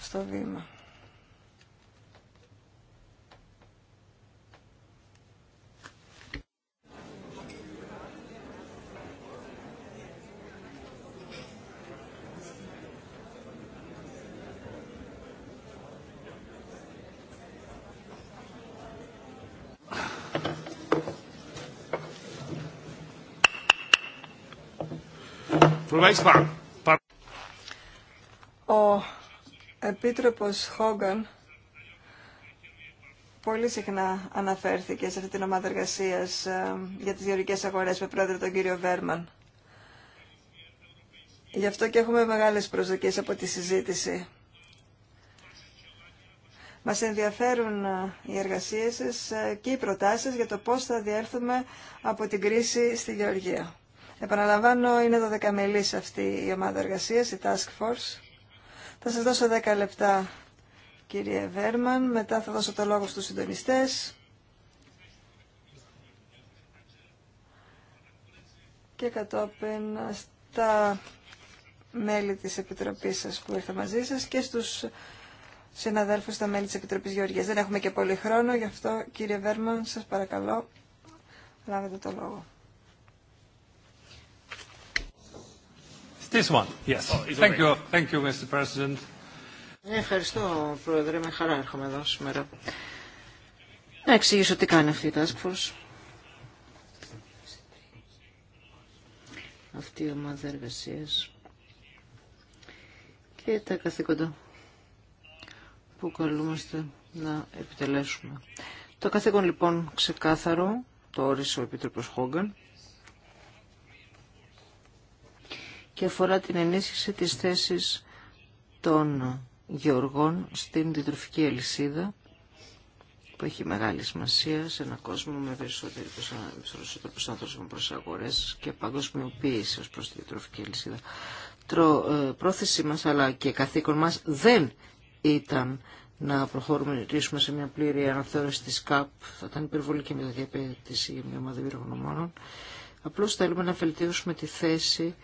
στο βήμα. Ο Επίτροπος Χόγκαν πολύ συχνά αναφέρθηκε σε αυτή την ομάδα εργασία ε, για τις διορικές αγορές με πρόεδρο τον κύριο Βέρμαν. Γι' αυτό και έχουμε μεγάλες προσδοκίες από τη συζήτηση. Μας ενδιαφέρουν ε, οι εργασίες σας ε, και οι προτάσεις για το πώς θα διέλθουμε από την κρίση στη Γεωργία. Επαναλαμβάνω, είναι 12 μελής αυτή η ομάδα εργασίας, η Task Force. Θα σας δώσω 10 λεπτά, κύριε Βέρμαν. Μετά θα δώσω το λόγο στους συντονιστές. Και κατόπιν στα μέλη της Επιτροπής σας που ήρθα μαζί σας και στους συναδέλφους στα μέλη της Επιτροπής Γεωργίας. Δεν έχουμε και πολύ χρόνο, γι' αυτό κύριε Βέρμαν σας παρακαλώ λάβετε το λόγο. This one, yes. Oh, Ευχαριστώ, Πρόεδρε. Με χαρά έρχομαι εδώ σήμερα. Να εξηγήσω τι κάνει αυτή η Task Force. Αυτή η ομάδα εργασία και τα καθήκοντα που καλούμαστε να επιτελέσουμε. Το καθήκον λοιπόν ξεκάθαρο, το όρισε ο Επίτροπος Χόγκαν, και αφορά την ενίσχυση της θέσης των γεωργών στην διτροφική αλυσίδα που έχει μεγάλη σημασία σε έναν κόσμο με περισσότερο ανθρώπους προς αγορές και παγκοσμιοποίηση ως προς τη διτροφική αλυσίδα. Τρο, ε, πρόθεσή μας αλλά και καθήκον μας δεν ήταν να προχωρήσουμε σε μια πλήρη αναθεώρηση της ΚΑΠ. Θα ήταν υπερβολική με τα διαπέτηση για μια ομάδα Απλώς θέλουμε να βελτίωσουμε τη θέση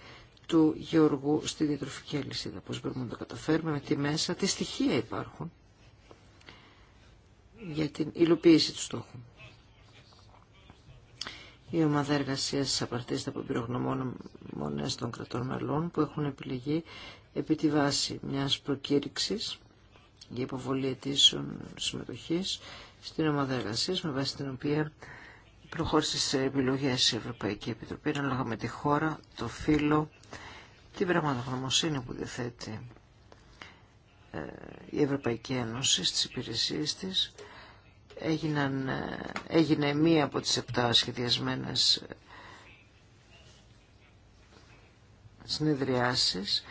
του Γεωργού στη διατροφική αλυσίδα. Πώς μπορούμε να το καταφέρουμε, με τι μέσα, τι στοιχεία υπάρχουν για την υλοποίηση του στόχου. Η ομάδα εργασία απαρτίζεται από πυρογνωμόνε των κρατών μελών που έχουν επιλεγεί επί τη βάση μια προκήρυξη για υποβολή αιτήσεων συμμετοχή στην ομάδα εργασία με βάση την οποία προχώρησε σε επιλογέ η Ευρωπαϊκή Επιτροπή ανάλογα με τη χώρα, το φύλλο, την πραγματογνωμοσύνη που διαθέτει ε, η Ευρωπαϊκή Ένωση στις υπηρεσίες της. Έγιναν, ε, έγινε μία από τις επτά σχεδιασμένες ε, συνεδριάσεις.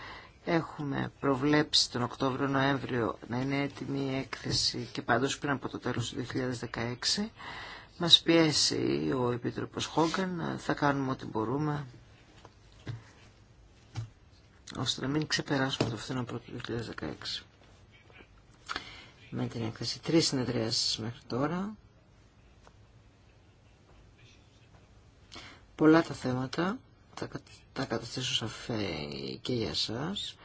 Έχουμε προβλέψει τον Οκτώβριο-Νοέμβριο να είναι έτοιμη η έκθεση και πάντως πριν από το τέλος του 2016. Μας πιέσει ο Επίτροπος Χόγκαν, θα κάνουμε ό,τι μπορούμε ώστε να μην ξεπεράσουμε το πρώτο του 2016. Με την έκθεση τρεις συνεδριάσεις μέχρι τώρα. Πολλά τα θέματα, θα τα καταθέσω σαφέ και για σας,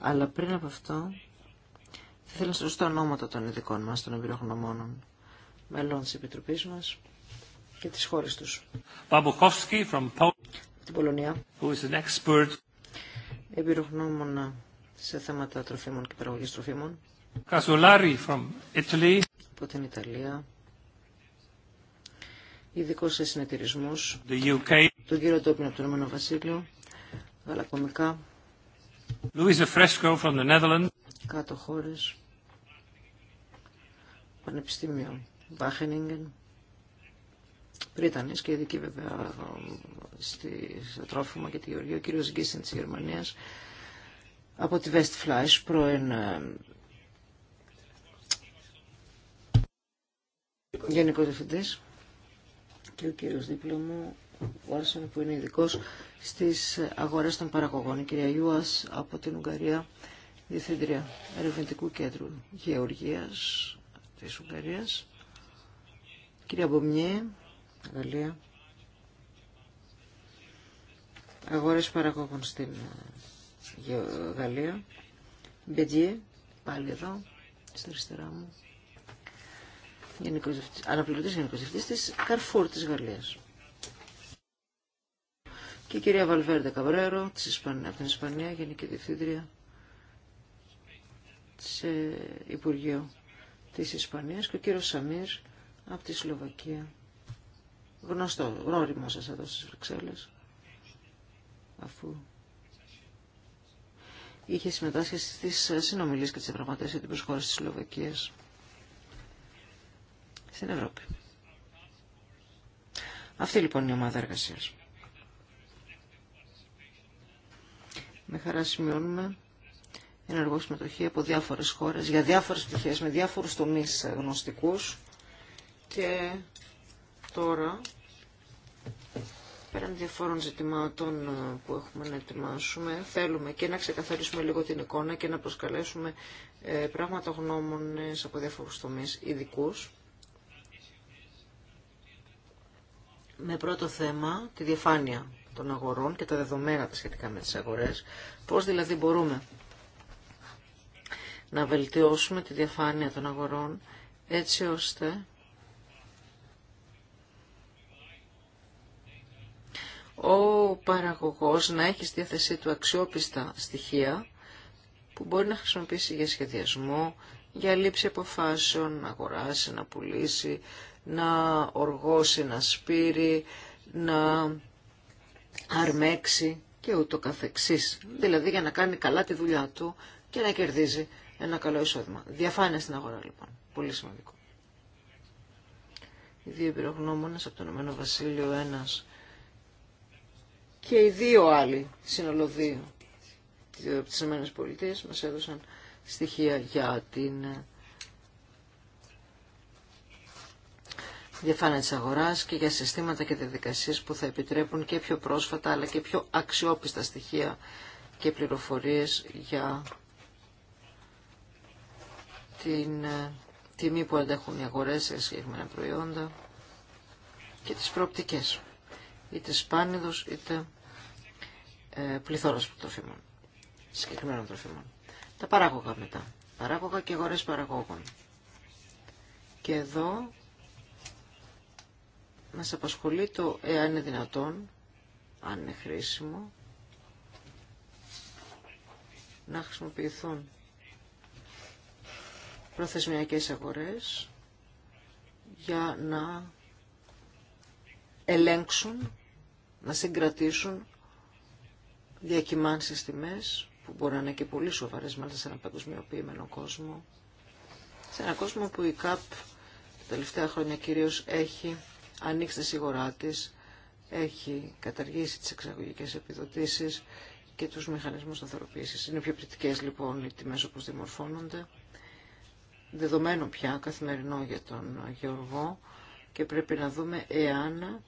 αλλά πριν από αυτό θα ήθελα να σας τα ονόματα των ειδικών μας, των εμπειρογνωμόνων, μελών της Επιτροπής μας και της χώρας τους. From την Πολωνία εμπειρογνώμονα σε θέματα τροφίμων και παραγωγής τροφίμων. Κασολάρι from Italy. Από την Ιταλία. Ειδικό σε συνεταιρισμούς. The UK. Τον κύριο Τόπιν από το Ρωμανό Βασίλειο. Γαλακομικά. Fresco from the Netherlands. Κάτω χώρες. Πανεπιστήμιο. Βάχενιγκεν. Πρίτανης και ειδική βέβαια στη, στο τρόφιμο και τη Γεωργία, ο κύριο Γκίσεν της Γερμανίας, από τη Westflash, πρώην ε, Γενικός Διευθυντής και ο κύριος δίπλα μου, Βάρσον, που είναι ειδικό στις αγορές των παραγωγών, η κυρία Ιούας από την Ουγγαρία, Διευθύντρια Ερευνητικού Κέντρου Γεωργίας της Ουγγαρίας, κυρία Μπομιέ, Γαλλία αγορές παραγόγων στην ε, Γαλλία Μπεντζιέ πάλι εδώ στα αριστερά μου αναπληρωτή γενικός διευθυντής της Καρφούρ της Γαλλίας και η κυρία Βαλβέρντε Καβρέρο από την Ισπανία, Γενική Διευθύντρια σε Υπουργείο της Ισπανίας και ο κύριος Σαμίρ από τη Σλοβακία γνωστό, γνώριμο σας εδώ στις Βρυξέλλες, αφού είχε συμμετάσχει στις συνομιλίες και τις πραγματεύσεις για την προσχώρηση της Σλοβακίας στην Ευρώπη. Αυτή λοιπόν είναι η ομάδα εργασίας. Με χαρά σημειώνουμε ενεργό συμμετοχή από διάφορες χώρες, για διάφορες πτυχές, με διάφορους τομείς γνωστικούς και Τώρα, πέραν διαφόρων ζητημάτων ε, που έχουμε να ετοιμάσουμε, θέλουμε και να ξεκαθαρίσουμε λίγο την εικόνα και να προσκαλέσουμε ε, πράγματα γνώμονες από διάφορους τομείς ειδικού. Με πρώτο θέμα τη διαφάνεια των αγορών και τα δεδομένα τα σχετικά με τις αγορές. Πώς δηλαδή μπορούμε να βελτιώσουμε τη διαφάνεια των αγορών έτσι ώστε ο παραγωγός να έχει στη διάθεσή του αξιόπιστα στοιχεία που μπορεί να χρησιμοποιήσει για σχεδιασμό, για λήψη αποφάσεων, να αγοράσει, να πουλήσει, να οργώσει, να σπείρει, να αρμέξει και ούτω καθεξής. Δηλαδή για να κάνει καλά τη δουλειά του και να κερδίζει ένα καλό εισόδημα. Διαφάνεια στην αγορά λοιπόν. Πολύ σημαντικό. Οι δύο εμπειρογνώμονες από το Ηνωμένο Βασίλειο, ένας και οι δύο άλλοι, σύνολο δύο, από τις πολιτείες, μας έδωσαν στοιχεία για την ε, διαφάνεια της αγοράς και για συστήματα και διαδικασίες που θα επιτρέπουν και πιο πρόσφατα αλλά και πιο αξιόπιστα στοιχεία και πληροφορίες για την ε, τιμή που αντέχουν οι αγορές σε συγκεκριμένα προϊόντα και τις προοπτικές είτε σπάνιδος, είτε ε, πληθώρας τροφίμων, συγκεκριμένων τροφίμων. Τα παράγωγα μετά. Παράγωγα και αγορές παραγόγων. Και εδώ μας απασχολεί το εάν είναι δυνατόν, αν είναι χρήσιμο, να χρησιμοποιηθούν προθεσμιακές αγορές για να ελέγξουν να συγκρατήσουν διακυμάνσεις τιμές που μπορεί να είναι και πολύ σοβαρές μάλιστα σε ένα παγκοσμιοποιημένο κόσμο σε ένα κόσμο που η ΚΑΠ τα τελευταία χρόνια κυρίως έχει ανοίξει τη σιγορά της έχει καταργήσει τις εξαγωγικές επιδοτήσεις και τους μηχανισμούς ανθρωπίσης. Είναι πιο πληκτικές λοιπόν οι τιμές όπως δημορφώνονται, δεδομένο πια καθημερινό για τον Γεωργό και πρέπει να δούμε εάν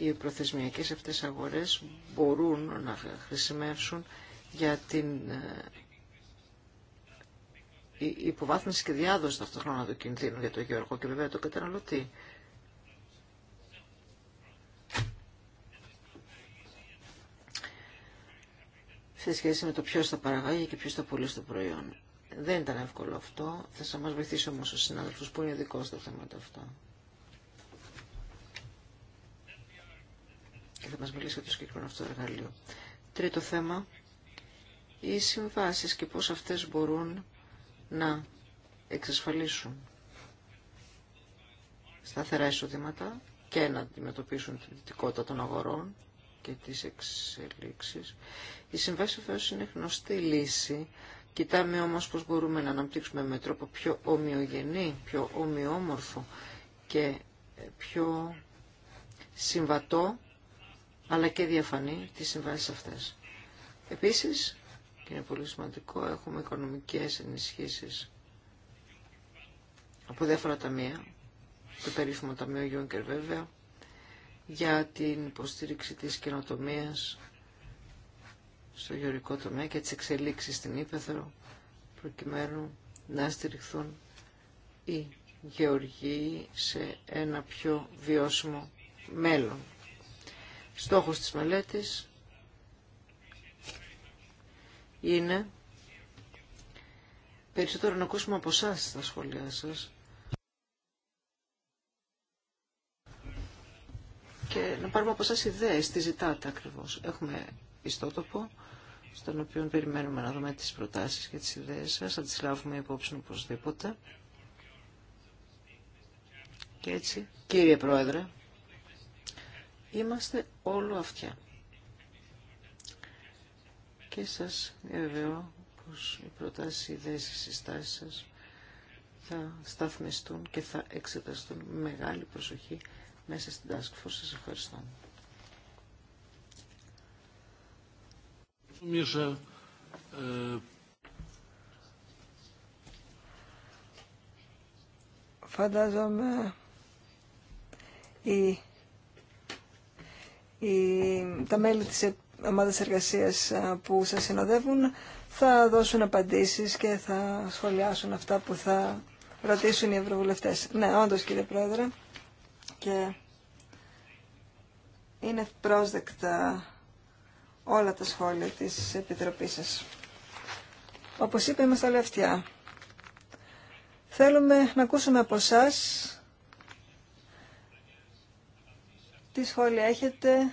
οι προθεσμιακές αυτές αγορές μπορούν να χρησιμεύσουν για την ε, υποβάθμιση και διάδοση ταυτόχρονα του κινδύνου για το γεωργό και βέβαια το καταναλωτή. σε σχέση με το ποιος θα παραγάγει και ποιος θα πουλήσει το προϊόν. Δεν ήταν εύκολο αυτό. Θα σας μας βοηθήσει όμως ο συνάδελφος που είναι ειδικό στο θέμα αυτό. και θα μας μιλήσει για το συγκεκριμένο αυτό το εργαλείο. Τρίτο θέμα, οι συμβάσεις και πώς αυτές μπορούν να εξασφαλίσουν σταθερά εισοδήματα και να αντιμετωπίσουν την δυτικότητα των αγορών και τις εξελίξεις. Η συμβάση βέβαια είναι γνωστή λύση. Κοιτάμε όμως πώς μπορούμε να αναπτύξουμε με τρόπο πιο ομοιογενή, πιο ομοιόμορφο και πιο συμβατό αλλά και διαφανή τις συμβάσεις αυτές. Επίσης, και είναι πολύ σημαντικό, έχουμε οικονομικές ενισχύσεις από διάφορα ταμεία, το περίφημο Ταμείο Γιούνκερ βέβαια, για την υποστήριξη της καινοτομία στο γεωρικό τομέα και τις εξελίξεις στην Ήπεθρο, προκειμένου να στηριχθούν οι γεωργοί σε ένα πιο βιώσιμο μέλλον. Στόχος της μελέτης είναι περισσότερο να ακούσουμε από εσά τα σχόλιά σας και να πάρουμε από εσά ιδέες, τι ζητάτε ακριβώς. Έχουμε ιστότοπο στον οποίο περιμένουμε να δούμε τις προτάσεις και τις ιδέες σας, θα τις λάβουμε υπόψη οπωσδήποτε. Και έτσι, κύριε Πρόεδρε, Είμαστε όλο αυτιά. Και σας βεβαιώ πως οι προτάσεις, οι ιδέες, οι συστάσεις σας θα σταθμιστούν και θα εξεταστούν με μεγάλη προσοχή μέσα στην Task Force. Σας ευχαριστώ. Ε, Φαντάζομαι η τα μέλη της ε, ομάδας εργασίας που σας συνοδεύουν θα δώσουν απαντήσεις και θα σχολιάσουν αυτά που θα ρωτήσουν οι ευρωβουλευτές. Ναι, όντως κύριε Πρόεδρε. Και είναι πρόσδεκτα όλα τα σχόλια της Επιτροπής σας. Όπως είπα, είμαστε αλευτιά. Θέλουμε να ακούσουμε από εσά τι σχόλια έχετε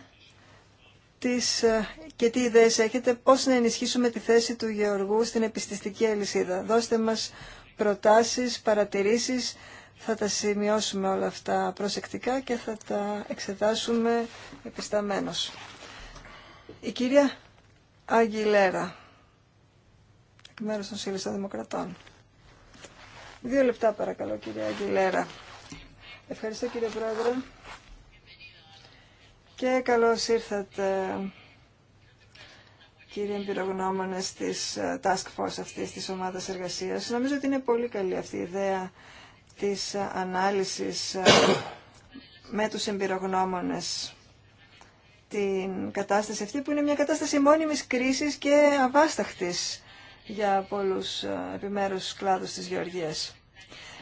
τις, ε, και τι ιδέες έχετε, πώς να ενισχύσουμε τη θέση του Γεωργού στην επιστηστική αλυσίδα. Δώστε μας προτάσεις, παρατηρήσεις, θα τα σημειώσουμε όλα αυτά προσεκτικά και θα τα εξετάσουμε επισταμένως. Η κυρία Αγγιλέρα, εκ μέρους των Σύλλης Δημοκρατών. Δύο λεπτά παρακαλώ κυρία Αγγιλέρα. Ευχαριστώ κύριε Πρόεδρε και καλώς ήρθατε κύριε εμπειρογνώμονε της ε, Task Force αυτής της ομάδας εργασίας. Νομίζω ότι είναι πολύ καλή αυτή η ιδέα της ε, ανάλυσης ε, με τους εμπειρογνώμονες την κατάσταση αυτή που είναι μια κατάσταση μόνιμης κρίσης και αβάσταχτης για πολλούς επιμέρους κλάδους της γεωργίας.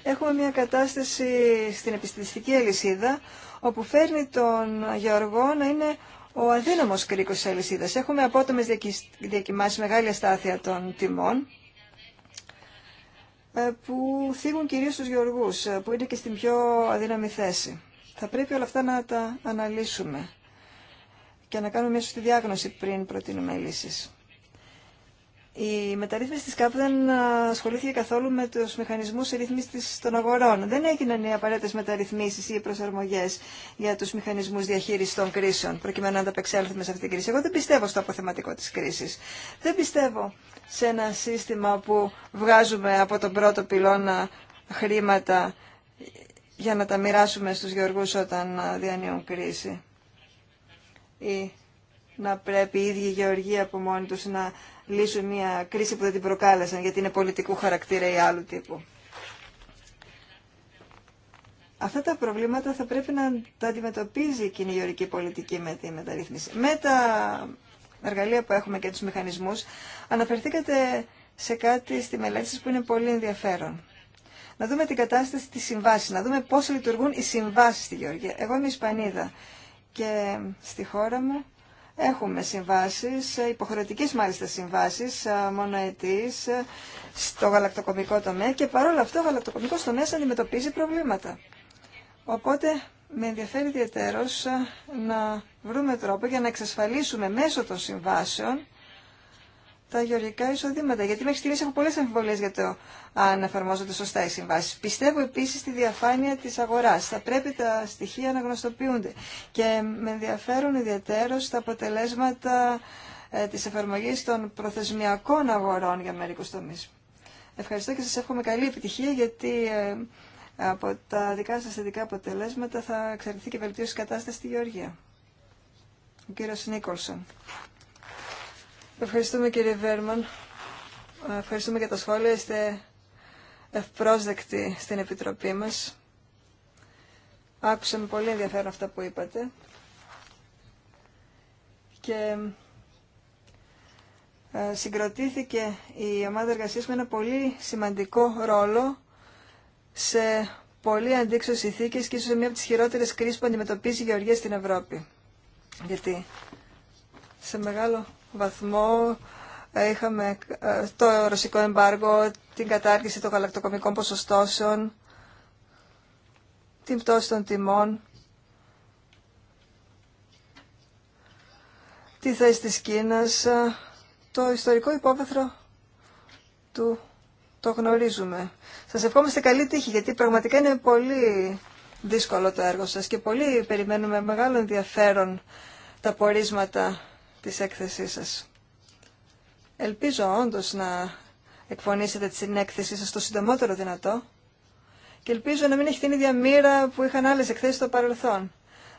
Έχουμε μια κατάσταση στην επιστημιστική αλυσίδα όπου φέρνει τον Γεωργό να είναι ο αδύναμος κρίκος της αλυσίδας. Έχουμε απότομες διακοιμάσεις, μεγάλη αστάθεια των τιμών ε, που θίγουν κυρίως τους γεωργούς, ε, που είναι και στην πιο αδύναμη θέση. Θα πρέπει όλα αυτά να τα αναλύσουμε και να κάνουμε μια σωστή διάγνωση πριν προτείνουμε λύσεις. Η μεταρρύθμιση της ΚΑΠ δεν ασχολήθηκε καθόλου με τους μηχανισμούς ρύθμισης των αγορών. Δεν έγιναν οι απαραίτητες μεταρρυθμίσεις ή προσαρμογές για τους μηχανισμούς διαχείρισης των κρίσεων, προκειμένου να ανταπεξέλθουμε σε αυτήν την κρίση. Εγώ δεν πιστεύω στο αποθεματικό της κρίσης. Δεν πιστεύω σε ένα σύστημα που βγάζουμε από τον πρώτο πυλώνα χρήματα για να τα μοιράσουμε στους γεωργούς όταν διανύουν κρίση. Ή να πρέπει οι ίδιοι γεωργοί από μόνοι τους να λύσουν μια κρίση που δεν την προκάλεσαν γιατί είναι πολιτικού χαρακτήρα ή άλλου τύπου. Αυτά τα προβλήματα θα πρέπει να τα αντιμετωπίζει η κοινωνική πολιτική με τη μεταρρύθμιση. Με τα εργαλεία που έχουμε και τους μηχανισμούς, αναφερθήκατε σε κάτι στη μελέτη σας που είναι πολύ ενδιαφέρον. Να δούμε την κατάσταση της συμβάσης, να δούμε πώς λειτουργούν οι συμβάσεις στη Γεωργία. Εγώ είμαι Ισπανίδα και στη χώρα μου Έχουμε συμβάσεις, υποχρεωτικές μάλιστα συμβάσεις, ε, μονοετής, ε, στο γαλακτοκομικό τομέα και παρόλα αυτό ο γαλακτοκομικός τομέας αντιμετωπίζει προβλήματα. Οπότε με ενδιαφέρει ιδιαίτερος ε, να βρούμε τρόπο για να εξασφαλίσουμε μέσω των συμβάσεων τα γεωργικά εισοδήματα. Γιατί μέχρι στιγμής έχω πολλές αμφιβολίες για το αν εφαρμόζονται σωστά οι συμβάσει. Πιστεύω επίσης στη διαφάνεια της αγοράς. Θα πρέπει τα στοιχεία να γνωστοποιούνται. Και με ενδιαφέρουν ιδιαίτερως τα αποτελέσματα ε, τη εφαρμογή των προθεσμιακών αγορών για μερικούς τομείς. Ευχαριστώ και σας εύχομαι καλή επιτυχία γιατί ε, από τα δικά σας θετικά αποτελέσματα θα εξαρτηθεί και βελτίωση κατάσταση στη Γεωργία. Ο κύριος Νίκολσον. Ευχαριστούμε κύριε Βέρμαν. Ευχαριστούμε για τα σχόλια. Είστε ευπρόσδεκτοι στην Επιτροπή μας. Άκουσα με πολύ ενδιαφέρον αυτά που είπατε. Και ε, συγκροτήθηκε η ομάδα εργασίας με ένα πολύ σημαντικό ρόλο σε πολύ αντίξωες ηθίκες και ίσως σε μία από τις χειρότερες κρίσεις που αντιμετωπίζει η Γεωργία στην Ευρώπη. Γιατί σε μεγάλο βαθμό ε, είχαμε ε, το ρωσικό εμπάργο, την κατάργηση των γαλακτοκομικών ποσοστώσεων, την πτώση των τιμών, τη θέση της Κίνας, ε, το ιστορικό υπόβεθρο του το γνωρίζουμε. Σας ευχόμαστε καλή τύχη, γιατί πραγματικά είναι πολύ δύσκολο το έργο σας και πολύ περιμένουμε μεγάλο ενδιαφέρον τα πορίσματα της έκθεσής σας. Ελπίζω όντως να εκφωνήσετε την έκθεσή σας το συντομότερο δυνατό και ελπίζω να μην έχει την ίδια μοίρα που είχαν άλλες εκθέσεις στο παρελθόν.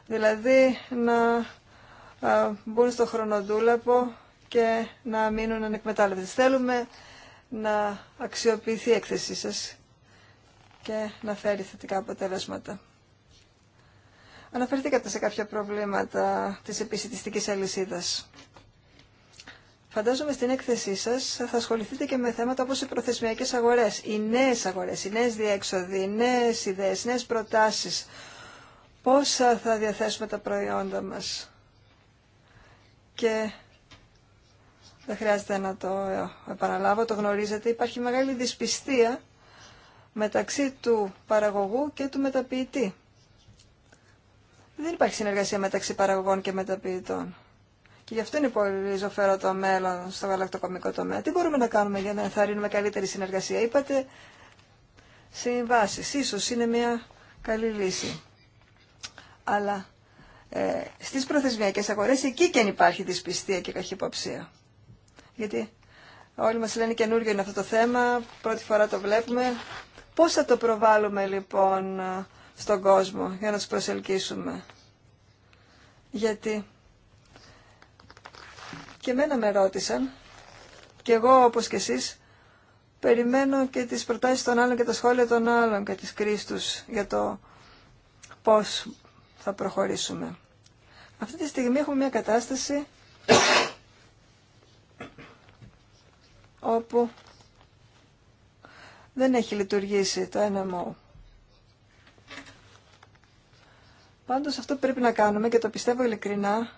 Δηλαδή να μπουν στο χρονοδούλαπο και να μείνουν ανεκμετάλλευτες. Θέλουμε να αξιοποιηθεί η έκθεσή σας και να φέρει θετικά αποτελέσματα. Αναφερθήκατε σε κάποια προβλήματα της επισητιστικής αλυσίδας. Φαντάζομαι στην έκθεσή σας θα ασχοληθείτε και με θέματα όπως οι προθεσμιακές αγορές, οι νέες αγορές, οι νέες διέξοδοι, οι νέες ιδέες, οι νέες προτάσεις. Πόσα θα διαθέσουμε τα προϊόντα μας. Και δεν χρειάζεται να το επαναλάβω, το γνωρίζετε. Υπάρχει μεγάλη δυσπιστία μεταξύ του παραγωγού και του μεταποιητή. Δεν υπάρχει συνεργασία μεταξύ παραγωγών και μεταποιητών. Και γι' αυτό είναι πολύ ζωφερό το μέλλον στο γαλακτοκομικό τομέα. Τι μπορούμε να κάνουμε για να ενθαρρύνουμε καλύτερη συνεργασία. Είπατε συμβάσει. Ίσως είναι μια καλή λύση. Αλλά ε, στις προθεσμιακές αγορές εκεί και αν υπάρχει δυσπιστία και καχυποψία. Γιατί όλοι μας λένε καινούριο είναι αυτό το θέμα, πρώτη φορά το βλέπουμε. Πώς θα το προβάλλουμε λοιπόν στον κόσμο για να τους προσελκύσουμε. Γιατί και μένα με ρώτησαν και εγώ όπως και εσείς περιμένω και τις προτάσεις των άλλων και τα σχόλια των άλλων και τις κρίσεις για το πώς θα προχωρήσουμε. Αυτή τη στιγμή έχουμε μια κατάσταση όπου δεν έχει λειτουργήσει το NMO. Πάντως αυτό που πρέπει να κάνουμε και το πιστεύω ειλικρινά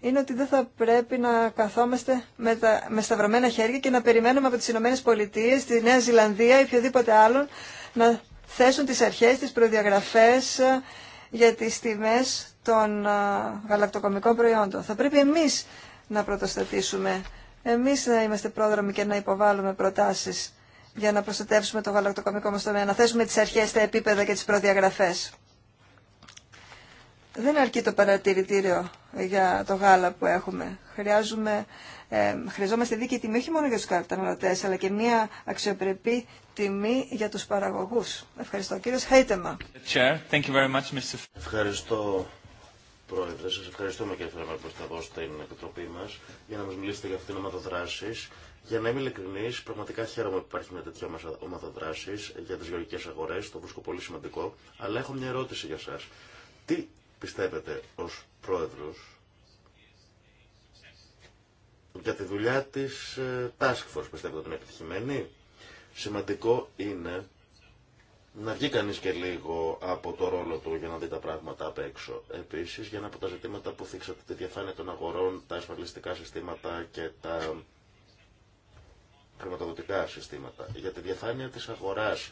είναι ότι δεν θα πρέπει να καθόμαστε με, τα, με σταυρωμένα χέρια και να περιμένουμε από τις Ηνωμένες Πολιτείες, τη Νέα Ζηλανδία ή οποιοδήποτε άλλον να θέσουν τις αρχές, τις προδιαγραφές ε, για τις τιμές των ε, γαλακτοκομικών προϊόντων. Θα πρέπει εμείς να πρωτοστατήσουμε, εμείς να είμαστε πρόδρομοι και να υποβάλουμε προτάσεις για να προστατεύσουμε το γαλακτοκομικό μας τομέα, να θέσουμε τις αρχές, τα επίπεδα και τις προδιαγραφές δεν αρκεί το παρατηρητήριο για το γάλα που έχουμε. Χρειάζουμε, ε, χρειαζόμαστε δίκαιη τιμή όχι μόνο για τους καταναλωτές, αλλά και μια αξιοπρεπή τιμή για τους παραγωγούς. Ευχαριστώ. Κύριος Χαϊτεμα. Ευχαριστώ. Πρόεδρε, σα ευχαριστούμε κύριε Φρέμα που ήρθατε εδώ στην Επιτροπή μα για να μα μιλήσετε για αυτήν την ομάδα δράση. Για να είμαι ειλικρινή, πραγματικά χαίρομαι που υπάρχει μια τέτοια ομάδα δράση για τι γεωργικέ αγορέ. Το βρίσκω πολύ σημαντικό. Αλλά έχω μια ερώτηση για εσά. Τι πιστεύετε ως πρόεδρος για τη δουλειά της ε, Task Force, πιστεύετε ότι είναι επιτυχημένη. Σημαντικό είναι να βγει κανείς και λίγο από το ρόλο του για να δει τα πράγματα απ' έξω. Επίσης, για ένα από τα ζητήματα που θίξατε, τη διαφάνεια των αγορών, τα ασφαλιστικά συστήματα και τα χρηματοδοτικά συστήματα. Για τη διαφάνεια της αγοράς,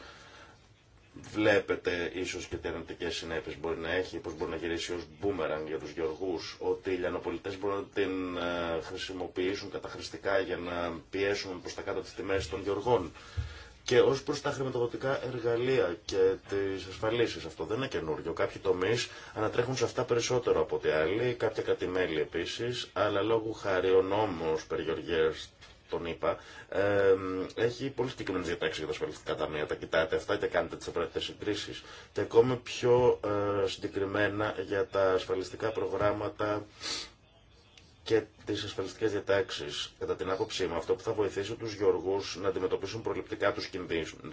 βλέπετε ίσω και τι αρνητικέ συνέπειε μπορεί να έχει, πώς μπορεί να γυρίσει ως μπούμερανγκ για του γεωργού, ότι οι λιανοπολιτέ μπορούν να την ε, χρησιμοποιήσουν καταχρηστικά για να πιέσουν προ τα κάτω τις τιμέ των γεωργών. Και ω προ τα χρηματοδοτικά εργαλεία και τι ασφαλίσει αυτό δεν είναι καινούριο. Κάποιοι τομεί ανατρέχουν σε αυτά περισσότερο από ό,τι άλλοι, κάποια κρατημέλη επίση, αλλά λόγω χάρη ο νόμο περί τον είπα, έχει πολύ συγκεκριμένε διατάξει για τα ασφαλιστικά ταμεία. Τα κοιτάτε αυτά και κάνετε τι απαραίτητε συγκρίσει. Και ακόμη πιο ε, συγκεκριμένα για τα ασφαλιστικά προγράμματα και τι ασφαλιστικέ διατάξει. Κατά την άποψή μου, αυτό που θα βοηθήσει του γεωργού να αντιμετωπίσουν προληπτικά του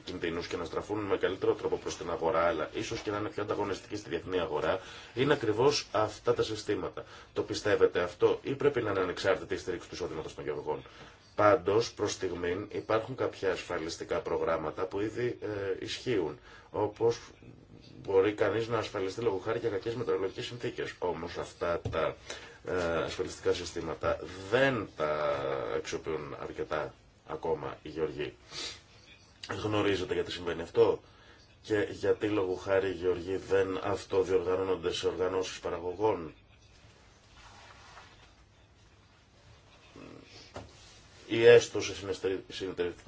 κινδύνου και να στραφούν με καλύτερο τρόπο προ την αγορά, αλλά ίσω και να είναι πιο ανταγωνιστικοί στη διεθνή αγορά, είναι ακριβώ αυτά τα συστήματα. Το πιστεύετε αυτό, ή πρέπει να είναι ανεξάρτητη η στήριξη του εισοδήματο των γεωργών. Πάντως, προς στιγμήν υπάρχουν κάποια ασφαλιστικά προγράμματα που ήδη ε, ισχύουν, όπως μπορεί κανείς να ασφαλιστεί λόγω χάρη για κακές μετεωρολογικές συνθήκες. Όμως αυτά τα ε, ασφαλιστικά συστήματα δεν τα αξιοποιούν αρκετά ακόμα οι Γεωργοί. Γνωρίζετε γιατί συμβαίνει αυτό και γιατί λόγω χάρη οι Γεωργοί δεν αυτοδιοργανώνονται σε οργανώσεις παραγωγών ή έστω σε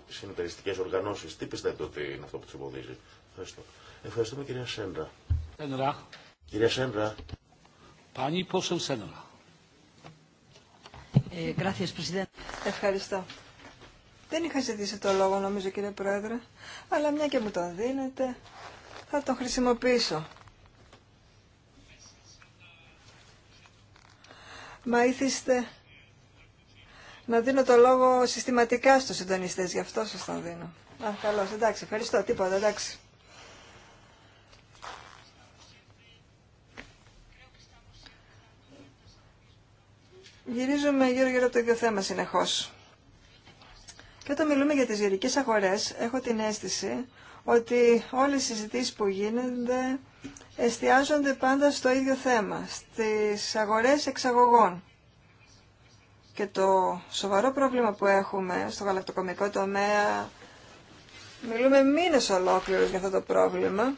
συνεταιριστικέ οργανώσεις. Τι πιστεύετε ότι είναι αυτό που του εμποδίζει. Ευχαριστώ. Ευχαριστούμε κυρία Σέντρα. Σέντρα. Κυρία Σέντρα. Σέντρα. Ε, Ευχαριστώ. Δεν είχα ζητήσει το λόγο νομίζω κύριε Πρόεδρε, αλλά μια και μου τον δίνετε θα τον χρησιμοποιήσω. Μα ήθιστε να δίνω το λόγο συστηματικά στους συντονιστές, γι' αυτό σας τον δίνω. Α, καλώς, εντάξει, ευχαριστώ, τίποτα, εντάξει. Γυρίζουμε γύρω-γύρω από το ίδιο θέμα συνεχώς. Και όταν μιλούμε για τις γερικές αγορές, έχω την αίσθηση ότι όλες οι συζητήσεις που γίνονται εστιάζονται πάντα στο ίδιο θέμα, στις αγορές εξαγωγών και το σοβαρό πρόβλημα που έχουμε στο γαλακτοκομικό τομέα μιλούμε μήνες ολόκληρους για αυτό το πρόβλημα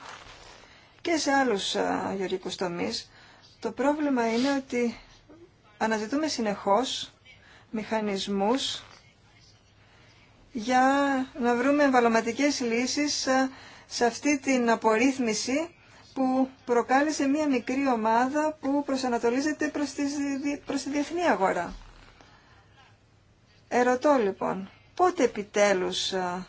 και σε άλλους γεωργικούς τομείς το πρόβλημα είναι ότι αναζητούμε συνεχώς μηχανισμούς για να βρούμε εμβαλωματικές λύσεις σε αυτή την απορρίθμιση που προκάλεσε μία μικρή ομάδα που προσανατολίζεται προς τη διεθνή αγορά. Ερωτώ λοιπόν, πότε επιτέλους ε,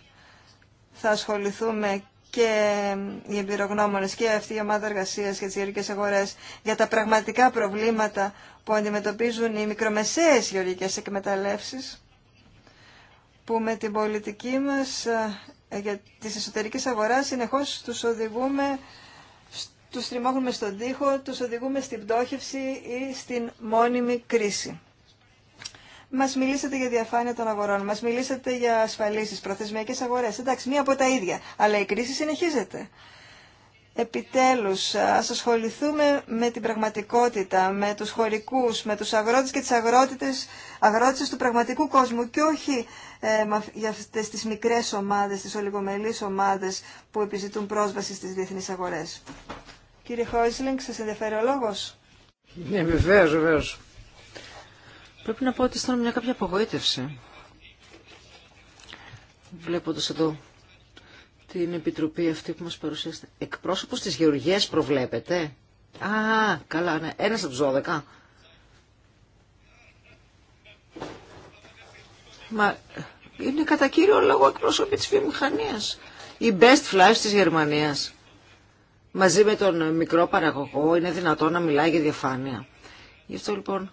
θα ασχοληθούμε και ε, οι εμπειρογνώμονε και αυτή η ομάδα εργασία και τι γεωργικέ αγορέ για τα πραγματικά προβλήματα που αντιμετωπίζουν οι μικρομεσαίε γεωργικέ εκμεταλλεύσει, που με την πολιτική μας ε, για τις εσωτερικές αγορά συνεχώ του οδηγούμε, του τριμώχνουμε στον τοίχο, του οδηγούμε στην πτώχευση ή στην μόνιμη κρίση. Μα μιλήσατε για διαφάνεια των αγορών, μα μιλήσατε για ασφαλίσει, προθεσμιακέ αγορέ. Εντάξει, μία από τα ίδια, αλλά η κρίση συνεχίζεται. Επιτέλους, ας ασχοληθούμε με την πραγματικότητα, με τους χωρικούς, με τους αγρότες και τις αγρότητες, του πραγματικού κόσμου και όχι ε, για αυτές τις μικρές ομάδες, τις ολιγομελείς ομάδες που επιζητούν πρόσβαση στις διεθνείς αγορές. Κύριε Χόισλινγκ, σας ενδιαφέρει ο λόγος. Ναι, βεβαίως, βεβαίως. Πρέπει να πω ότι αισθάνομαι μια κάποια απογοήτευση. Βλέποντας εδώ την επιτροπή αυτή που μας παρουσίασε. Εκπρόσωπος της Γεωργίας προβλέπετε. Α, καλά, ναι. Ένας από τους 12. Μα είναι κατά κύριο λόγο εκπρόσωποι της βιομηχανίας. Η Best flies της Γερμανίας. Μαζί με τον μικρό παραγωγό είναι δυνατόν να μιλάει για διαφάνεια. Γι' αυτό λοιπόν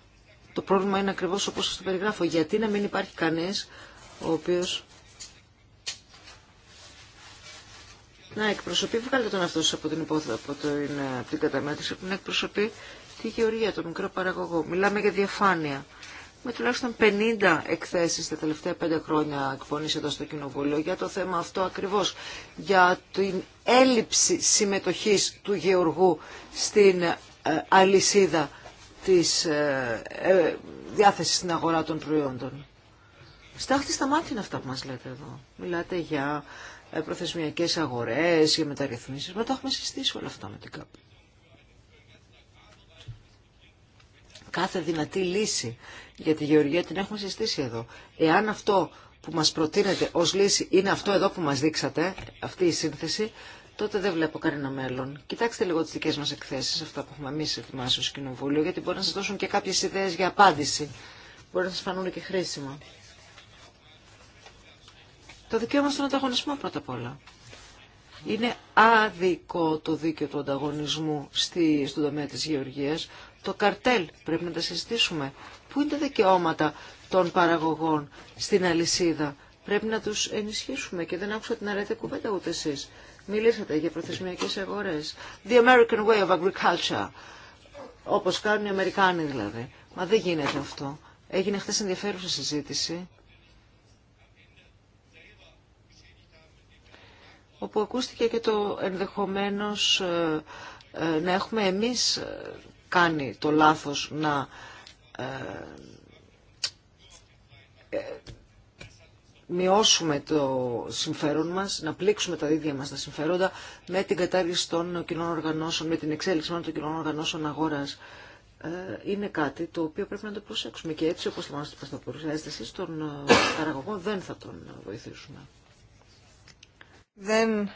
το πρόβλημα είναι ακριβώς όπως σας το περιγράφω. Γιατί να μην υπάρχει κανεί ο οποίος να εκπροσωπεί, βγάλετε τον αυτό από την υπόθεση, από καταμέτρηση, να εκπροσωπεί τη γεωργία, τον μικρό παραγωγό. Μιλάμε για διαφάνεια. Με τουλάχιστον 50 εκθέσεις τα τελευταία 5 χρόνια εκπονήσει στο Κοινοβούλιο για το θέμα αυτό ακριβώς, για την έλλειψη συμμετοχής του γεωργού στην ε, αλυσίδα της ε, ε, διάθεσης στην αγορά των προϊόντων. Στάχτη στα μάτια είναι αυτά που μας λέτε εδώ. Μιλάτε για ε, προθεσμιακές αγορές, για μεταρρυθμίσεις. Μα τα έχουμε συστήσει όλα αυτά με την ΚΑΠ. Κάθε δυνατή λύση για τη γεωργία την έχουμε συστήσει εδώ. Εάν αυτό που μας προτείνετε ως λύση είναι αυτό εδώ που μας δείξατε, αυτή η σύνθεση, τότε δεν βλέπω κανένα μέλλον. Κοιτάξτε λίγο τι δικέ μα εκθέσει αυτά που έχουμε εμεί ετοιμάσει ω Κοινοβούλιο, γιατί μπορεί να σα δώσουν και κάποιε ιδέε για απάντηση. Μπορεί να σα φανούν και χρήσιμα. Το δικαίωμα στον ανταγωνισμό πρώτα απ' όλα. Είναι άδικο το δίκαιο του ανταγωνισμού στη, στον τομέα τη γεωργία. Το καρτέλ πρέπει να τα συζητήσουμε. Πού είναι τα δικαιώματα των παραγωγών στην αλυσίδα. Πρέπει να τους ενισχύσουμε και δεν άκουσα την αρέτη κουβέντα ούτε εσείς. Μιλήσατε για προθεσμιακές αγορές. The American way of agriculture. Όπως κάνουν οι Αμερικάνοι δηλαδή. Μα δεν γίνεται αυτό. Έγινε χθες ενδιαφέρουσα συζήτηση. όπου ακούστηκε και το ενδεχομένως ε, ε, να έχουμε εμείς ε, κάνει το λάθος να μειώσουμε το συμφέρον μας, να πλήξουμε τα ίδια μας τα συμφέροντα με την κατάργηση των κοινών οργανώσεων, με την εξέλιξη των κοινών οργανώσεων αγοράς. Ε, είναι κάτι το οποίο πρέπει να το προσέξουμε και έτσι όπως θα παρουσιάζετε εσείς τον ε, παραγωγό δεν θα τον βοηθήσουμε. Δεν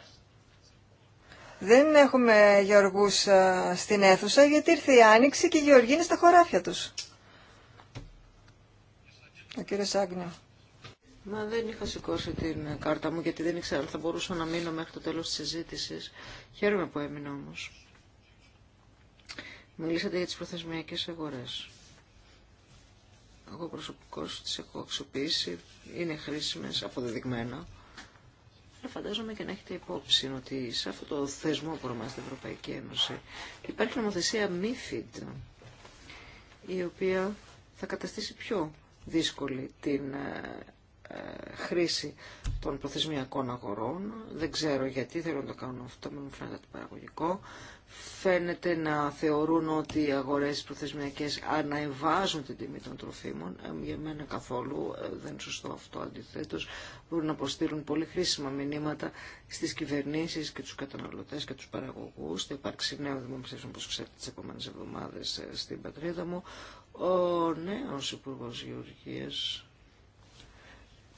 δεν έχουμε γεωργούς ε, στην αίθουσα γιατί ήρθε η Άνοιξη και οι γεωργοί είναι στα χωράφια τους. Ο κύριος Άγνιο. Μα δεν είχα σηκώσει την κάρτα μου γιατί δεν ήξερα αν θα μπορούσα να μείνω μέχρι το τέλος της συζήτησης. Χαίρομαι που έμεινα όμως. Μιλήσατε για τις προθεσμιακές αγορές. Εγώ προσωπικώς τις έχω αξιοποιήσει, είναι χρήσιμες, αποδεδειγμένα. Αλλά φαντάζομαι και να έχετε υπόψη ότι σε αυτό το θεσμό που ονομάζεται Ευρωπαϊκή Ένωση υπάρχει νομοθεσία MIFID, η οποία θα καταστήσει πιο δύσκολη την ε, ε, χρήση των προθεσμιακών αγορών. Δεν ξέρω γιατί θέλω να το κάνω αυτό, μην μου φαίνεται το παραγωγικό. Φαίνεται να θεωρούν ότι οι αγορές προθεσμιακές αναεβάζουν την τιμή των τροφίμων. Ε, για μένα καθόλου ε, δεν είναι σωστό αυτό. Αντιθέτως, μπορούν να αποστείλουν πολύ χρήσιμα μηνύματα στις κυβερνήσεις και του καταναλωτές και του παραγωγούς. Θα υπάρξει νέο δημοψήφισμα, όπως ξέρετε, τις επόμενες εβδομάδες στην πατρίδα μου. Ο νέο υπουργό Γεωργίας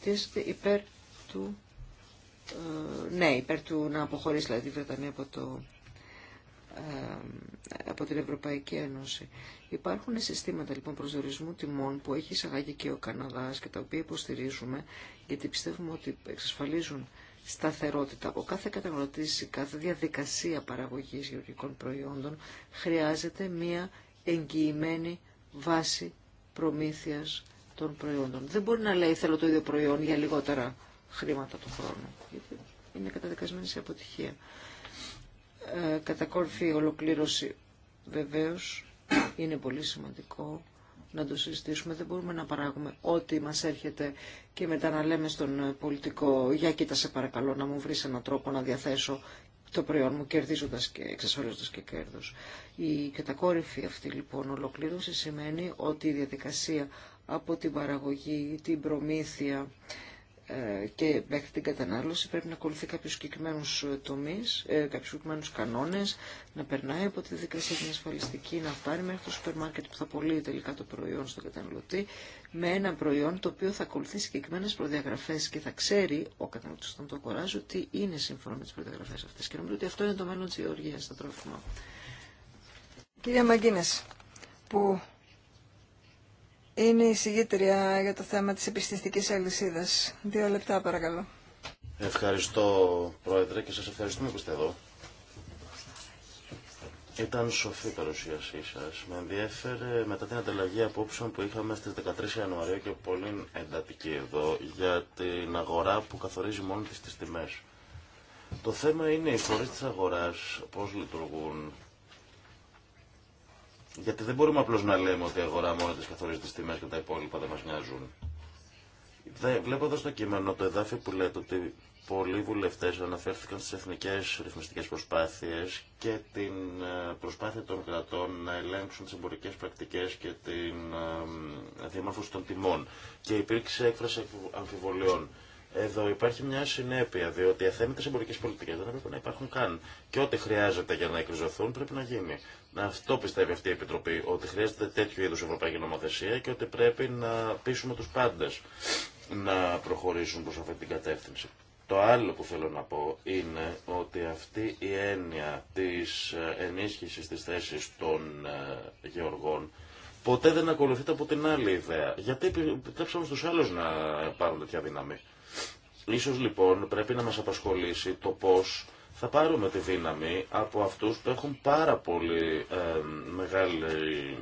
Τίζεται υπέρ του... Ε, ναι, υπέρ του να αποχωρήσει δηλαδή η Βρετανία από, το, ε, από την Ευρωπαϊκή Ένωση. Υπάρχουν συστήματα λοιπόν προσδιορισμού τιμών που έχει εισαγάγει και ο Καναδάς και τα οποία υποστηρίζουμε γιατί πιστεύουμε ότι εξασφαλίζουν σταθερότητα. Ο κάθε καταναλωτή η κάθε διαδικασία παραγωγή γεωργικών προϊόντων χρειάζεται μία εγγυημένη βάση προμήθειας των προϊόντων. Δεν μπορεί να λέει θέλω το ίδιο προϊόν για λιγότερα χρήματα του χρόνου. Γιατί είναι καταδικασμένη σε αποτυχία. Ε, κατακόρφη ολοκλήρωση βεβαίω είναι πολύ σημαντικό να το συζητήσουμε. Δεν μπορούμε να παράγουμε ό,τι μα έρχεται και μετά να λέμε στον πολιτικό «Για σε παρακαλώ να μου βρει έναν τρόπο να διαθέσω το προϊόν μου κερδίζοντας και εξασφαλίζοντας και κέρδος». Η κατακόρυφη αυτή λοιπόν ολοκλήρωση σημαίνει ότι η διαδικασία από την παραγωγή, την προμήθεια ε, και μέχρι την κατανάλωση πρέπει να ακολουθεί κάποιους συγκεκριμένους ε, τομείς, ε, κάποιους συγκεκριμένους κανόνες, να περνάει από τη δικασία την ασφαλιστική, να φτάνει μέχρι το σούπερ μάρκετ που θα πωλεί τελικά το προϊόν στον καταναλωτή, με ένα προϊόν το οποίο θα ακολουθεί συγκεκριμένες προδιαγραφές και θα ξέρει ο καταναλωτής όταν το αγοράζει ότι είναι σύμφωνα με τις προδιαγραφές αυτές. Και νομίζω ότι αυτό είναι το μέλλον της γεωργίας στα τρόφιμα. Κυρία που είναι η συγγήτρια για το θέμα της επιστηστικής αλυσίδας. Δύο λεπτά παρακαλώ. Ευχαριστώ Πρόεδρε και σας ευχαριστούμε που είστε εδώ. Ήταν σοφή η παρουσίασή σα. Με ενδιέφερε μετά την ανταλλαγή απόψεων που είχαμε στι 13 Ιανουαρίου και πολύ εντατική εδώ για την αγορά που καθορίζει μόνο τις τιμέ. Το θέμα είναι οι φορεί τη αγορά, πώ λειτουργούν, γιατί δεν μπορούμε απλώς να λέμε ότι η αγορά μόνο της καθορίζει τις τιμές και τα υπόλοιπα δεν μας νοιάζουν. Βλέπω εδώ στο κείμενο το εδάφιο που λέτε ότι πολλοί βουλευτές αναφέρθηκαν στις εθνικές ρυθμιστικές προσπάθειες και την ε, προσπάθεια των κρατών να ελέγξουν τις εμπορικές πρακτικές και την ε, ε, διαμόρφωση των τιμών. Και υπήρξε έκφραση αμφιβολιών. Εδώ υπάρχει μια συνέπεια, διότι οι αθέμητε εμπορικέ πολιτικέ δεν έπρεπε να υπάρχουν καν. Και ό,τι χρειάζεται για να εκριζωθούν πρέπει να γίνει. Αυτό πιστεύει αυτή η Επιτροπή, ότι χρειάζεται τέτοιου είδους ευρωπαϊκή νομοθεσία και ότι πρέπει να πείσουμε τους πάντες να προχωρήσουν προς αυτή την κατεύθυνση. Το άλλο που θέλω να πω είναι ότι αυτή η έννοια της ενίσχυσης της θέσης των ε, γεωργών ποτέ δεν ακολουθείται από την άλλη ιδέα. Γιατί επιτρέψαμε στους άλλους να πάρουν τέτοια δύναμη. Ίσως λοιπόν πρέπει να μας απασχολήσει το πώς θα πάρουμε τη δύναμη από αυτούς που έχουν πάρα πολύ ε, μεγάλη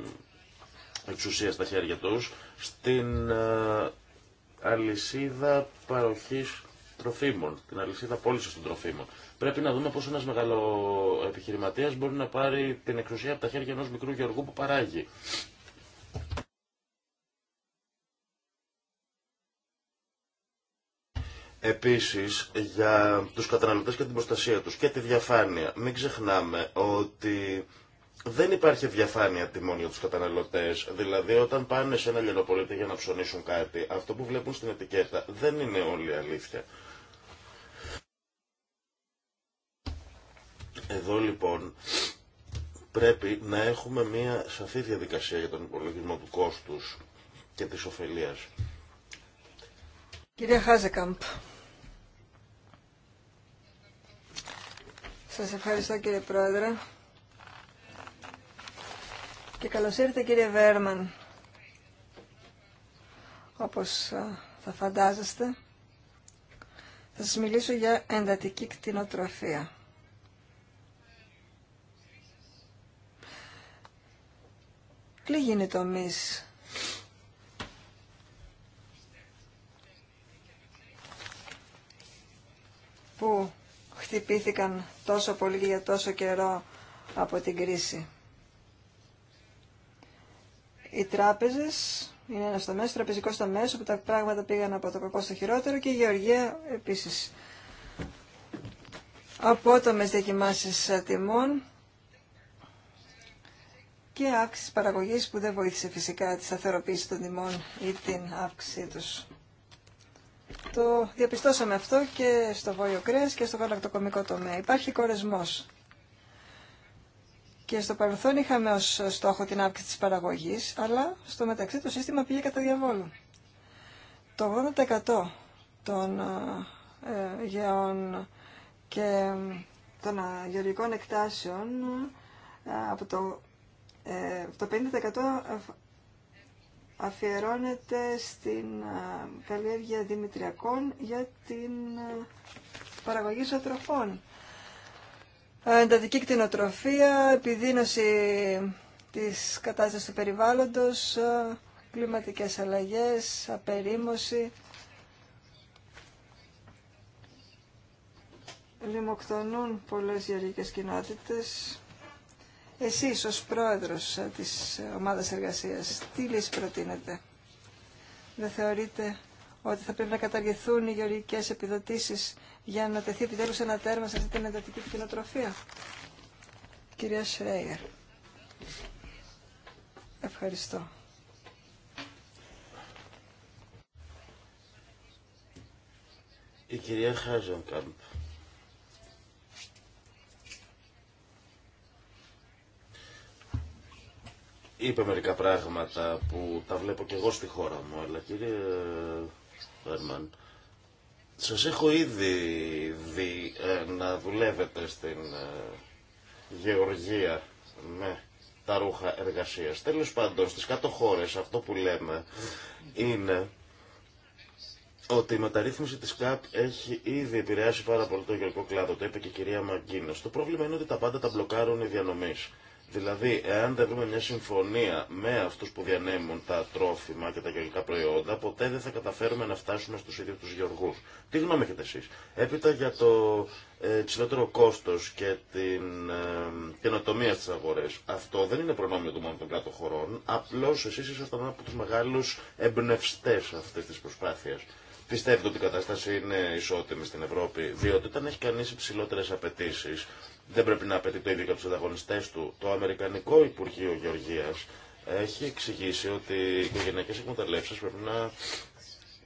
εξουσία στα χέρια τους στην ε, αλυσίδα παροχής τροφίμων, την αλυσίδα πώληση των τροφίμων. Πρέπει να δούμε πώς ένας επιχειρηματίας μπορεί να πάρει την εξουσία από τα χέρια ενός μικρού γεωργού που παράγει. Επίσης, για τους καταναλωτές και την προστασία τους και τη διαφάνεια. Μην ξεχνάμε ότι δεν υπάρχει διαφάνεια τιμών για τους καταναλωτές. Δηλαδή, όταν πάνε σε ένα λιανοπολίτη για να ψωνίσουν κάτι, αυτό που βλέπουν στην ετικέτα δεν είναι όλη η αλήθεια. Εδώ λοιπόν πρέπει να έχουμε μια σαφή διαδικασία για τον υπολογισμό του κόστους και της ωφελίας. Κυρία Χάζεκαμπ, Σας ευχαριστώ κύριε Πρόεδρε. Και καλώς ήρθατε κύριε Βέρμαν. Όπως θα φαντάζεστε, θα σας μιλήσω για εντατική κτηνοτροφία. Λίγοι το τομεί. που χτυπήθηκαν τόσο πολύ για τόσο καιρό από την κρίση. Οι τράπεζες είναι ένας τομέας, τραπεζικός τομέας, όπου τα πράγματα πήγαν από το κακό στο χειρότερο και η Γεωργία επίσης. Απότομες διακοιμάσεις τιμών και αύξηση παραγωγής που δεν βοήθησε φυσικά τη σταθεροποίηση των τιμών ή την αύξησή τους. Το διαπιστώσαμε αυτό και στο βόλιο κρέας και στο γαλακτοκομικό τομέα. Υπάρχει κορεσμός. Και στο παρελθόν είχαμε ως στόχο την αύξηση της παραγωγής, αλλά στο μεταξύ το σύστημα πήγε κατά διαβόλου. Το 80% των ε, γεών και των ε, γεωργικών εκτάσεων ε, από το 50% ε, αφιερώνεται στην καλλιέργεια δημητριακών για την παραγωγή ζωοτροφών. Ε, εντατική κτηνοτροφία, επιδείνωση της κατάστασης του περιβάλλοντος, κλιματικές αλλαγές, απερίμωση, λιμοκτονούν πολλές γεωργικές κοινότητες, εσείς ως πρόεδρος της ομάδας εργασίας, τι λύση προτείνετε. Δεν θεωρείτε ότι θα πρέπει να καταργηθούν οι γεωργικές επιδοτήσεις για να τεθεί επιτέλους ένα τέρμα σε αυτή την εντατική κτηνοτροφία. Κυρία Σρέιερ. Ευχαριστώ. Η κυρία Χάζονκαμπ. είπε μερικά πράγματα που τα βλέπω και εγώ στη χώρα μου, αλλά κύριε Βέρμαν, σας έχω ήδη δει ε, να δουλεύετε στην ε, γεωργία με τα ρούχα εργασίας. Τέλος πάντων, στις κάτω χώρες αυτό που λέμε είναι ότι η μεταρρύθμιση της ΚΑΠ έχει ήδη επηρεάσει πάρα πολύ το γεωργικό κλάδο. Το είπε και η κυρία Μαγκίνος. Το πρόβλημα είναι ότι τα πάντα τα μπλοκάρουν οι διανομής. Δηλαδή, εάν δεν βρούμε μια συμφωνία με αυτού που διανέμουν τα τρόφιμα και τα γεωργικά προϊόντα, ποτέ δεν θα καταφέρουμε να φτάσουμε στου ίδιου του γεωργού. Τι γνώμη έχετε εσεί. Έπειτα για το ε, ψηλότερο κόστος και την ε, καινοτομία στι αγορέ, Αυτό δεν είναι προνόμιο του μόνο των κάτω χωρών. Απλώς εσεί ήσασταν από του μεγάλου εμπνευστέ αυτή τη προσπάθεια. Πιστεύετε ότι η κατάσταση είναι ισότιμη στην Ευρώπη, διότι όταν έχει κανεί υψηλότερε απαιτήσει, δεν πρέπει να απαιτεί το ίδιο και από του ανταγωνιστέ του. Το Αμερικανικό Υπουργείο Γεωργίας έχει εξηγήσει ότι οι οικογενειακές εκμεταλλεύσεις πρέπει να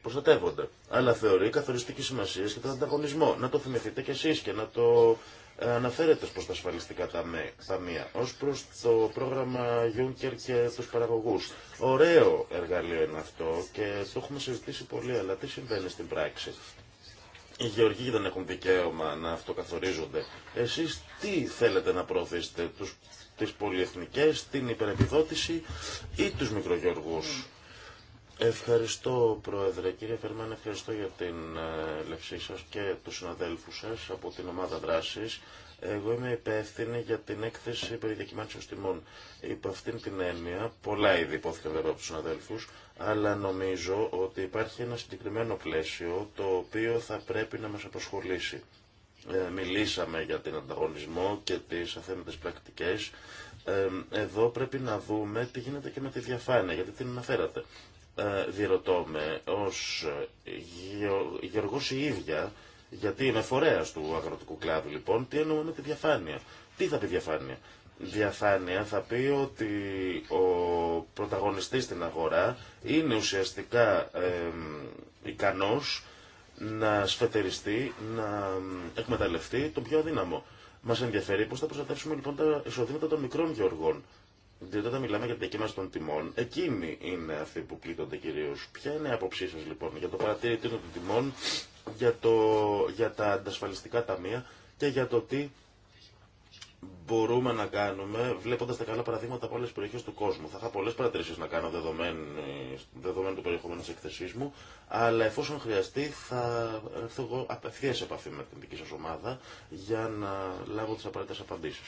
προστατεύονται. Αλλά θεωρεί καθοριστική σημασία και τον ανταγωνισμό. Να το θυμηθείτε κι εσείς και να το ε, αναφέρετε προ τα ασφαλιστικά ταμεία, ω προ το πρόγραμμα Juncker και του παραγωγού. Ωραίο εργαλείο είναι αυτό και το έχουμε συζητήσει πολύ, αλλά τι συμβαίνει στην πράξη. Οι γεωργοί δεν έχουν δικαίωμα να αυτοκαθορίζονται. Εσείς τι θέλετε να προωθήσετε, τους, τις πολυεθνικές, την υπερεπιδότηση ή τους μικρογεωργούς. Ευχαριστώ Πρόεδρε. Κύριε Φερμάν, ευχαριστώ για την ε, λευσή σας και τους συναδέλφους σας από την ομάδα δράσης. Εγώ είμαι υπεύθυνη για την έκθεση περί διακυμάτων τιμών. Υπό αυτήν την έννοια, πολλά ήδη υπόθηκαν βέβαια από του συναδέλφου, αλλά νομίζω ότι υπάρχει ένα συγκεκριμένο πλαίσιο το οποίο θα πρέπει να μα απασχολήσει. Ε, μιλήσαμε για την ανταγωνισμό και τι αθέμητε πρακτικέ. Ε, εδώ πρέπει να δούμε τι γίνεται και με τη διαφάνεια, γιατί την αναφέρατε. Ε, διερωτώ με, ως γεωργός η ίδια, γιατί είναι φορέα του αγροτικού κλάδου, λοιπόν. Τι εννοούμε με τη διαφάνεια. Τι θα πει διαφάνεια. Διαφάνεια θα πει ότι ο πρωταγωνιστής στην αγορά είναι ουσιαστικά ε, ικανός να σφετεριστεί, να εκμεταλλευτεί τον πιο αδύναμο. Μας ενδιαφέρει πώς θα προστατεύσουμε λοιπόν τα εισοδήματα των μικρών γεωργών. Διότι όταν μιλάμε για την διακύμανση των τιμών, εκείνοι είναι αυτοί που πλήττονται κυρίω. Ποια είναι η άποψή σα λοιπόν για το παρατηρητήριο των τιμών για, το, για τα αντασφαλιστικά ταμεία και για το τι μπορούμε να κάνουμε βλέποντας τα καλά παραδείγματα από άλλε περιοχέ του κόσμου. Θα είχα πολλές παρατηρήσει να κάνω δεδομένου του περιεχομένου τη εκθεσή μου, αλλά εφόσον χρειαστεί θα έρθω εγώ απευθείας σε επαφή με την δική σα ομάδα για να λάβω τις απαραίτητες απαντήσει.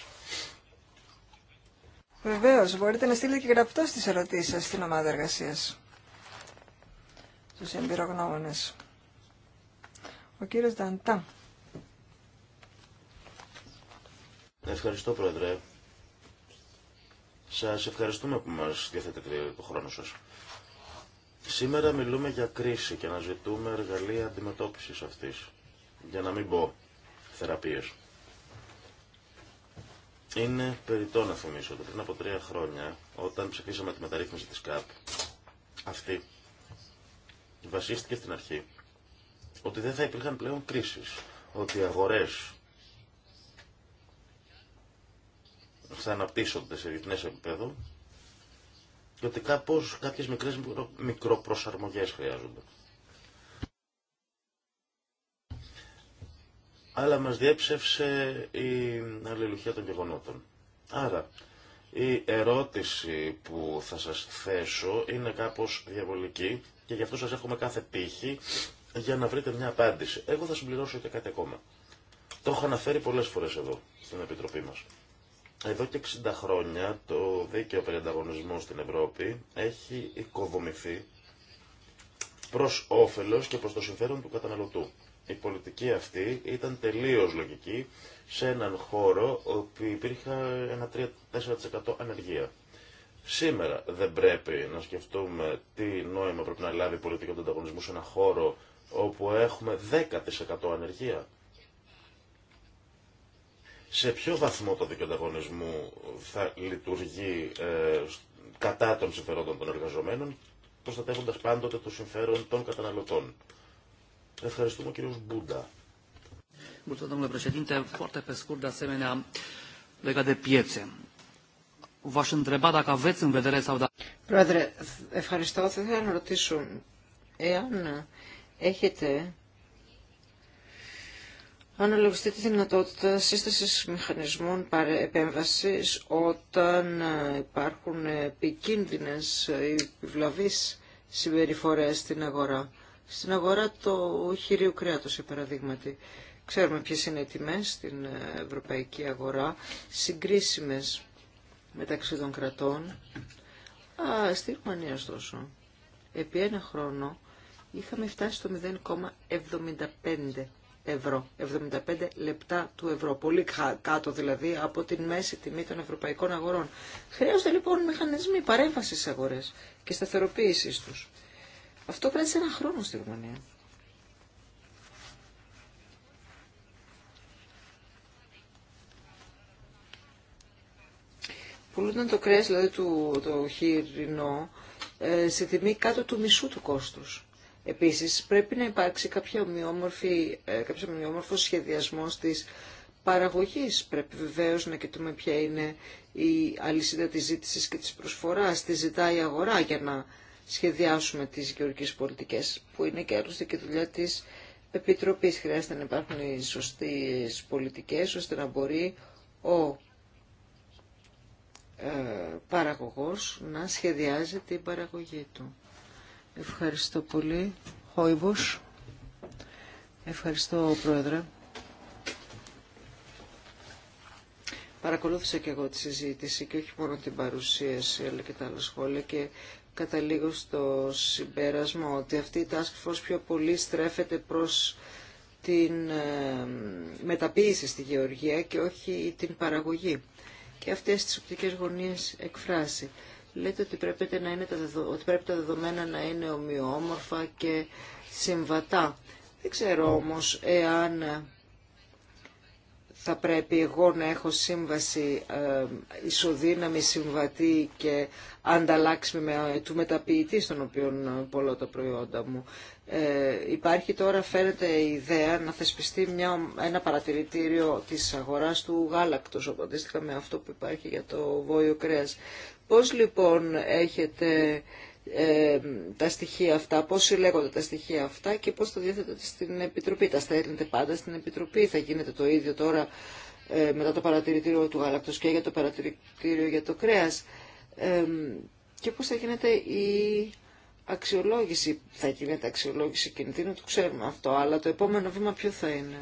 Βεβαίω, μπορείτε να στείλετε και γραπτό στις ερωτήσει σας στην ομάδα εργασία. Του εμπειρογνώμονε. Ο κύριος Δαντά. Ευχαριστώ, Πρόεδρε. Σας ευχαριστούμε που μας διαθέτετε το χρόνο σας. Σήμερα μιλούμε για κρίση και να ζητούμε εργαλεία αντιμετώπισης αυτής. Για να μην πω θεραπείες. Είναι περιττό να θυμίσω ότι πριν από τρία χρόνια, όταν ψηφίσαμε τη μεταρρύθμιση της ΚΑΠ, αυτή βασίστηκε στην αρχή ότι δεν θα υπήρχαν πλέον κρίσεις, ότι οι αγορές θα αναπτύσσονται σε διεθνές επίπεδο και ότι κάπως κάποιες μικρές μικροπροσαρμογές χρειάζονται. αλλά μας διέψευσε η αλληλουχία των γεγονότων. Άρα, η ερώτηση που θα σας θέσω είναι κάπως διαβολική και γι' αυτό σας έχουμε κάθε τύχη για να βρείτε μια απάντηση. Εγώ θα συμπληρώσω και κάτι ακόμα. Το έχω αναφέρει πολλές φορές εδώ, στην Επιτροπή μας. Εδώ και 60 χρόνια το δίκαιο περί ανταγωνισμού στην Ευρώπη έχει οικοδομηθεί προς όφελος και προς το συμφέρον του καταναλωτού. Η πολιτική αυτή ήταν τελείως λογική σε έναν χώρο όπου υπήρχε ένα 3-4% ανεργία. Σήμερα δεν πρέπει να σκεφτούμε τι νόημα πρέπει να λάβει η πολιτική του ανταγωνισμού σε έναν χώρο όπου έχουμε 10% ανεργία. Σε ποιο βαθμό το δίκαιο θα λειτουργεί ε, κατά των συμφερόντων των εργαζομένων, προστατεύοντας πάντοτε το συμφέρον των καταναλωτών. Ευχαριστούμε κύριο Μπούντα. Πρόεδρε, ευχαριστώ. Θα ήθελα να ρωτήσω εάν έχετε αναλογιστεί τη δυνατότητα σύστασης μηχανισμών επέμβασης όταν ε, υπάρχουν επικίνδυνες ε, επιβλαβείς συμπεριφορές στην αγορά. Στην αγορά το χειρίου κρέατος, για παραδείγματι. Ξέρουμε ποιες είναι οι τιμές στην ε, ευρωπαϊκή αγορά, συγκρίσιμες μεταξύ των κρατών. Α, στη Ρουμανία, ωστόσο, επί ένα χρόνο είχαμε φτάσει στο 0,75 ευρώ, 75 λεπτά του ευρώ, πολύ κάτω δηλαδή από την μέση τιμή των ευρωπαϊκών αγορών. Χρειάζονται λοιπόν μηχανισμοί παρέμβασης στις αγορές και σταθεροποίηση τους. Αυτό κράτησε ένα χρόνο στη Γερμανία. Πουλούνταν το κρέας, δηλαδή το, το χοιρινό, ε, σε τιμή κάτω του μισού του κόστους. Επίσης, πρέπει να υπάρξει κάποιο ομοιόμορφη, σχεδιασμό τη σχεδιασμός Πρέπει βεβαίως να κοιτούμε ποια είναι η αλυσίδα της ζήτησης και της προσφοράς, τι ζητάει η αγορά για να σχεδιάσουμε τις γεωργικές πολιτικές, που είναι και άλλωστε και δουλειά της Επιτροπής. Χρειάζεται να υπάρχουν οι σωστές πολιτικές, ώστε να μπορεί ο ε, παραγωγός να σχεδιάζει την παραγωγή του. Ευχαριστώ πολύ. Χόιμπος. Ευχαριστώ, Πρόεδρε. Παρακολούθησα και εγώ τη συζήτηση και όχι μόνο την παρουσίαση αλλά και τα άλλα σχόλια και καταλήγω στο συμπέρασμα ότι αυτή η task force πιο πολύ στρέφεται προς την ε, μεταποίηση στη γεωργία και όχι την παραγωγή. Και αυτές τις οπτικές γωνίες εκφράσει λέτε ότι πρέπει, να είναι τα, δεδομένα να είναι ομοιόμορφα και συμβατά. Δεν ξέρω όμως εάν θα πρέπει εγώ να έχω σύμβαση ε, ισοδύναμη, συμβατή και ανταλλάξιμη με, του μεταποιητή στον οποίο πολλώ τα προϊόντα μου. Ε, υπάρχει τώρα φαίνεται η ιδέα να θεσπιστεί μια, ένα παρατηρητήριο της αγοράς του γάλακτος, αντίστοιχα με αυτό που υπάρχει για το βόλιο κρέας. Πώς λοιπόν έχετε ε, τα στοιχεία αυτά, πώς συλλέγονται τα στοιχεία αυτά και πώς τα διέθετε στην Επιτροπή. Τα στέλνετε πάντα στην Επιτροπή, θα γίνεται το ίδιο τώρα ε, μετά το παρατηρητήριο του γάλακτος και για το παρατηρητήριο για το κρέας. Ε, και πώς θα γίνεται η αξιολόγηση, θα γίνεται αξιολόγηση κινδύνου, το ξέρουμε αυτό, αλλά το επόμενο βήμα ποιο θα είναι.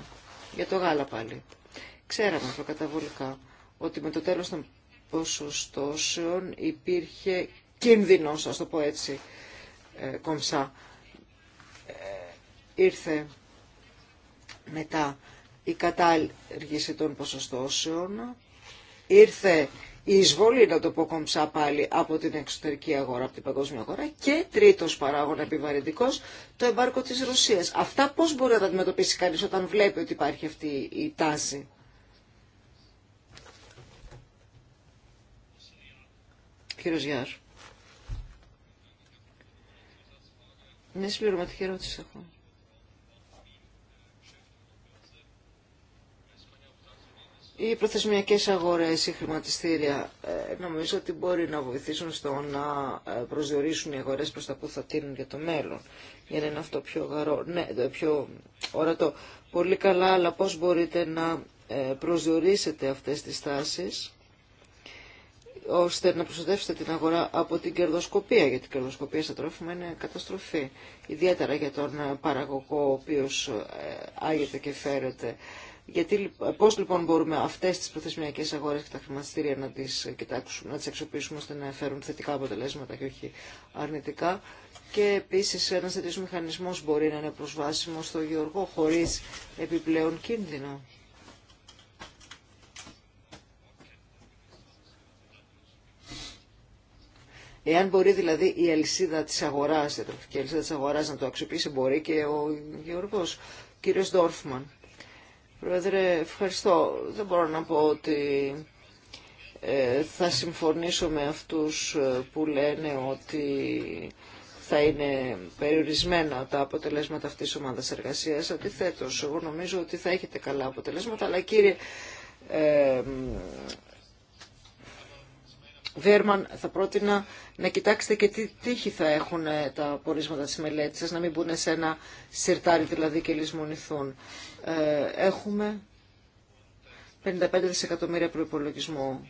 Για το γάλα πάλι. Ξέραμε αυτό καταβολικά, ότι με το τέλος των ποσοστώσεων υπήρχε κίνδυνος, ας το πω έτσι, ε, κομψά. Ε, ήρθε μετά η κατάργηση των ποσοστώσεων, ήρθε η εισβολή, να το πω κομψά πάλι, από την εξωτερική αγορά, από την παγκόσμια αγορά και τρίτος παράγοντα επιβαρυντικός, το εμπάρκο της Ρωσίας. Αυτά πώς μπορεί να τα αντιμετωπίσει κανείς όταν βλέπει ότι υπάρχει αυτή η τάση. Κύριος Γιάρ. Μια ναι, συμπληρωματική ερώτηση έχω. Οι προθεσμιακές αγορές, οι χρηματιστήρια, ε, νομίζω ότι μπορεί να βοηθήσουν στο να ε, προσδιορίσουν οι αγορές προς τα που θα τίνουν για το μέλλον, για να είναι αυτό πιο, γαρό, ναι, ε, πιο ορατό. Πολύ καλά, αλλά πώς μπορείτε να προσδιορίσετε αυτές τις τάσεις ώστε να προστατεύσετε την αγορά από την κερδοσκοπία, γιατί η κερδοσκοπία στα τρόφιμα είναι καταστροφή, ιδιαίτερα για τον ε, παραγωγό ο οποίος ε, άγεται και φέρεται. Γιατί, πώς λοιπόν μπορούμε αυτές τις προθεσμιακές αγορές και τα χρηματιστήρια να τις, ε, κοιτάξουμε, να τις αξιοποιήσουμε ώστε να φέρουν θετικά αποτελέσματα και όχι αρνητικά. Και επίσης ένας τέτοιος μηχανισμός μπορεί να είναι προσβάσιμο στο γεωργό χωρίς επιπλέον κίνδυνο. Εάν μπορεί δηλαδή η αλυσίδα της αγοράς, η τροφική αλυσίδα της αγοράς να το αξιοποιήσει, μπορεί και ο Γεωργός, Κύριο Ντόρφμαν. Πρόεδρε, ευχαριστώ. Δεν μπορώ να πω ότι ε, θα συμφωνήσω με αυτούς ε, που λένε ότι θα είναι περιορισμένα τα αποτελέσματα αυτής της ομάδας εργασίας. Αντιθέτως, εγώ νομίζω ότι θα έχετε καλά αποτελέσματα, αλλά κύριε ε, Βέρμαν, θα πρότεινα να κοιτάξετε και τι τύχη θα έχουν ε, τα πορίσματα της μελέτης σας, να μην μπουν σε ένα σιρτάρι δηλαδή και λησμονηθούν. Ε, έχουμε 55 δισεκατομμύρια προπολογισμό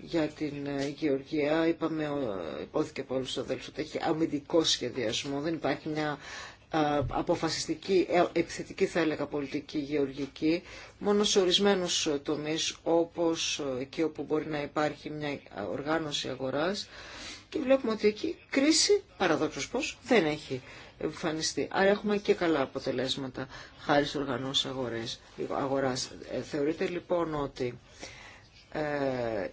για την ε, Γεωργία. Είπαμε, υπόθηκε από όλους τους αδέλφους ότι έχει αμυντικό σχεδιασμό. Δεν υπάρχει μια ε, αποφασιστική, ε, επιθετική θα έλεγα πολιτική γεωργική, μόνο σε ορισμένους τομείς όπως εκεί όπου μπορεί να υπάρχει μια οργάνωση αγοράς και βλέπουμε ότι εκεί κρίση, παραδόξως πως, δεν έχει εμφανιστεί. Άρα έχουμε και καλά αποτελέσματα χάρη στους οργανώσεις αγορές, αγοράς. Ε, θεωρείτε λοιπόν ότι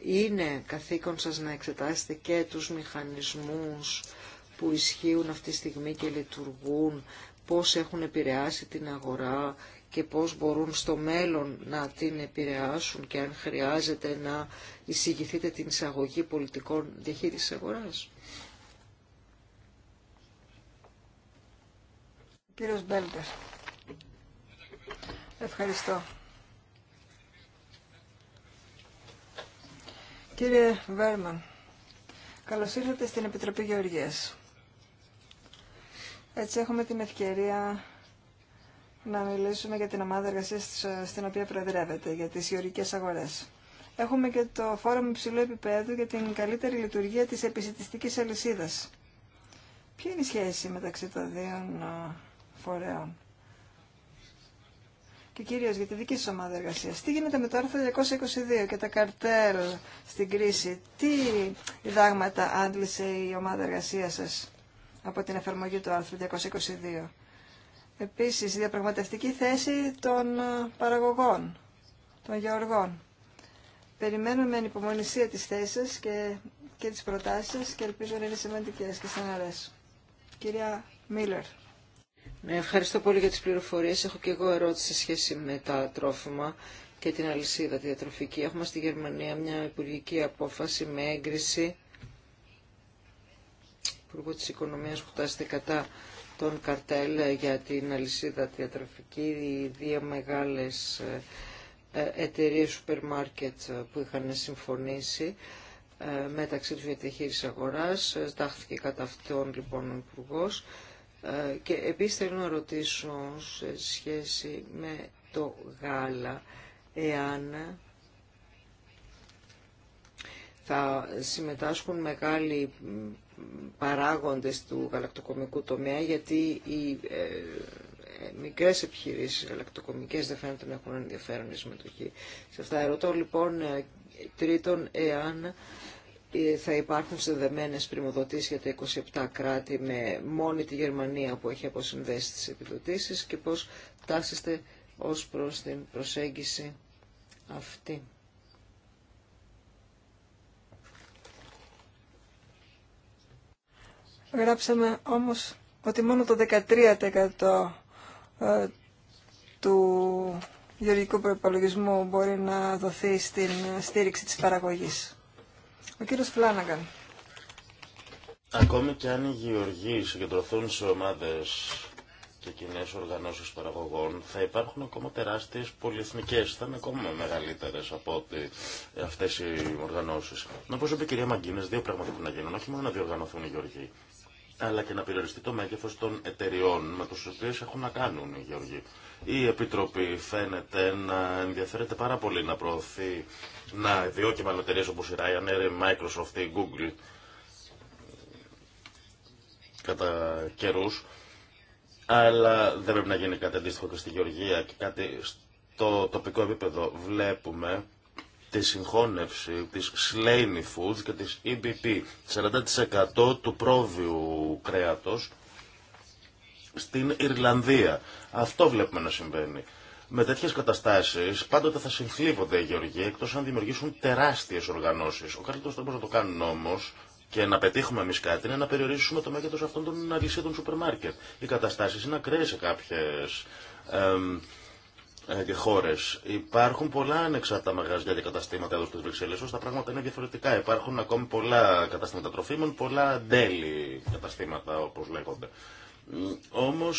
είναι καθήκον σας να εξετάσετε και τους μηχανισμούς που ισχύουν αυτή τη στιγμή και λειτουργούν, πώς έχουν επηρεάσει την αγορά και πώς μπορούν στο μέλλον να την επηρεάσουν και αν χρειάζεται να εισηγηθείτε την εισαγωγή πολιτικών διαχείρισης αγοράς. Κύριος Μπέλτερ. Ευχαριστώ. Κύριε Βέρμαν, καλώς ήρθατε στην Επιτροπή Γεωργίας. Έτσι έχουμε την ευκαιρία να μιλήσουμε για την ομάδα εργασία ε, στην οποία προεδρεύεται, για τις γεωρικές αγορές. Έχουμε και το φόρο με ψηλό επίπεδο για την καλύτερη λειτουργία της επισητιστικής αλυσίδα. Ποια είναι η σχέση μεταξύ των δύο ε, φορέων και κυρίω για τη δική σα ομάδα εργασία. Τι γίνεται με το άρθρο 222 και τα καρτέλ στην κρίση, τι διδάγματα άντλησε η ομάδα εργασία σα από την εφαρμογή του άρθρου 222. Επίσης, η διαπραγματευτική θέση των ε, παραγωγών, των γεωργών. Περιμένουμε με ανυπομονησία τις θέσεις και, και τις προτάσεις σας και ελπίζω να είναι σημαντικές και αρέσουν. Κυρία Μίλλερ. Ναι, ευχαριστώ πολύ για τις πληροφορίες. Έχω και εγώ ερώτηση σε σχέση με τα τρόφιμα και την αλυσίδα τη διατροφική. Έχουμε στη Γερμανία μια υπουργική απόφαση με έγκριση Υπουργού της Οικονομίας που τάσσεται κατά τον καρτέλ για την αλυσίδα διατροφική, οι δύο μεγάλες ε, εταιρείες σούπερ μάρκετ που είχαν συμφωνήσει ε, μεταξύ τους για τη χείριση αγοράς. Ε, Τάχθηκε κατά αυτόν λοιπόν ο υπουργό. Και επίσης θέλω να ρωτήσω σε σχέση με το γάλα, εάν θα συμμετάσχουν μεγάλοι παράγοντες του γαλακτοκομικού τομέα, γιατί οι ε, ε, μικρές επιχειρήσεις γαλακτοκομικές δεν φαίνεται να έχουν ενδιαφέρον συμμετοχή. Σε αυτά ερωτώ λοιπόν ε, τρίτον εάν θα υπάρχουν συνδεμένες πρημοδοτήσεις για τα 27 κράτη με μόνη τη Γερμανία που έχει αποσυνδέσει τις επιδοτήσεις και πώς τάσεστε ως προς την προσέγγιση αυτή. Γράψαμε όμως ότι μόνο το 13% ε, του γεωργικού προπολογισμού μπορεί να δοθεί στην στήριξη της παραγωγής. Ο κύριος Φλάνναγκαν. Ακόμη και αν οι γεωργοί συγκεντρωθούν σε ομάδες και κοινέ οργανώσεις παραγωγών, θα υπάρχουν ακόμα τεράστιες πολυεθνικές, θα είναι ακόμα μεγαλύτερες από ότι αυτές οι οργανώσεις. Να πω είπε η κυρία Μαγκίνες, δύο πράγματα που να γίνουν, όχι μόνο να διοργανωθούν οι γεωργοί, αλλά και να περιοριστεί το μέγεθος των εταιριών με τους οποίες έχουν να κάνουν οι Γεωργοί. Η Επιτροπή φαίνεται να ενδιαφέρεται πάρα πολύ να προωθεί, να διώκει μάλλον εταιρείες όπως η Ryanair, η Microsoft, η Google κατά καιρούς, αλλά δεν πρέπει να γίνει κάτι αντίστοιχο και στη Γεωργία και κάτι στο τοπικό επίπεδο βλέπουμε τη συγχώνευση της Slaney Foods και της EBP 40% του πρόβειου κρέατος στην Ιρλανδία. Αυτό βλέπουμε να συμβαίνει. Με τέτοιες καταστάσεις πάντοτε θα συγχλίβονται οι γεωργοί εκτός αν δημιουργήσουν τεράστιες οργανώσεις. Ο καλύτερος τρόπος να το κάνουν όμως και να πετύχουμε εμεί κάτι είναι να περιορίσουμε το μέγεθο αυτών των αλυσίδων σούπερ μάρκετ. Οι καταστάσει είναι ακραίε σε κάποιε ε, και χώρε. Υπάρχουν πολλά ανεξάρτητα μαγαζιά και καταστήματα εδώ στι Βρυξέλλε, όσο τα πράγματα είναι διαφορετικά. Υπάρχουν ακόμη πολλά καταστήματα τροφίμων, πολλά ντέλη καταστήματα όπω λέγονται. Όμω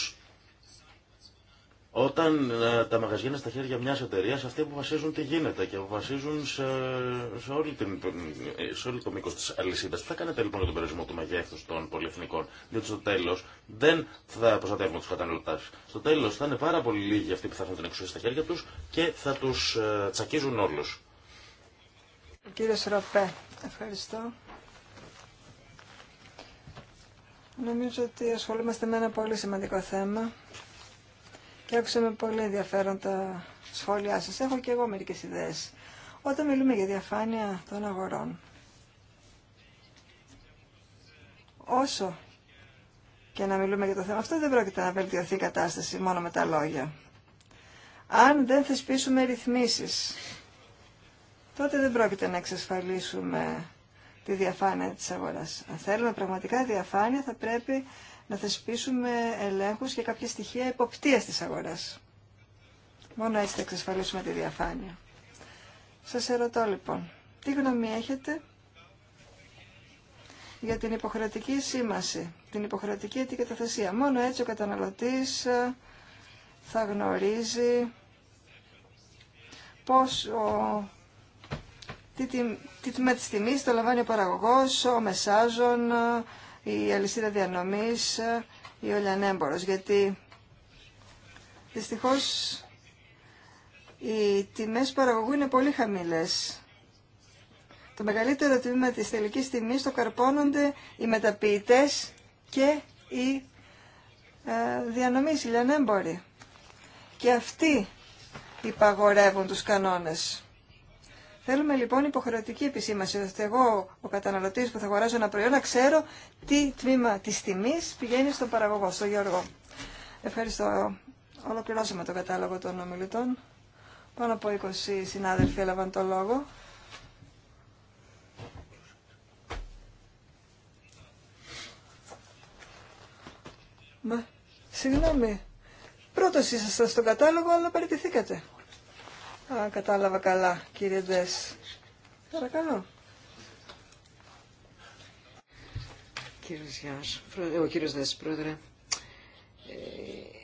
όταν ε, τα μαγαζιά είναι στα χέρια μια εταιρεία, αυτοί αποφασίζουν τι γίνεται και αποφασίζουν σε, σε, όλη την, ε, σε όλο το μήκο τη αλυσίδα. Τι θα κάνετε λοιπόν για τον περιορισμό του μεγέθου των πολυεθνικών, διότι στο τέλο δεν θα προστατεύουμε του καταναλωτέ. Στο τέλο θα είναι πάρα πολύ λίγοι αυτοί που θα έχουν την εξουσία στα χέρια του και θα του ε, τσακίζουν όλου. Κύριε Σροπέ, ευχαριστώ. Νομίζω ότι ασχολούμαστε με ένα πολύ σημαντικό θέμα και άκουσα με πολύ ενδιαφέρον τα σχόλιά σας. Έχω και εγώ μερικές ιδέες. Όταν μιλούμε για διαφάνεια των αγορών, όσο και να μιλούμε για το θέμα αυτό, δεν πρόκειται να βελτιωθεί η κατάσταση μόνο με τα λόγια. Αν δεν θεσπίσουμε ρυθμίσεις, τότε δεν πρόκειται να εξασφαλίσουμε τη διαφάνεια της αγοράς. Αν θέλουμε πραγματικά διαφάνεια, θα πρέπει να θεσπίσουμε ελέγχους και κάποια στοιχεία εποπτείας της αγοράς. Μόνο έτσι θα εξασφαλίσουμε τη διαφάνεια. Σας ερωτώ λοιπόν, τι γνώμη έχετε για την υποχρεωτική σήμαση, την υποχρεωτική ετικεταθεσία. Μόνο έτσι ο καταναλωτής ε, θα γνωρίζει πώς ο, τι, τι, τι με το λαμβάνει ο παραγωγός, ο μεσάζων, η αλυσίδα διανομής ή ο λιανέμπορος, γιατί δυστυχώς οι τιμές παραγωγού είναι πολύ χαμηλές. Το μεγαλύτερο τμήμα της τελικής τιμής το καρπώνονται οι μεταποιητές και οι ε, διανομής, οι λιανέμποροι. Και αυτοί υπαγορεύουν τους κανόνες. Θέλουμε λοιπόν υποχρεωτική επισήμαση, ώστε εγώ, ο καταναλωτή που θα αγοράζω ένα προϊόν, να ξέρω τι τμήμα τη τιμή πηγαίνει στον παραγωγό, στον Γιώργο. Ευχαριστώ. Ολοκληρώσαμε τον κατάλογο των ομιλητών. Πάνω από 20 συνάδελφοι έλαβαν το λόγο. Μα, συγγνώμη, πρώτος ήσασταν στον κατάλογο, αλλά παραιτηθήκατε. Α, κατάλαβα καλά, κύριε Ντές. Παρακαλώ. Κύριος Γιάς, ο κύριος Δες, πρόεδρε. Ε,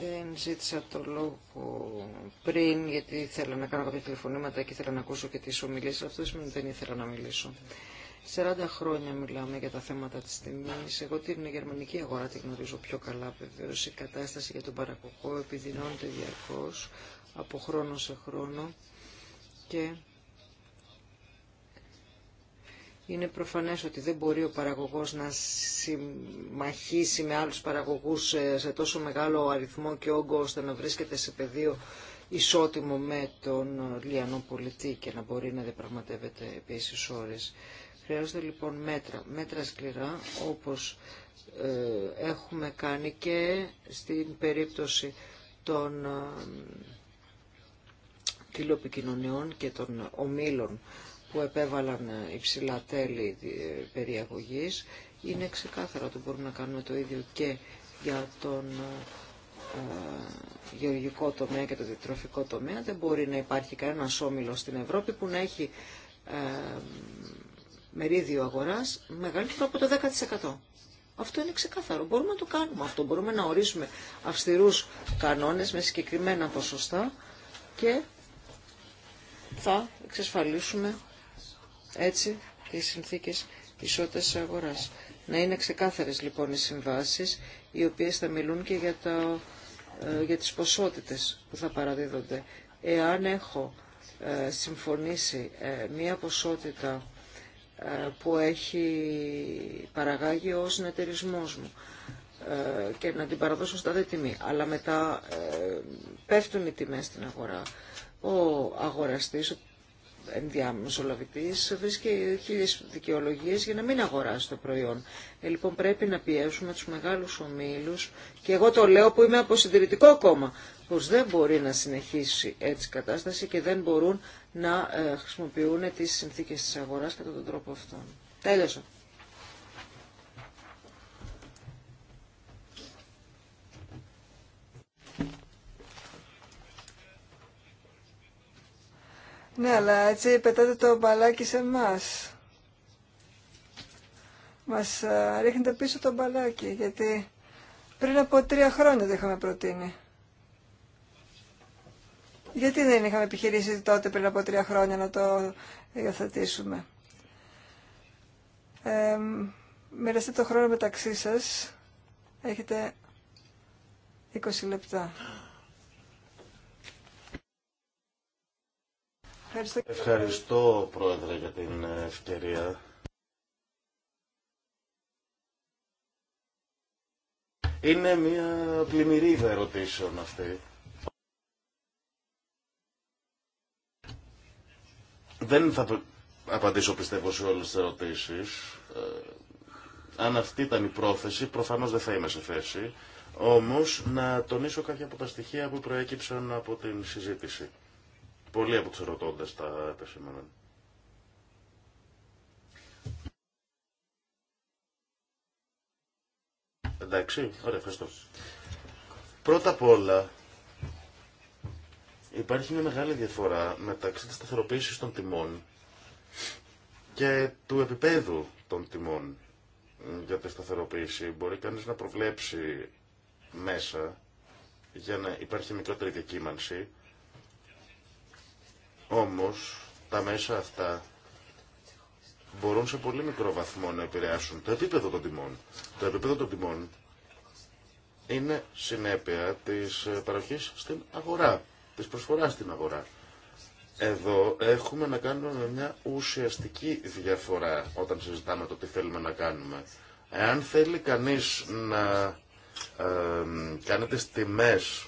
δεν ζήτησα το λόγο πριν, γιατί ήθελα να κάνω κάποια τηλεφωνήματα και ήθελα να ακούσω και τις ομιλίες. Αυτό δεν ήθελα να μιλήσω. 40 χρόνια μιλάμε για τα θέματα της τιμής. Εγώ την γερμανική αγορά τη γνωρίζω πιο καλά βεβαίως. Η κατάσταση για τον παραγωγό επιδεινώνεται διαρκώς από χρόνο σε χρόνο και είναι προφανές ότι δεν μπορεί ο παραγωγός να συμμαχίσει με άλλους παραγωγούς ε, σε τόσο μεγάλο αριθμό και όγκο ώστε να βρίσκεται σε πεδίο ισότιμο με τον ε, Λιανό πολιτή και να μπορεί να διαπραγματεύεται επίσης ώρες. Χρειάζονται λοιπόν μέτρα, μέτρα σκληρά όπως ε, έχουμε κάνει και στην περίπτωση των ε, τηλεοπικοινωνιών και των ομίλων που επέβαλαν υψηλά τέλη ε, περιαγωγής. Είναι ξεκάθαρο ότι μπορούμε να κάνουμε το ίδιο και για τον ε, γεωργικό τομέα και το διατροφικό τομέα. Δεν μπορεί να υπάρχει κανένα όμιλο στην Ευρώπη που να έχει μερίδιο αγοράς μεγαλύτερο από το 10%. Αυτό είναι ξεκάθαρο. Μπορούμε να το κάνουμε αυτό. Μπορούμε να ορίσουμε αυστηρούς κανόνες με συγκεκριμένα ποσοστά και θα εξασφαλίσουμε έτσι τις συνθήκες ισότητας αγοράς. Να είναι ξεκάθαρες λοιπόν οι συμβάσεις οι οποίες θα μιλούν και για, τα, ε, για τις ποσότητες που θα παραδίδονται. Εάν έχω ε, συμφωνήσει ε, μία ποσότητα ε, που έχει παραγάγει ο συνεταιρισμό μου ε, και να την παραδώσω στα δε τιμή. Αλλά μετά ε, πέφτουν οι τιμές στην αγορά. Ο αγοραστής, ο ενδιάμεσολαβητής, βρίσκει χίλιες δικαιολογίες για να μην αγοράσει το προϊόν. Ε, λοιπόν πρέπει να πιέσουμε τους μεγάλους ομίλους και εγώ το λέω που είμαι από συντηρητικό κόμμα πως δεν μπορεί να συνεχίσει έτσι η κατάσταση και δεν μπορούν να ε, χρησιμοποιούν τις συνθήκες της αγοράς κατά τον τρόπο αυτόν. Τέλειωσα. Ναι, αλλά έτσι πετάτε το μπαλάκι σε μας. Μας ε, ρίχνετε πίσω το μπαλάκι, γιατί πριν από τρία χρόνια το είχαμε προτείνει. Γιατί δεν είχαμε επιχειρήσει τότε πριν από τρία χρόνια να το υιοθετήσουμε. Ε, μοιραστείτε το χρόνο μεταξύ σας. Έχετε 20 λεπτά. Ευχαριστώ, Ευχαριστώ Πρόεδρε για την ευκαιρία. Είναι μια πλημμυρίδα ερωτήσεων αυτή. Δεν θα απαντήσω πιστεύω σε όλες τις ερωτήσεις. Ε, αν αυτή ήταν η πρόθεση, προφανώς δεν θα είμαι σε θέση. Όμως να τονίσω κάποια από τα στοιχεία που προέκυψαν από την συζήτηση. Πολλοί από τους ερωτώντες τα επεσήμαναν. Εντάξει, ωραία, ευχαριστώ. Πρώτα απ' όλα, Υπάρχει μια μεγάλη διαφορά μεταξύ της σταθεροποίησης των τιμών και του επίπεδου των τιμών για τη σταθεροποίηση. Μπορεί κανείς να προβλέψει μέσα για να υπάρχει μικρότερη διακύμανση. Όμως τα μέσα αυτά μπορούν σε πολύ μικρό βαθμό να επηρεάσουν το επίπεδο των τιμών. Το επίπεδο των τιμών είναι συνέπεια της παροχής στην αγορά της προσφοράς στην αγορά. Εδώ έχουμε να κάνουμε μια ουσιαστική διαφορά όταν συζητάμε το τι θέλουμε να κάνουμε. Εάν θέλει κανείς να ε, κάνει τις τιμές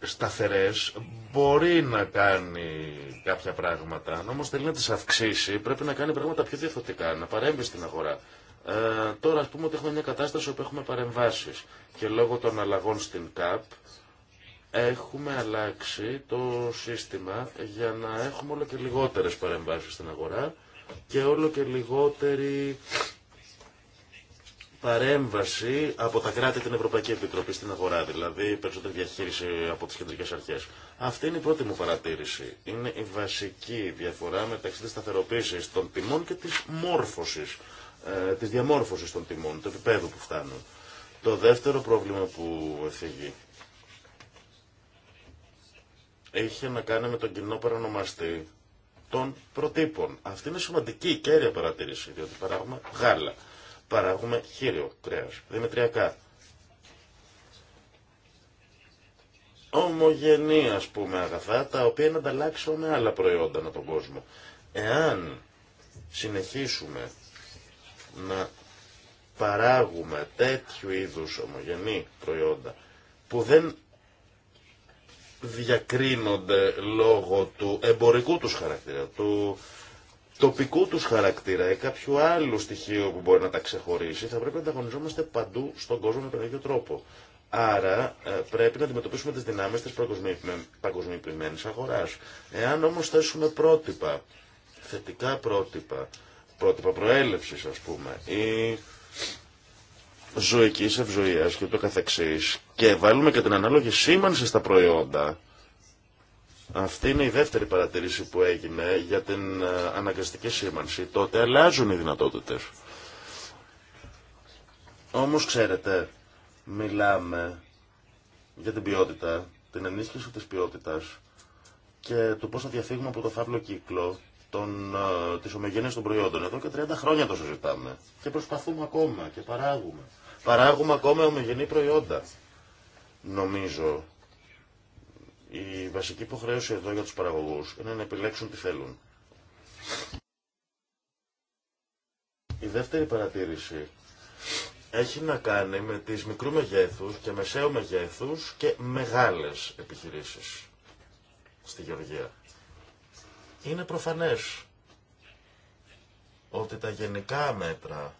σταθερές, μπορεί να κάνει κάποια πράγματα. Αν όμως θέλει να τις αυξήσει, πρέπει να κάνει πράγματα πιο διαφορετικά, να παρέμβει στην αγορά. Ε, τώρα ας πούμε ότι έχουμε μια κατάσταση όπου έχουμε παρεμβάσεις και λόγω των αλλαγών στην ΚΑΠ έχουμε αλλάξει το σύστημα για να έχουμε όλο και λιγότερες παρεμβάσεις στην αγορά και όλο και λιγότερη παρέμβαση από τα κράτη την Ευρωπαϊκή Επιτροπή στην αγορά, δηλαδή περισσότερη διαχείριση από τις κεντρικές αρχές. Αυτή είναι η πρώτη μου παρατήρηση. Είναι η βασική διαφορά μεταξύ της σταθεροποίησης των τιμών και της μόρφωσης, ε, της διαμόρφωσης των τιμών, του επίπεδου που φτάνουν. Το δεύτερο πρόβλημα που εφηγεί είχε να κάνει με τον κοινό παρανομαστή των προτύπων. Αυτή είναι σημαντική κέρια παρατήρηση, διότι παράγουμε γάλα, παράγουμε χείριο κρέα. δημητριακά. Ομογενή, α πούμε, αγαθά, τα οποία είναι ανταλλάξω με άλλα προϊόντα από τον κόσμο. Εάν συνεχίσουμε να παράγουμε τέτοιου είδους ομογενή προϊόντα που δεν διακρίνονται λόγω του εμπορικού τους χαρακτήρα, του τοπικού τους χαρακτήρα ή κάποιου άλλου στοιχείου που μπορεί να τα ξεχωρίσει, θα πρέπει να ανταγωνιζόμαστε παντού στον κόσμο με τον ίδιο τρόπο. Άρα ε, πρέπει να αντιμετωπίσουμε τις δυνάμεις της παγκοσμιοποιημένης αγοράς. Εάν όμως θέσουμε πρότυπα, θετικά πρότυπα, πρότυπα προέλευσης ας πούμε, ή ζωικής ευζοίας και το καθεξής και βάλουμε και την ανάλογη σήμανση στα προϊόντα, αυτή είναι η δεύτερη παρατήρηση που έγινε για την ε, αναγκαστική σήμανση, τότε αλλάζουν οι δυνατότητες. Όμως ξέρετε, μιλάμε για την ποιότητα, την ενίσχυση της ποιότητας και το πώς θα διαφύγουμε από το φαύλο κύκλο τη ε, της ομογένειας των προϊόντων. Εδώ και 30 χρόνια το συζητάμε και προσπαθούμε ακόμα και παράγουμε. Παράγουμε ακόμα ομογενή προϊόντα. Νομίζω η βασική υποχρέωση εδώ για τους παραγωγούς είναι να επιλέξουν τι θέλουν. Η δεύτερη παρατήρηση έχει να κάνει με τις μικρού μεγέθους και μεσαίου μεγέθους και μεγάλες επιχειρήσεις στη Γεωργία. Είναι προφανές ότι τα γενικά μέτρα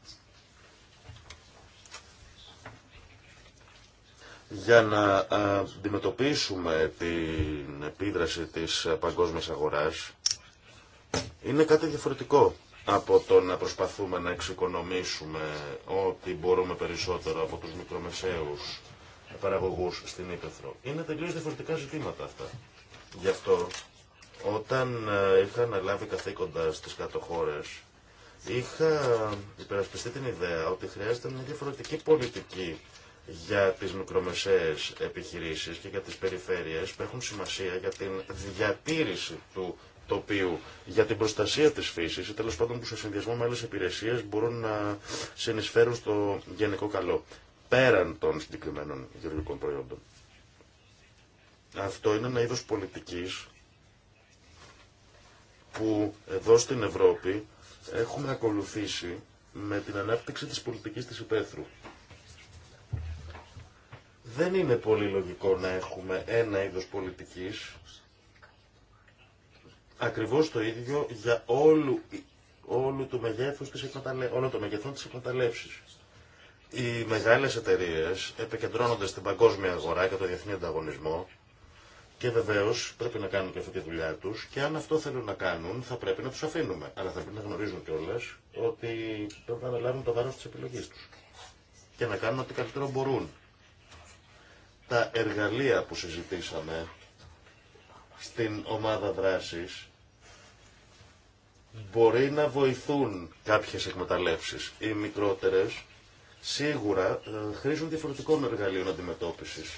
για να ε, αντιμετωπίσουμε την επίδραση της ε, παγκόσμιας αγοράς είναι κάτι διαφορετικό από το να προσπαθούμε να εξοικονομήσουμε ό,τι μπορούμε περισσότερο από τους μικρομεσαίους παραγωγούς στην Ήπεθρο. Είναι τελείως διαφορετικά ζητήματα αυτά. Γι' αυτό όταν ε, είχα αναλάβει καθήκοντα στις κάτω χώρες, είχα υπερασπιστεί την ιδέα ότι χρειάζεται μια διαφορετική πολιτική για τις μικρομεσαίες επιχειρήσεις και για τις περιφέρειες που έχουν σημασία για την διατήρηση του τοπίου, για την προστασία της φύσης ή τέλος πάντων που σε συνδυασμό με άλλες υπηρεσίες μπορούν να συνεισφέρουν στο γενικό καλό, πέραν των συγκεκριμένων γεωργικών προϊόντων. Αυτό είναι ένα είδος πολιτικής που εδώ στην Ευρώπη έχουμε ακολουθήσει με την ανάπτυξη της πολιτικής της υπαίθρου. Δεν είναι πολύ λογικό να έχουμε ένα είδος πολιτικής, ακριβώς το ίδιο για όλου, όλου το μεγέθος της όλο το μεγεθόν της εκμεταλλεύσης. Οι μεγάλες εταιρείες επικεντρώνονται στην παγκόσμια αγορά και το διεθνή ανταγωνισμό και βεβαίω πρέπει να κάνουν και αυτή τη δουλειά του και αν αυτό θέλουν να κάνουν θα πρέπει να του αφήνουμε. Αλλά θα πρέπει να γνωρίζουν κιόλα ότι πρέπει να αναλάβουν το βάρο τη επιλογή του και να κάνουν ό,τι καλύτερο μπορούν τα εργαλεία που συζητήσαμε στην ομάδα δράσης μπορεί να βοηθούν κάποιες εκμεταλλεύσεις. ή μικρότερες σίγουρα ε, χρήζουν διαφορετικών εργαλείων αντιμετώπισης.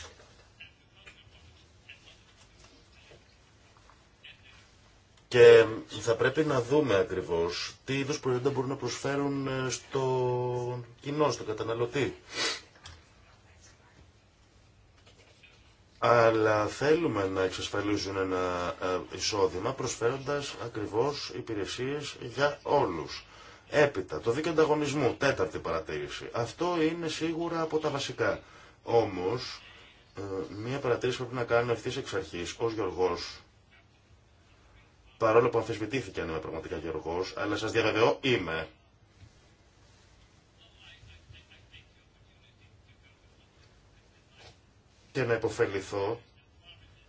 Και θα πρέπει να δούμε ακριβώς τι είδους προϊόντα μπορούν να προσφέρουν ε, στο κοινό, στο καταναλωτή. αλλά θέλουμε να εξασφαλίζουν ένα ε, εισόδημα προσφέροντας ακριβώς υπηρεσίες για όλους. Έπειτα, το δίκαιο ανταγωνισμού, τέταρτη παρατήρηση. Αυτό είναι σίγουρα από τα βασικά. Όμως, ε, μία παρατήρηση πρέπει να κάνω ευθύς εξ αρχής, ως Γεωργός, παρόλο που αμφισβητήθηκε αν είμαι πραγματικά Γεωργός, αλλά σας διαβεβαιώ είμαι και να υποφεληθώ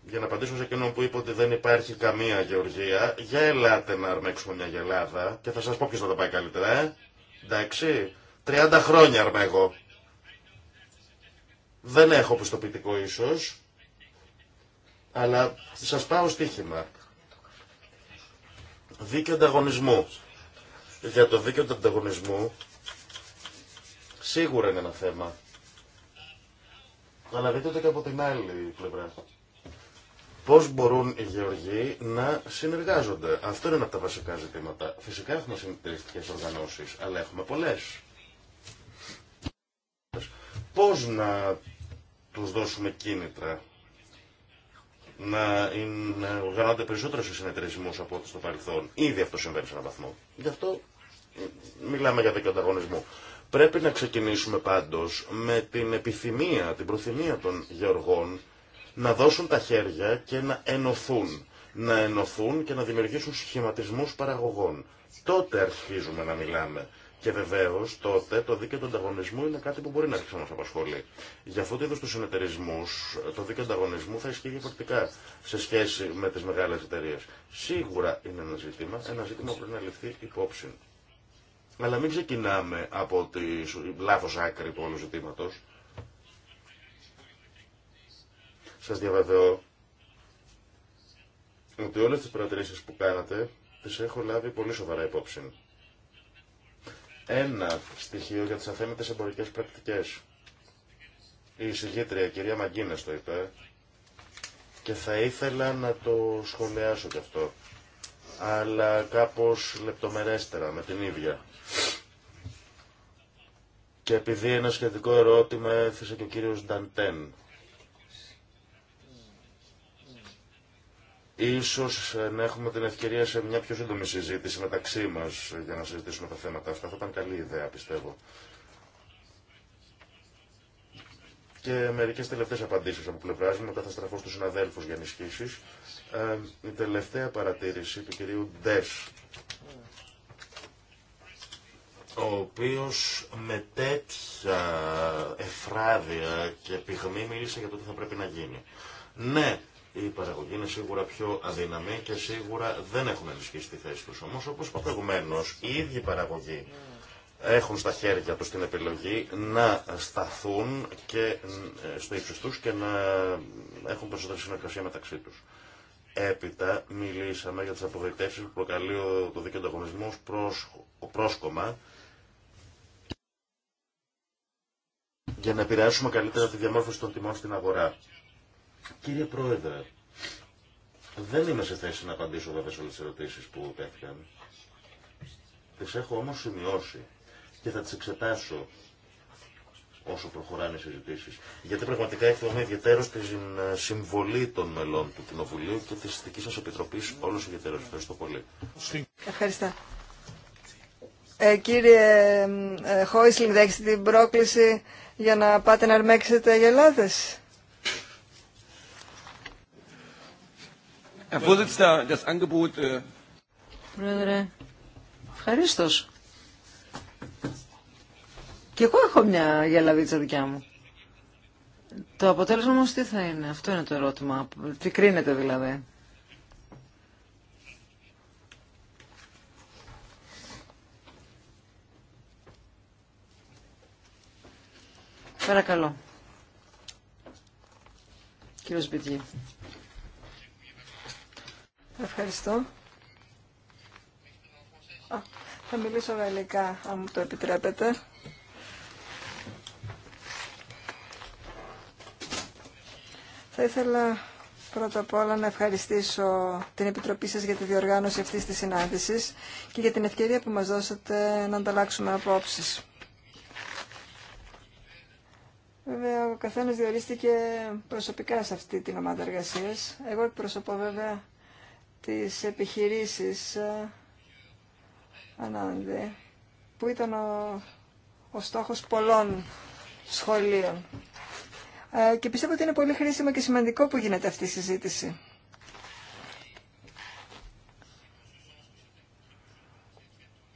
για να απαντήσω σε εκείνον που είπε ότι δεν υπάρχει καμία γεωργία, για ελάτε να αρμέξουμε μια γελάδα και θα σας πω ποιος θα τα πάει καλύτερα, ε? Εντάξει, 30 χρόνια αρμέγω. Δεν έχω πιστοποιητικό ίσως, αλλά σας πάω στοίχημα. Δίκαιο ανταγωνισμού. Για το δίκαιο του ανταγωνισμού, σίγουρα είναι ένα θέμα αλλά δείτε το και από την άλλη πλευρά. Πώ μπορούν οι γεωργοί να συνεργάζονται. Αυτό είναι ένα από τα βασικά ζητήματα. Φυσικά έχουμε συνεταιριστικέ οργανώσει, αλλά έχουμε πολλέ. Πώ να του δώσουμε κίνητρα να οργανώνται οργανώνονται περισσότερο σε συνεταιρισμού από ό,τι στο παρελθόν. Ήδη αυτό συμβαίνει σε έναν βαθμό. Γι' αυτό μιλάμε για δίκαιο Πρέπει να ξεκινήσουμε πάντως με την επιθυμία, την προθυμία των γεωργών να δώσουν τα χέρια και να ενωθούν. Να ενωθούν και να δημιουργήσουν σχηματισμούς παραγωγών. Τότε αρχίζουμε να μιλάμε. Και βεβαίω τότε το δίκαιο του ανταγωνισμού είναι κάτι που μπορεί να αρχίσει να μα απασχολεί. Για αυτού του είδου του συνεταιρισμού, το δίκαιο του ανταγωνισμού θα ισχύει διαφορετικά σε σχέση με τι μεγάλε εταιρείε. Σίγουρα είναι ένα ζήτημα, ένα ζήτημα που πρέπει να ληφθεί υπόψη. Αλλά μην ξεκινάμε από τη λάθος άκρη του όλου ζητήματο. Σα διαβεβαιώ ότι όλε τι παρατηρήσει που κάνατε τι έχω λάβει πολύ σοβαρά υπόψη. Ένα στοιχείο για τις αθέμητε εμπορικέ πρακτικέ. Η εισηγήτρια, κυρία Μαγκίνες το είπε, και θα ήθελα να το σχολιάσω κι αυτό, αλλά κάπως λεπτομερέστερα με την ίδια και επειδή ένα σχετικό ερώτημα έθεσε και ο κύριος Νταντέν. Ίσως ε, να έχουμε την ευκαιρία σε μια πιο σύντομη συζήτηση μεταξύ μας για να συζητήσουμε τα θέματα αυτά. Θα ήταν καλή ιδέα, πιστεύω. Και μερικές τελευταίες απαντήσεις από πλευρά μου, μετά θα στραφώ στους συναδέλφους για ενισχύσεις. Ε, η τελευταία παρατήρηση του κυρίου Ντες ο οποίος με τέτοια εφράδια και πυγμή μίλησε για το τι θα πρέπει να γίνει. Ναι, η παραγωγή είναι σίγουρα πιο αδύναμη και σίγουρα δεν έχουν ενισχύσει τη θέση τους. Όμως, όπως είπα προηγουμένως, οι ίδιοι παραγωγοί έχουν στα χέρια τους την επιλογή να σταθούν και ε, στο ύψος τους και να έχουν περισσότερη συνεργασία μεταξύ τους. Έπειτα μιλήσαμε για τις απογοητεύσεις που προκαλεί το δίκαιο προς ο πρόσκομα για να επηρεάσουμε καλύτερα τη διαμόρφωση των τιμών στην αγορά. Κύριε Πρόεδρε, δεν είμαι σε θέση να απαντήσω βέβαια σε όλες τις ερωτήσεις που τέθηκαν. Τις έχω όμως σημειώσει και θα τις εξετάσω όσο προχωράνε οι συζητήσεις. Γιατί πραγματικά εκτιμώ ιδιαίτερο τη ε, συμβολή των μελών του Κοινοβουλίου και της δική σας Επιτροπής όλο ιδιαίτερος. Ευχαριστώ πολύ. Ευχαριστώ. Ε, κύριε ε, ε Χόισλινγκ, δέχεστε την πρόκληση για να πάτε να αρμέξετε γελάδες. Äh, Πρόεδρε, ευχαρίστω. Και εγώ έχω μια γελαβίτσα δικιά μου. Το αποτέλεσμα όμως τι θα είναι, αυτό είναι το ερώτημα. Τι κρίνεται δηλαδή. Παρακαλώ. Κύριος Μπιτζή. Ευχαριστώ. Α, θα μιλήσω γαλλικά, αν μου το επιτρέπετε. Θα ήθελα πρώτα απ' όλα να ευχαριστήσω την Επιτροπή σας για τη διοργάνωση αυτής της συνάντησης και για την ευκαιρία που μας δώσατε να ανταλλάξουμε απόψεις. Βέβαια, ο καθένα διορίστηκε προσωπικά σε αυτή την ομάδα εργασία. Εγώ εκπροσωπώ βέβαια τις επιχειρήσεις ε, ανάμεσα, που ήταν ο, ο στόχος πολλών σχολείων. Ε, και πιστεύω ότι είναι πολύ χρήσιμο και σημαντικό που γίνεται αυτή η συζήτηση.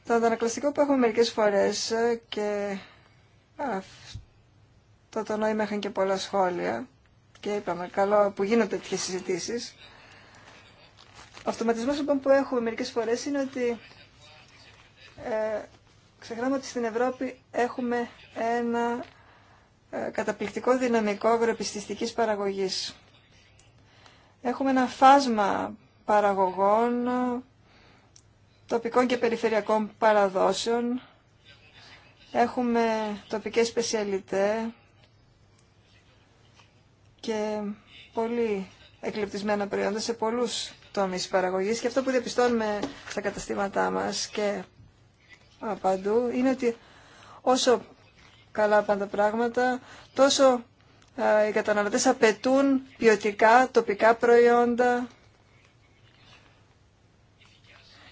Το αντανακλαστικό που έχουμε μερικές φορές ε, και αυτό το νόημα είχαν και πολλά σχόλια και είπαμε καλό που γίνονται τέτοιες συζητήσεις. Ο αυτοματισμός λοιπόν που έχουμε μερικές φορές είναι ότι ε, ξεχνάμε ότι στην Ευρώπη έχουμε ένα ε, καταπληκτικό δυναμικό αγροεπιστηστικής παραγωγής. Έχουμε ένα φάσμα παραγωγών, τοπικών και περιφερειακών παραδόσεων, Έχουμε τοπικές σπεσιαλιτέ, και πολύ εκλεπτισμένα προϊόντα σε πολλούς τομείς παραγωγής και αυτό που διαπιστώνουμε στα καταστήματά μας και παντού είναι ότι όσο καλά πάντα πράγματα, τόσο οι καταναλωτές απαιτούν ποιοτικά, τοπικά προϊόντα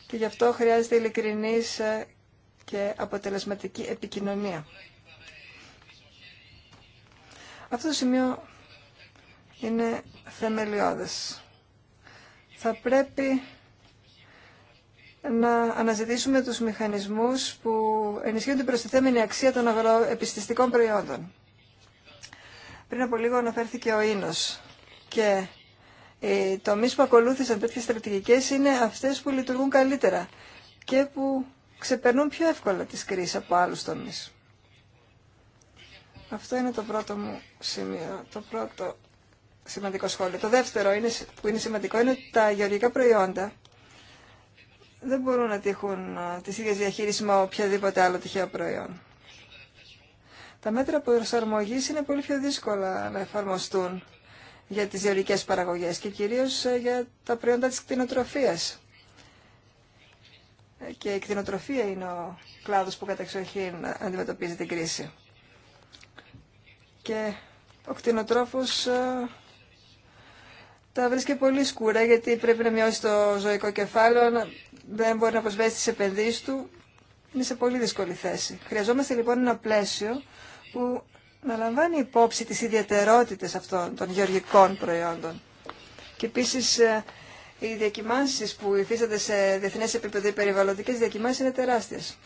και γι' αυτό χρειάζεται ειλικρινής ε, και αποτελεσματική επικοινωνία. Αυτό το σημείο είναι θεμελιώδες. Θα πρέπει να αναζητήσουμε τους μηχανισμούς που ενισχύουν την προστιθέμενη αξία των αγροεπιστηστικών προϊόντων. Πριν από λίγο αναφέρθηκε ο Ίνος και οι τομείς που ακολούθησαν τέτοιες στρατηγικές είναι αυτές που λειτουργούν καλύτερα και που ξεπερνούν πιο εύκολα τις κρίσεις από άλλους τομείς. Αυτό είναι το πρώτο μου σημείο, το πρώτο σημαντικό σχόλιο. Το δεύτερο είναι, που είναι σημαντικό είναι ότι τα γεωργικά προϊόντα δεν μπορούν να τύχουν ε, τις ίδιες διαχείριση με οποιαδήποτε άλλο τυχαίο προϊόν. Τα μέτρα προσαρμογή είναι πολύ πιο δύσκολα να εφαρμοστούν για τις γεωργικές παραγωγές και κυρίω ε, για τα προϊόντα τη κτηνοτροφία. Ε, και η κτηνοτροφία είναι ο κλάδο που καταξοχήν αντιμετωπίζει την κρίση. Και ο κτηνοτρόφος τα βρίσκει πολύ σκούρα γιατί πρέπει να μειώσει το ζωικό κεφάλαιο, δεν μπορεί να προσβέσει τις επενδύσεις του. Είναι σε πολύ δύσκολη θέση. Χρειαζόμαστε λοιπόν ένα πλαίσιο που να λαμβάνει υπόψη τις ιδιαιτερότητες αυτών των γεωργικών προϊόντων. Και επίση, ε, οι διακοιμάνσεις που υφίστανται σε διεθνές επίπεδο, οι περιβαλλοντικές διακοιμάνσεις είναι τεράστιες.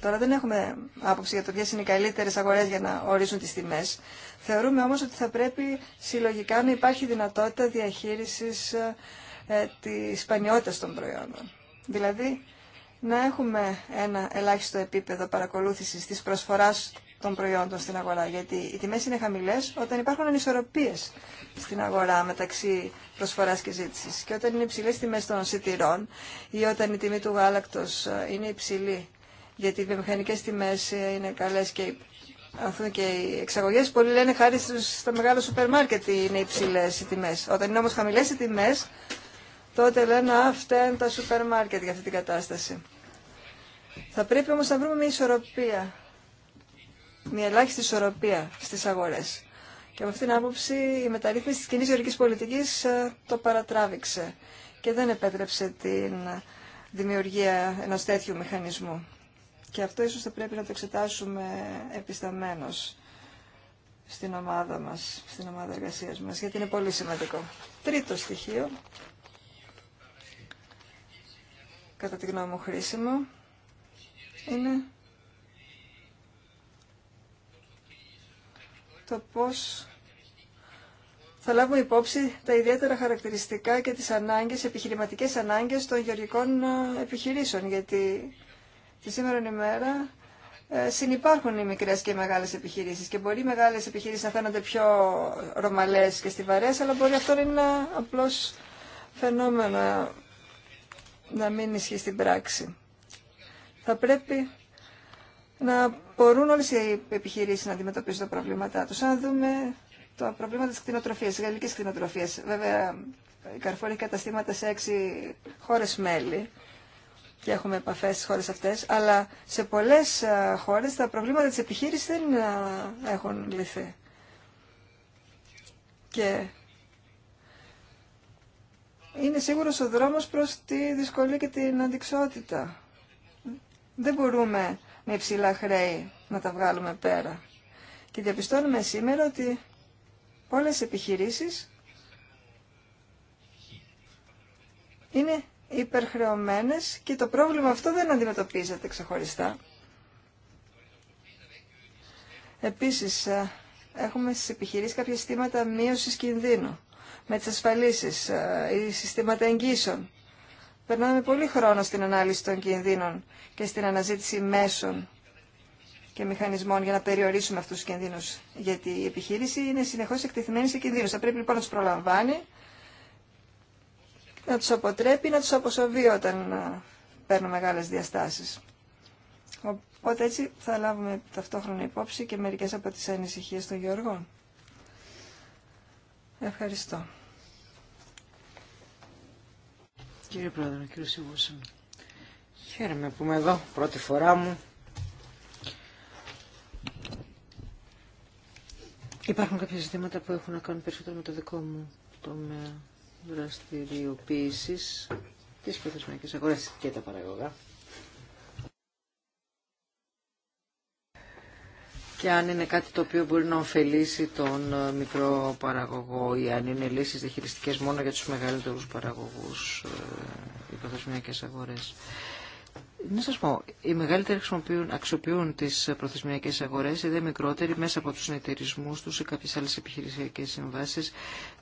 Τώρα δεν έχουμε άποψη για το ποιε είναι οι καλύτερε αγορέ για να ορίσουν τι τιμέ. Θεωρούμε όμω ότι θα πρέπει συλλογικά να υπάρχει δυνατότητα διαχείριση ε, τη σπανιότητα των προϊόντων. Δηλαδή, να έχουμε ένα ελάχιστο επίπεδο παρακολούθηση τη προσφορά των προϊόντων στην αγορά, γιατί οι τιμέ είναι χαμηλέ όταν υπάρχουν ανισορροπίε στην αγορά μεταξύ προσφορά και ζήτηση. Και όταν είναι υψηλέ τιμέ των σιτηρών ή όταν η τιμή του γάλακτο ε, είναι υψηλή γιατί οι βιομηχανικές τιμές είναι καλές και αυτούν και οι εξαγωγέ. Πολλοί λένε χάρη στα μεγάλα σούπερ μάρκετ είναι υψηλέ οι τιμέ. Όταν είναι όμω χαμηλέ οι τιμέ, τότε λένε αυτά είναι τα σούπερ μάρκετ για αυτή την κατάσταση. Θα πρέπει όμω να βρούμε μια ισορροπία. Μια ελάχιστη ισορροπία στι αγορέ. Και από αυτήν την άποψη η μεταρρύθμιση τη κοινή γεωργική πολιτική ε, το παρατράβηξε και δεν επέτρεψε την δημιουργία ενό τέτοιου μηχανισμού. Και αυτό ίσως θα πρέπει να το εξετάσουμε επισταμμένος στην ομάδα μας, στην ομάδα εργασίας μας, γιατί είναι πολύ σημαντικό. Τρίτο στοιχείο, κατά τη γνώμη μου χρήσιμο, είναι το πώς θα λάβουμε υπόψη τα ιδιαίτερα χαρακτηριστικά και τις ανάγκες, επιχειρηματικές ανάγκες των γεωργικών ε, επιχειρήσεων, γιατί Τη σήμερα ημέρα ε, συνυπάρχουν οι μικρέ και οι μεγάλες επιχειρήσεις και μπορεί οι μεγάλες επιχειρήσεις να φαίνονται πιο ρωμαλές και στιβαρές αλλά μπορεί αυτό να είναι ένα απλώς φαινόμενο ε, να μην ισχύει στην πράξη. Θα πρέπει να μπορούν όλε οι επιχειρήσει να αντιμετωπίσουν τα προβλήματά του Αν δούμε τα προβλήματα τη κτηνοτροφίας, της γαλλικής κτηνοτροφίας. Βέβαια, η Καρφόρ έχει καταστήματα σε έξι χώρε μέλη και έχουμε επαφές στις χώρες αυτές, αλλά σε πολλές ε, χώρες τα προβλήματα της επιχείρησης δεν ε, έχουν λυθεί. Και είναι σίγουρος ο δρόμος προς τη δυσκολία και την αντικσότητα. Δεν μπορούμε με υψηλά χρέη να τα βγάλουμε πέρα. Και διαπιστώνουμε σήμερα ότι πολλές επιχειρήσεις είναι υπερχρεωμένες και το πρόβλημα αυτό δεν αντιμετωπίζεται ξεχωριστά. Επίσης, ε, έχουμε στις επιχειρήσεις κάποια συστήματα μείωσης κινδύνου με τις ασφαλίσεις ε, ή συστήματα εγγύσεων. Περνάμε πολύ χρόνο στην ανάλυση των κινδύνων και στην αναζήτηση μέσων και μηχανισμών για να περιορίσουμε αυτούς τους κινδύνους. Γιατί η επιχείρηση είναι συνεχώς εκτεθειμένη σε κινδύνους. Θα πρέπει λοιπόν να τους προλαμβάνει να τους αποτρέπει να τους αποσοβεί όταν ε, παίρνουν μεγάλες διαστάσεις. Οπότε έτσι θα λάβουμε ταυτόχρονα υπόψη και μερικές από τις ανησυχίες των Γιώργων. Ευχαριστώ. Κύριε Πρόεδρε, κύριε Σιγούσον, χαίρομαι που είμαι εδώ, πρώτη φορά μου. Υπάρχουν κάποια ζητήματα που έχουν να κάνουν περισσότερο με το δικό μου τομέα δραστηριοποίησης της προθεσμιακής αγοράς και τα παραγωγά. Και αν είναι κάτι το οποίο μπορεί να ωφελήσει τον ε, μικρό παραγωγό ή αν είναι λύσεις διαχειριστικέ μόνο για τους μεγαλύτερου παραγωγούς ε, οι προθεσμιακές αγορές να σα πω, οι μεγαλύτεροι αξιοποιούν τι προθεσμιακέ αγορέ, οι δε μικρότεροι μέσα από του συνεταιρισμού του ή κάποιε άλλε επιχειρησιακέ συμβάσει,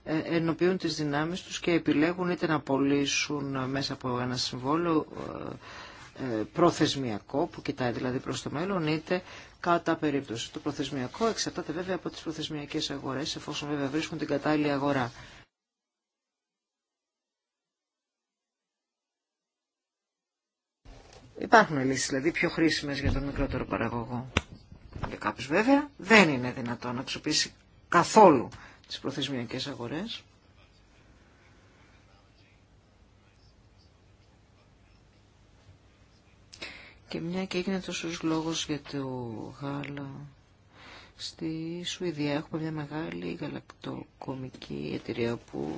ε, ενοποιούν τι δυνάμει του και επιλέγουν είτε να πωλήσουν μέσα από ένα συμβόλαιο ε, ε, προθεσμιακό που κοιτάει δηλαδή προ το μέλλον είτε κατά περίπτωση. Το προθεσμιακό εξαρτάται βέβαια από τι προθεσμιακέ αγορέ, εφόσον βέβαια βρίσκουν την κατάλληλη αγορά. Υπάρχουν λύσεις δηλαδή πιο χρήσιμες για τον μικρότερο παραγωγό. Για κάποιους βέβαια δεν είναι δυνατόν να αξιοποιήσει καθόλου τις προθεσμιακές αγορές. Και μια και έγινε τόσο λόγος για το γάλα. Στη Σουηδία έχουμε μια μεγάλη γαλακτοκομική εταιρεία που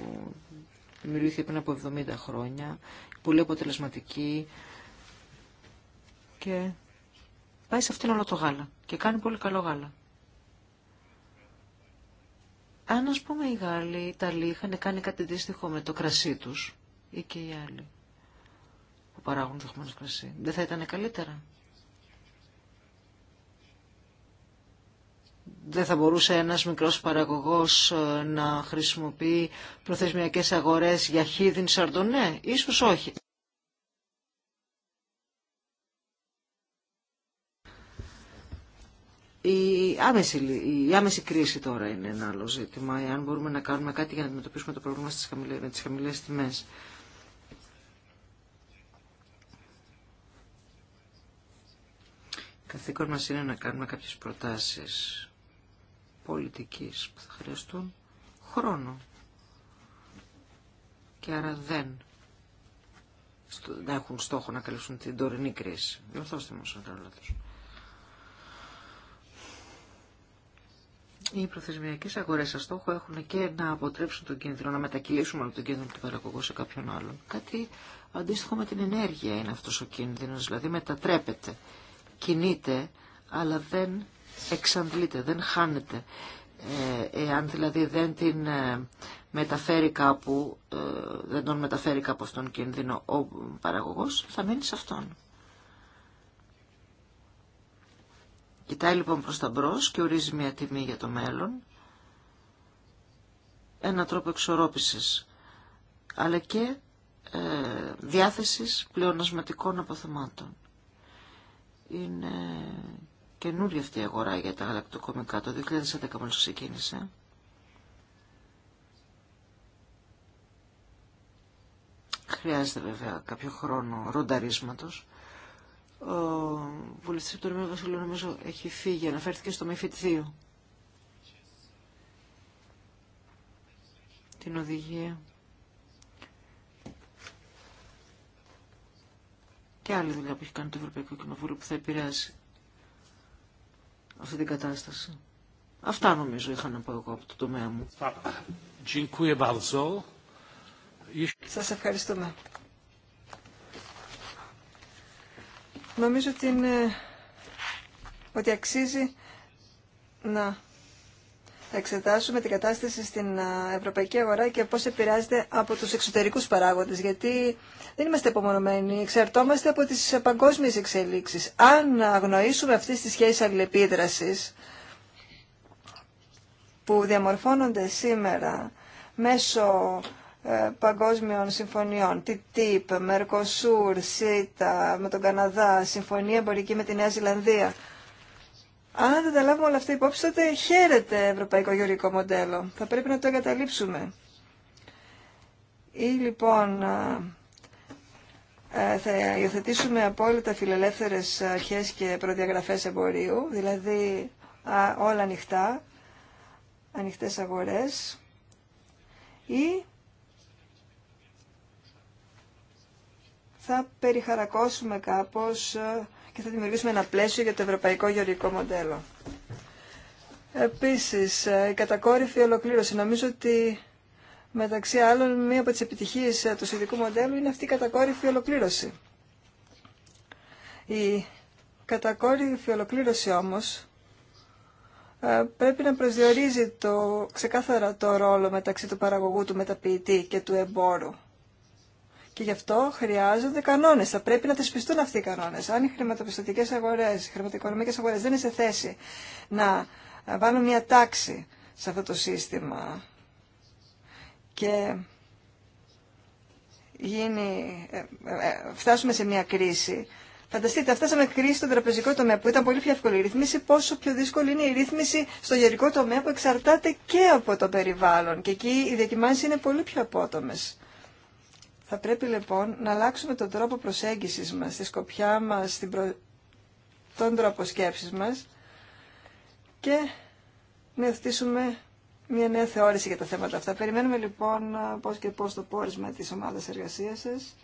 δημιουργήθηκε πριν από 70 χρόνια, πολύ αποτελεσματική, και πάει σε αυτήν όλο το γάλα και κάνει πολύ καλό γάλα. Αν ας πούμε οι Γάλλοι, οι Ιταλοί είχαν κάνει κάτι αντίστοιχο με το κρασί τους ή και οι άλλοι που παράγουν δεχμένο κρασί, δεν θα ήταν καλύτερα. δεν θα μπορούσε ένας μικρός παραγωγός ε, να χρησιμοποιεί προθεσμιακές αγορές για χίδιν σαρτονέ. Ίσως όχι. Η άμεση, η άμεση κρίση τώρα είναι ένα άλλο ζήτημα, εάν μπορούμε να κάνουμε κάτι για να αντιμετωπίσουμε το πρόβλημα στις χαμηλές, με τις χαμηλές τιμές. Καθήκον μας είναι να κάνουμε κάποιες προτάσεις πολιτικής που θα χρειαστούν χρόνο. Και άρα δεν να έχουν στόχο να καλύψουν την τωρινή κρίση. Διορθώστε μου αν Οι προθεσμιακές αγορές σαν στόχο έχουν και να αποτρέψουν τον κίνδυνο, να μετακυλήσουμε τον κίνδυνο του παραγωγού σε κάποιον άλλον. Κάτι αντίστοιχο με την ενέργεια είναι αυτός ο κίνδυνο. δηλαδή μετατρέπεται, κινείται, αλλά δεν εξαντλείται, δεν χάνεται. Ε, εάν δηλαδή δεν την ε, μεταφέρει κάπου, ε, δεν τον μεταφέρει κάπου κίνδυνο ο παραγωγός, θα μείνει σε αυτόν. Κοιτάει λοιπόν προς τα μπρος και ορίζει μια τιμή για το μέλλον, ένα τρόπο εξορρόπησης, αλλά και ε, διάθεσης πλεονασματικών αποθεμάτων. Είναι καινούρια αυτή η αγορά για τα γαλακτοκομικά. Το 2011 μόλις ξεκίνησε. Χρειάζεται βέβαια κάποιο χρόνο ρονταρίσματος. Ο βουλευτής του Ρωμαίου Βασιλού νομίζω έχει φύγει, αναφέρθηκε στο ΜΕΦΙΤ 2. Την οδηγία. Και άλλη δουλειά που έχει κάνει το Ευρωπαϊκό Κοινοβούλιο που θα επηρεάσει αυτή την κατάσταση. Αυτά νομίζω είχα να πω εγώ από το τομέα μου. Σας ευχαριστούμε. Νομίζω ότι, ότι αξίζει να εξετάσουμε την κατάσταση στην ευρωπαϊκή αγορά και πώς επηρεάζεται από τους εξωτερικούς παράγοντες, γιατί δεν είμαστε απομονωμένοι, εξαρτώμαστε από τις παγκόσμιες εξελίξεις. Αν αγνοήσουμε αυτές τις σχέσεις αλληλεπίδρασης που διαμορφώνονται σήμερα μέσω ε, παγκόσμιων συμφωνιών, TTIP, Mercosur, ΣΥΤΑ, με τον Καναδά, Συμφωνία Εμπορική με τη Νέα Ζηλανδία. Αν δεν τα λάβουμε όλα αυτά υπόψη, τότε χαίρεται ευρωπαϊκό γεωργικό μοντέλο. Θα πρέπει να το εγκαταλείψουμε. Ή λοιπόν ε, ε, θα υιοθετήσουμε απόλυτα φιλελεύθερες αρχές και προδιαγραφές εμπορίου, δηλαδή όλα ανοιχτά, ανοιχτές αγορές, ή θα περιχαρακώσουμε κάπως ε, και θα δημιουργήσουμε ένα πλαίσιο για το ευρωπαϊκό γεωργικό μοντέλο. Επίσης, ε, η κατακόρυφη ολοκλήρωση. Νομίζω ότι μεταξύ άλλων μία από τις επιτυχίες ε, του σχετικού μοντέλου είναι αυτή η κατακόρυφη ολοκλήρωση. Η κατακόρυφη ολοκλήρωση όμως πρέπει να προσδιορίζει το, ξεκάθαρα το ρόλο μεταξύ του παραγωγού, του μεταποιητή και του εμπόρου και γι' αυτό χρειάζονται κανόνε. Θα πρέπει να θεσπιστούν αυτοί οι κανόνε. Αν οι χρηματοπιστωτικέ αγορέ, οι χρηματοοικονομικέ αγορέ δεν είναι σε θέση να ε, βάλουν μια τάξη σε αυτό το σύστημα και γίνει, ε, ε, φτάσουμε σε μια κρίση. Φανταστείτε, φτάσαμε κρίση στον τραπεζικό τομέα που ήταν πολύ πιο εύκολη η ρύθμιση, πόσο πιο δύσκολη είναι η ρύθμιση στο γερικό τομέα που εξαρτάται και από το περιβάλλον και εκεί οι διακοιμάνσεις είναι πολύ πιο απότομες. Θα πρέπει λοιπόν να αλλάξουμε τον τρόπο προσέγγισης μας, τη σκοπιά μας, την τον τρόπο σκέψης μας και να ευθύσουμε μια νέα θεώρηση για τα θέματα αυτά. Περιμένουμε λοιπόν πώς και πώς το πόρισμα της ομάδας εργασίας σας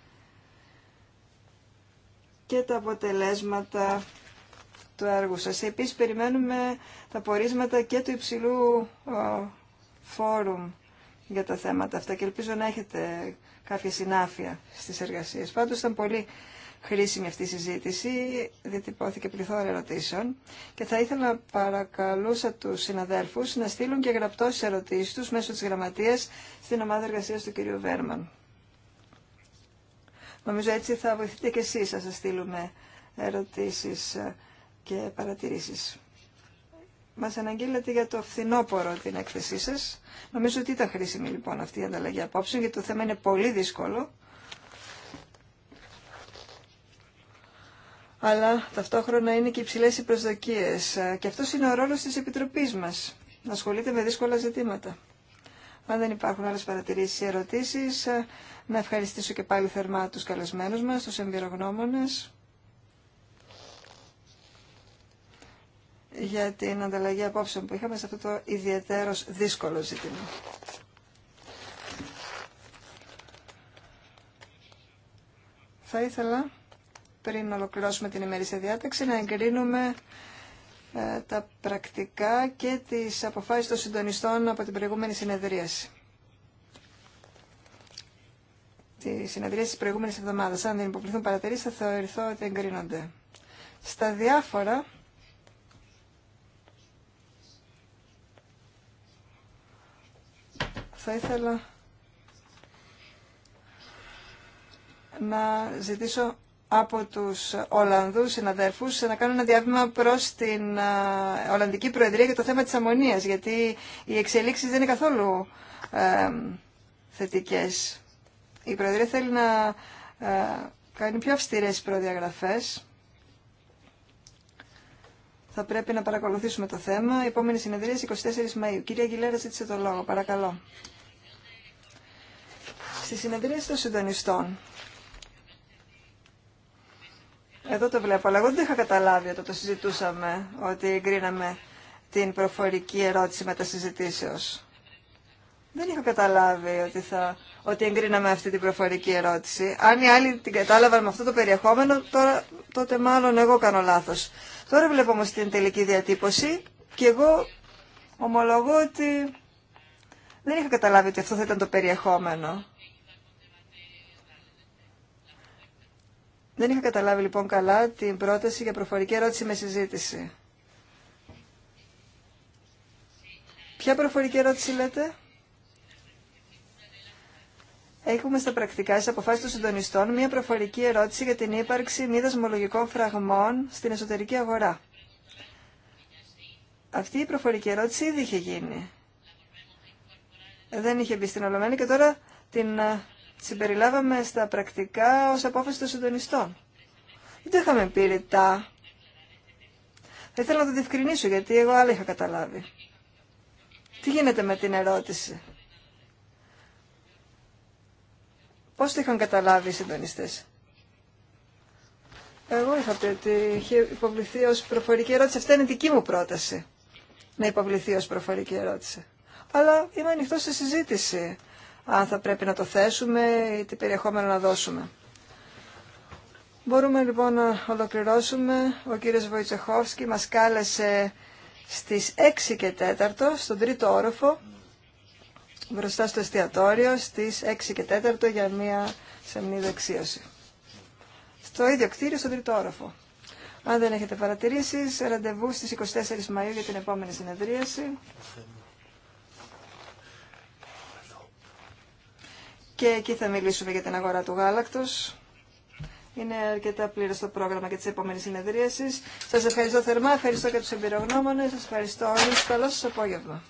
και τα αποτελέσματα του έργου σας. Επίσης περιμένουμε τα πορίσματα και του υψηλού ε, φόρουμ για τα θέματα αυτά και ελπίζω να έχετε κάποια συνάφεια στις εργασίες. Πάντως ήταν πολύ χρήσιμη αυτή η συζήτηση, διατυπώθηκε πληθώρα ερωτήσεων και θα ήθελα να παρακαλούσα τους συναδέλφους να στείλουν και γραπτό στις ερωτήσεις τους μέσω της γραμματείας στην ομάδα εργασίας του κ. Βέρμαν. Νομίζω έτσι θα βοηθείτε και εσείς να σας στείλουμε ερωτήσεις και παρατηρήσεις. Μας αναγγείλατε για το φθινόπωρο την έκθεσή σας. Νομίζω ότι ήταν χρήσιμη λοιπόν αυτή η ανταλλαγή απόψεων, γιατί το θέμα είναι πολύ δύσκολο. αλλά ταυτόχρονα είναι και υψηλέ οι προσδοκίε. Και αυτό είναι ο ρόλο τη Επιτροπή μα, να ασχολείται με δύσκολα ζητήματα. Αν δεν υπάρχουν άλλε παρατηρήσει ή ερωτήσει, να ευχαριστήσω και πάλι θερμά του καλεσμένου μα, του εμπειρογνώμονε. για την ανταλλαγή απόψεων που είχαμε σε αυτό το ιδιαίτερο δύσκολο ζήτημα. Θα ήθελα, πριν ολοκληρώσουμε την ημερήσια διάταξη, να εγκρίνουμε ε, τα πρακτικά και τις αποφάσεις των συντονιστών από την προηγούμενη συνεδρίαση. Τη συνεδρίαση της προηγούμενης εβδομάδας. Αν δεν υποβληθούν παρατηρήσεις θα θεωρηθώ ότι εγκρίνονται. Στα διάφορα Θα ήθελα να ζητήσω από τους Ολλανδούς συναδέρφους να κάνουν ένα διάβημα προς την Ολλανδική Προεδρία για το θέμα της αμμονίας, γιατί οι εξελίξεις δεν είναι καθόλου ε, θετικές. Η Προεδρία θέλει να ε, κάνει πιο αυστηρές προδιαγραφές. Θα πρέπει να παρακολουθήσουμε το θέμα. Η επόμενη συνεδρία 24 Μαΐου. Κυρία Αγγιλέρα, ζήτησε το λόγο. Παρακαλώ στη συνεδρίαση των συντονιστών. Εδώ το βλέπω, αλλά εγώ δεν είχα καταλάβει όταν το συζητούσαμε, ότι εγκρίναμε την προφορική ερώτηση μετασυζητήσεως. Δεν είχα καταλάβει ότι, θα, ότι εγκρίναμε αυτή την προφορική ερώτηση. Αν οι άλλοι την κατάλαβαν με αυτό το περιεχόμενο, τώρα, τότε μάλλον εγώ κάνω λάθος. Τώρα βλέπω όμως την τελική διατύπωση και εγώ ομολογώ ότι δεν είχα καταλάβει ότι αυτό θα ήταν το περιεχόμενο. Δεν είχα καταλάβει λοιπόν καλά την πρόταση για προφορική ερώτηση με συζήτηση. Ποια προφορική ερώτηση λέτε? Έχουμε στα πρακτικά στις αποφάσει των συντονιστών μια προφορική ερώτηση για την ύπαρξη μη δασμολογικών φραγμών στην εσωτερική αγορά. Αυτή η προφορική ερώτηση ήδη είχε γίνει. Δεν είχε μπει στην Ολομένη και τώρα την ε, συμπεριλάβαμε στα πρακτικά ως απόφαση των συντονιστών. Δεν το είχαμε πει ρητά. Θα ήθελα να το διευκρινίσω γιατί εγώ άλλα είχα καταλάβει. Τι γίνεται με την ερώτηση. Πώς το είχαν καταλάβει οι συντονιστές. Εγώ είχα πει ότι είχε υποβληθεί ως προφορική ερώτηση. Αυτή είναι δική μου πρόταση. Να υποβληθεί ως προφορική ερώτηση. Αλλά είμαι ανοιχτό σε συζήτηση αν θα πρέπει να το θέσουμε ή τι περιεχόμενο να δώσουμε. Μπορούμε λοιπόν να ολοκληρώσουμε. Ο κύριος Βοητσεχόφσκι μας κάλεσε στις 6 και 4 στον τρίτο όροφο μπροστά στο εστιατόριο στις 6 και 4 για μια σεμνή δεξίωση. Στο ίδιο κτίριο, στον τρίτο όροφο. Αν δεν έχετε παρατηρήσεις, ραντεβού στις 24 Μαΐου για την επόμενη συνεδρίαση. Και εκεί θα μιλήσουμε για την αγορά του γάλακτος. Είναι αρκετά πλήρες το πρόγραμμα και τις επόμενες συνεδρίασεις. Σας ευχαριστώ θερμά, ευχαριστώ και τους εμπειρογνώμονε, σας ευχαριστώ όλους. Καλό σας απόγευμα.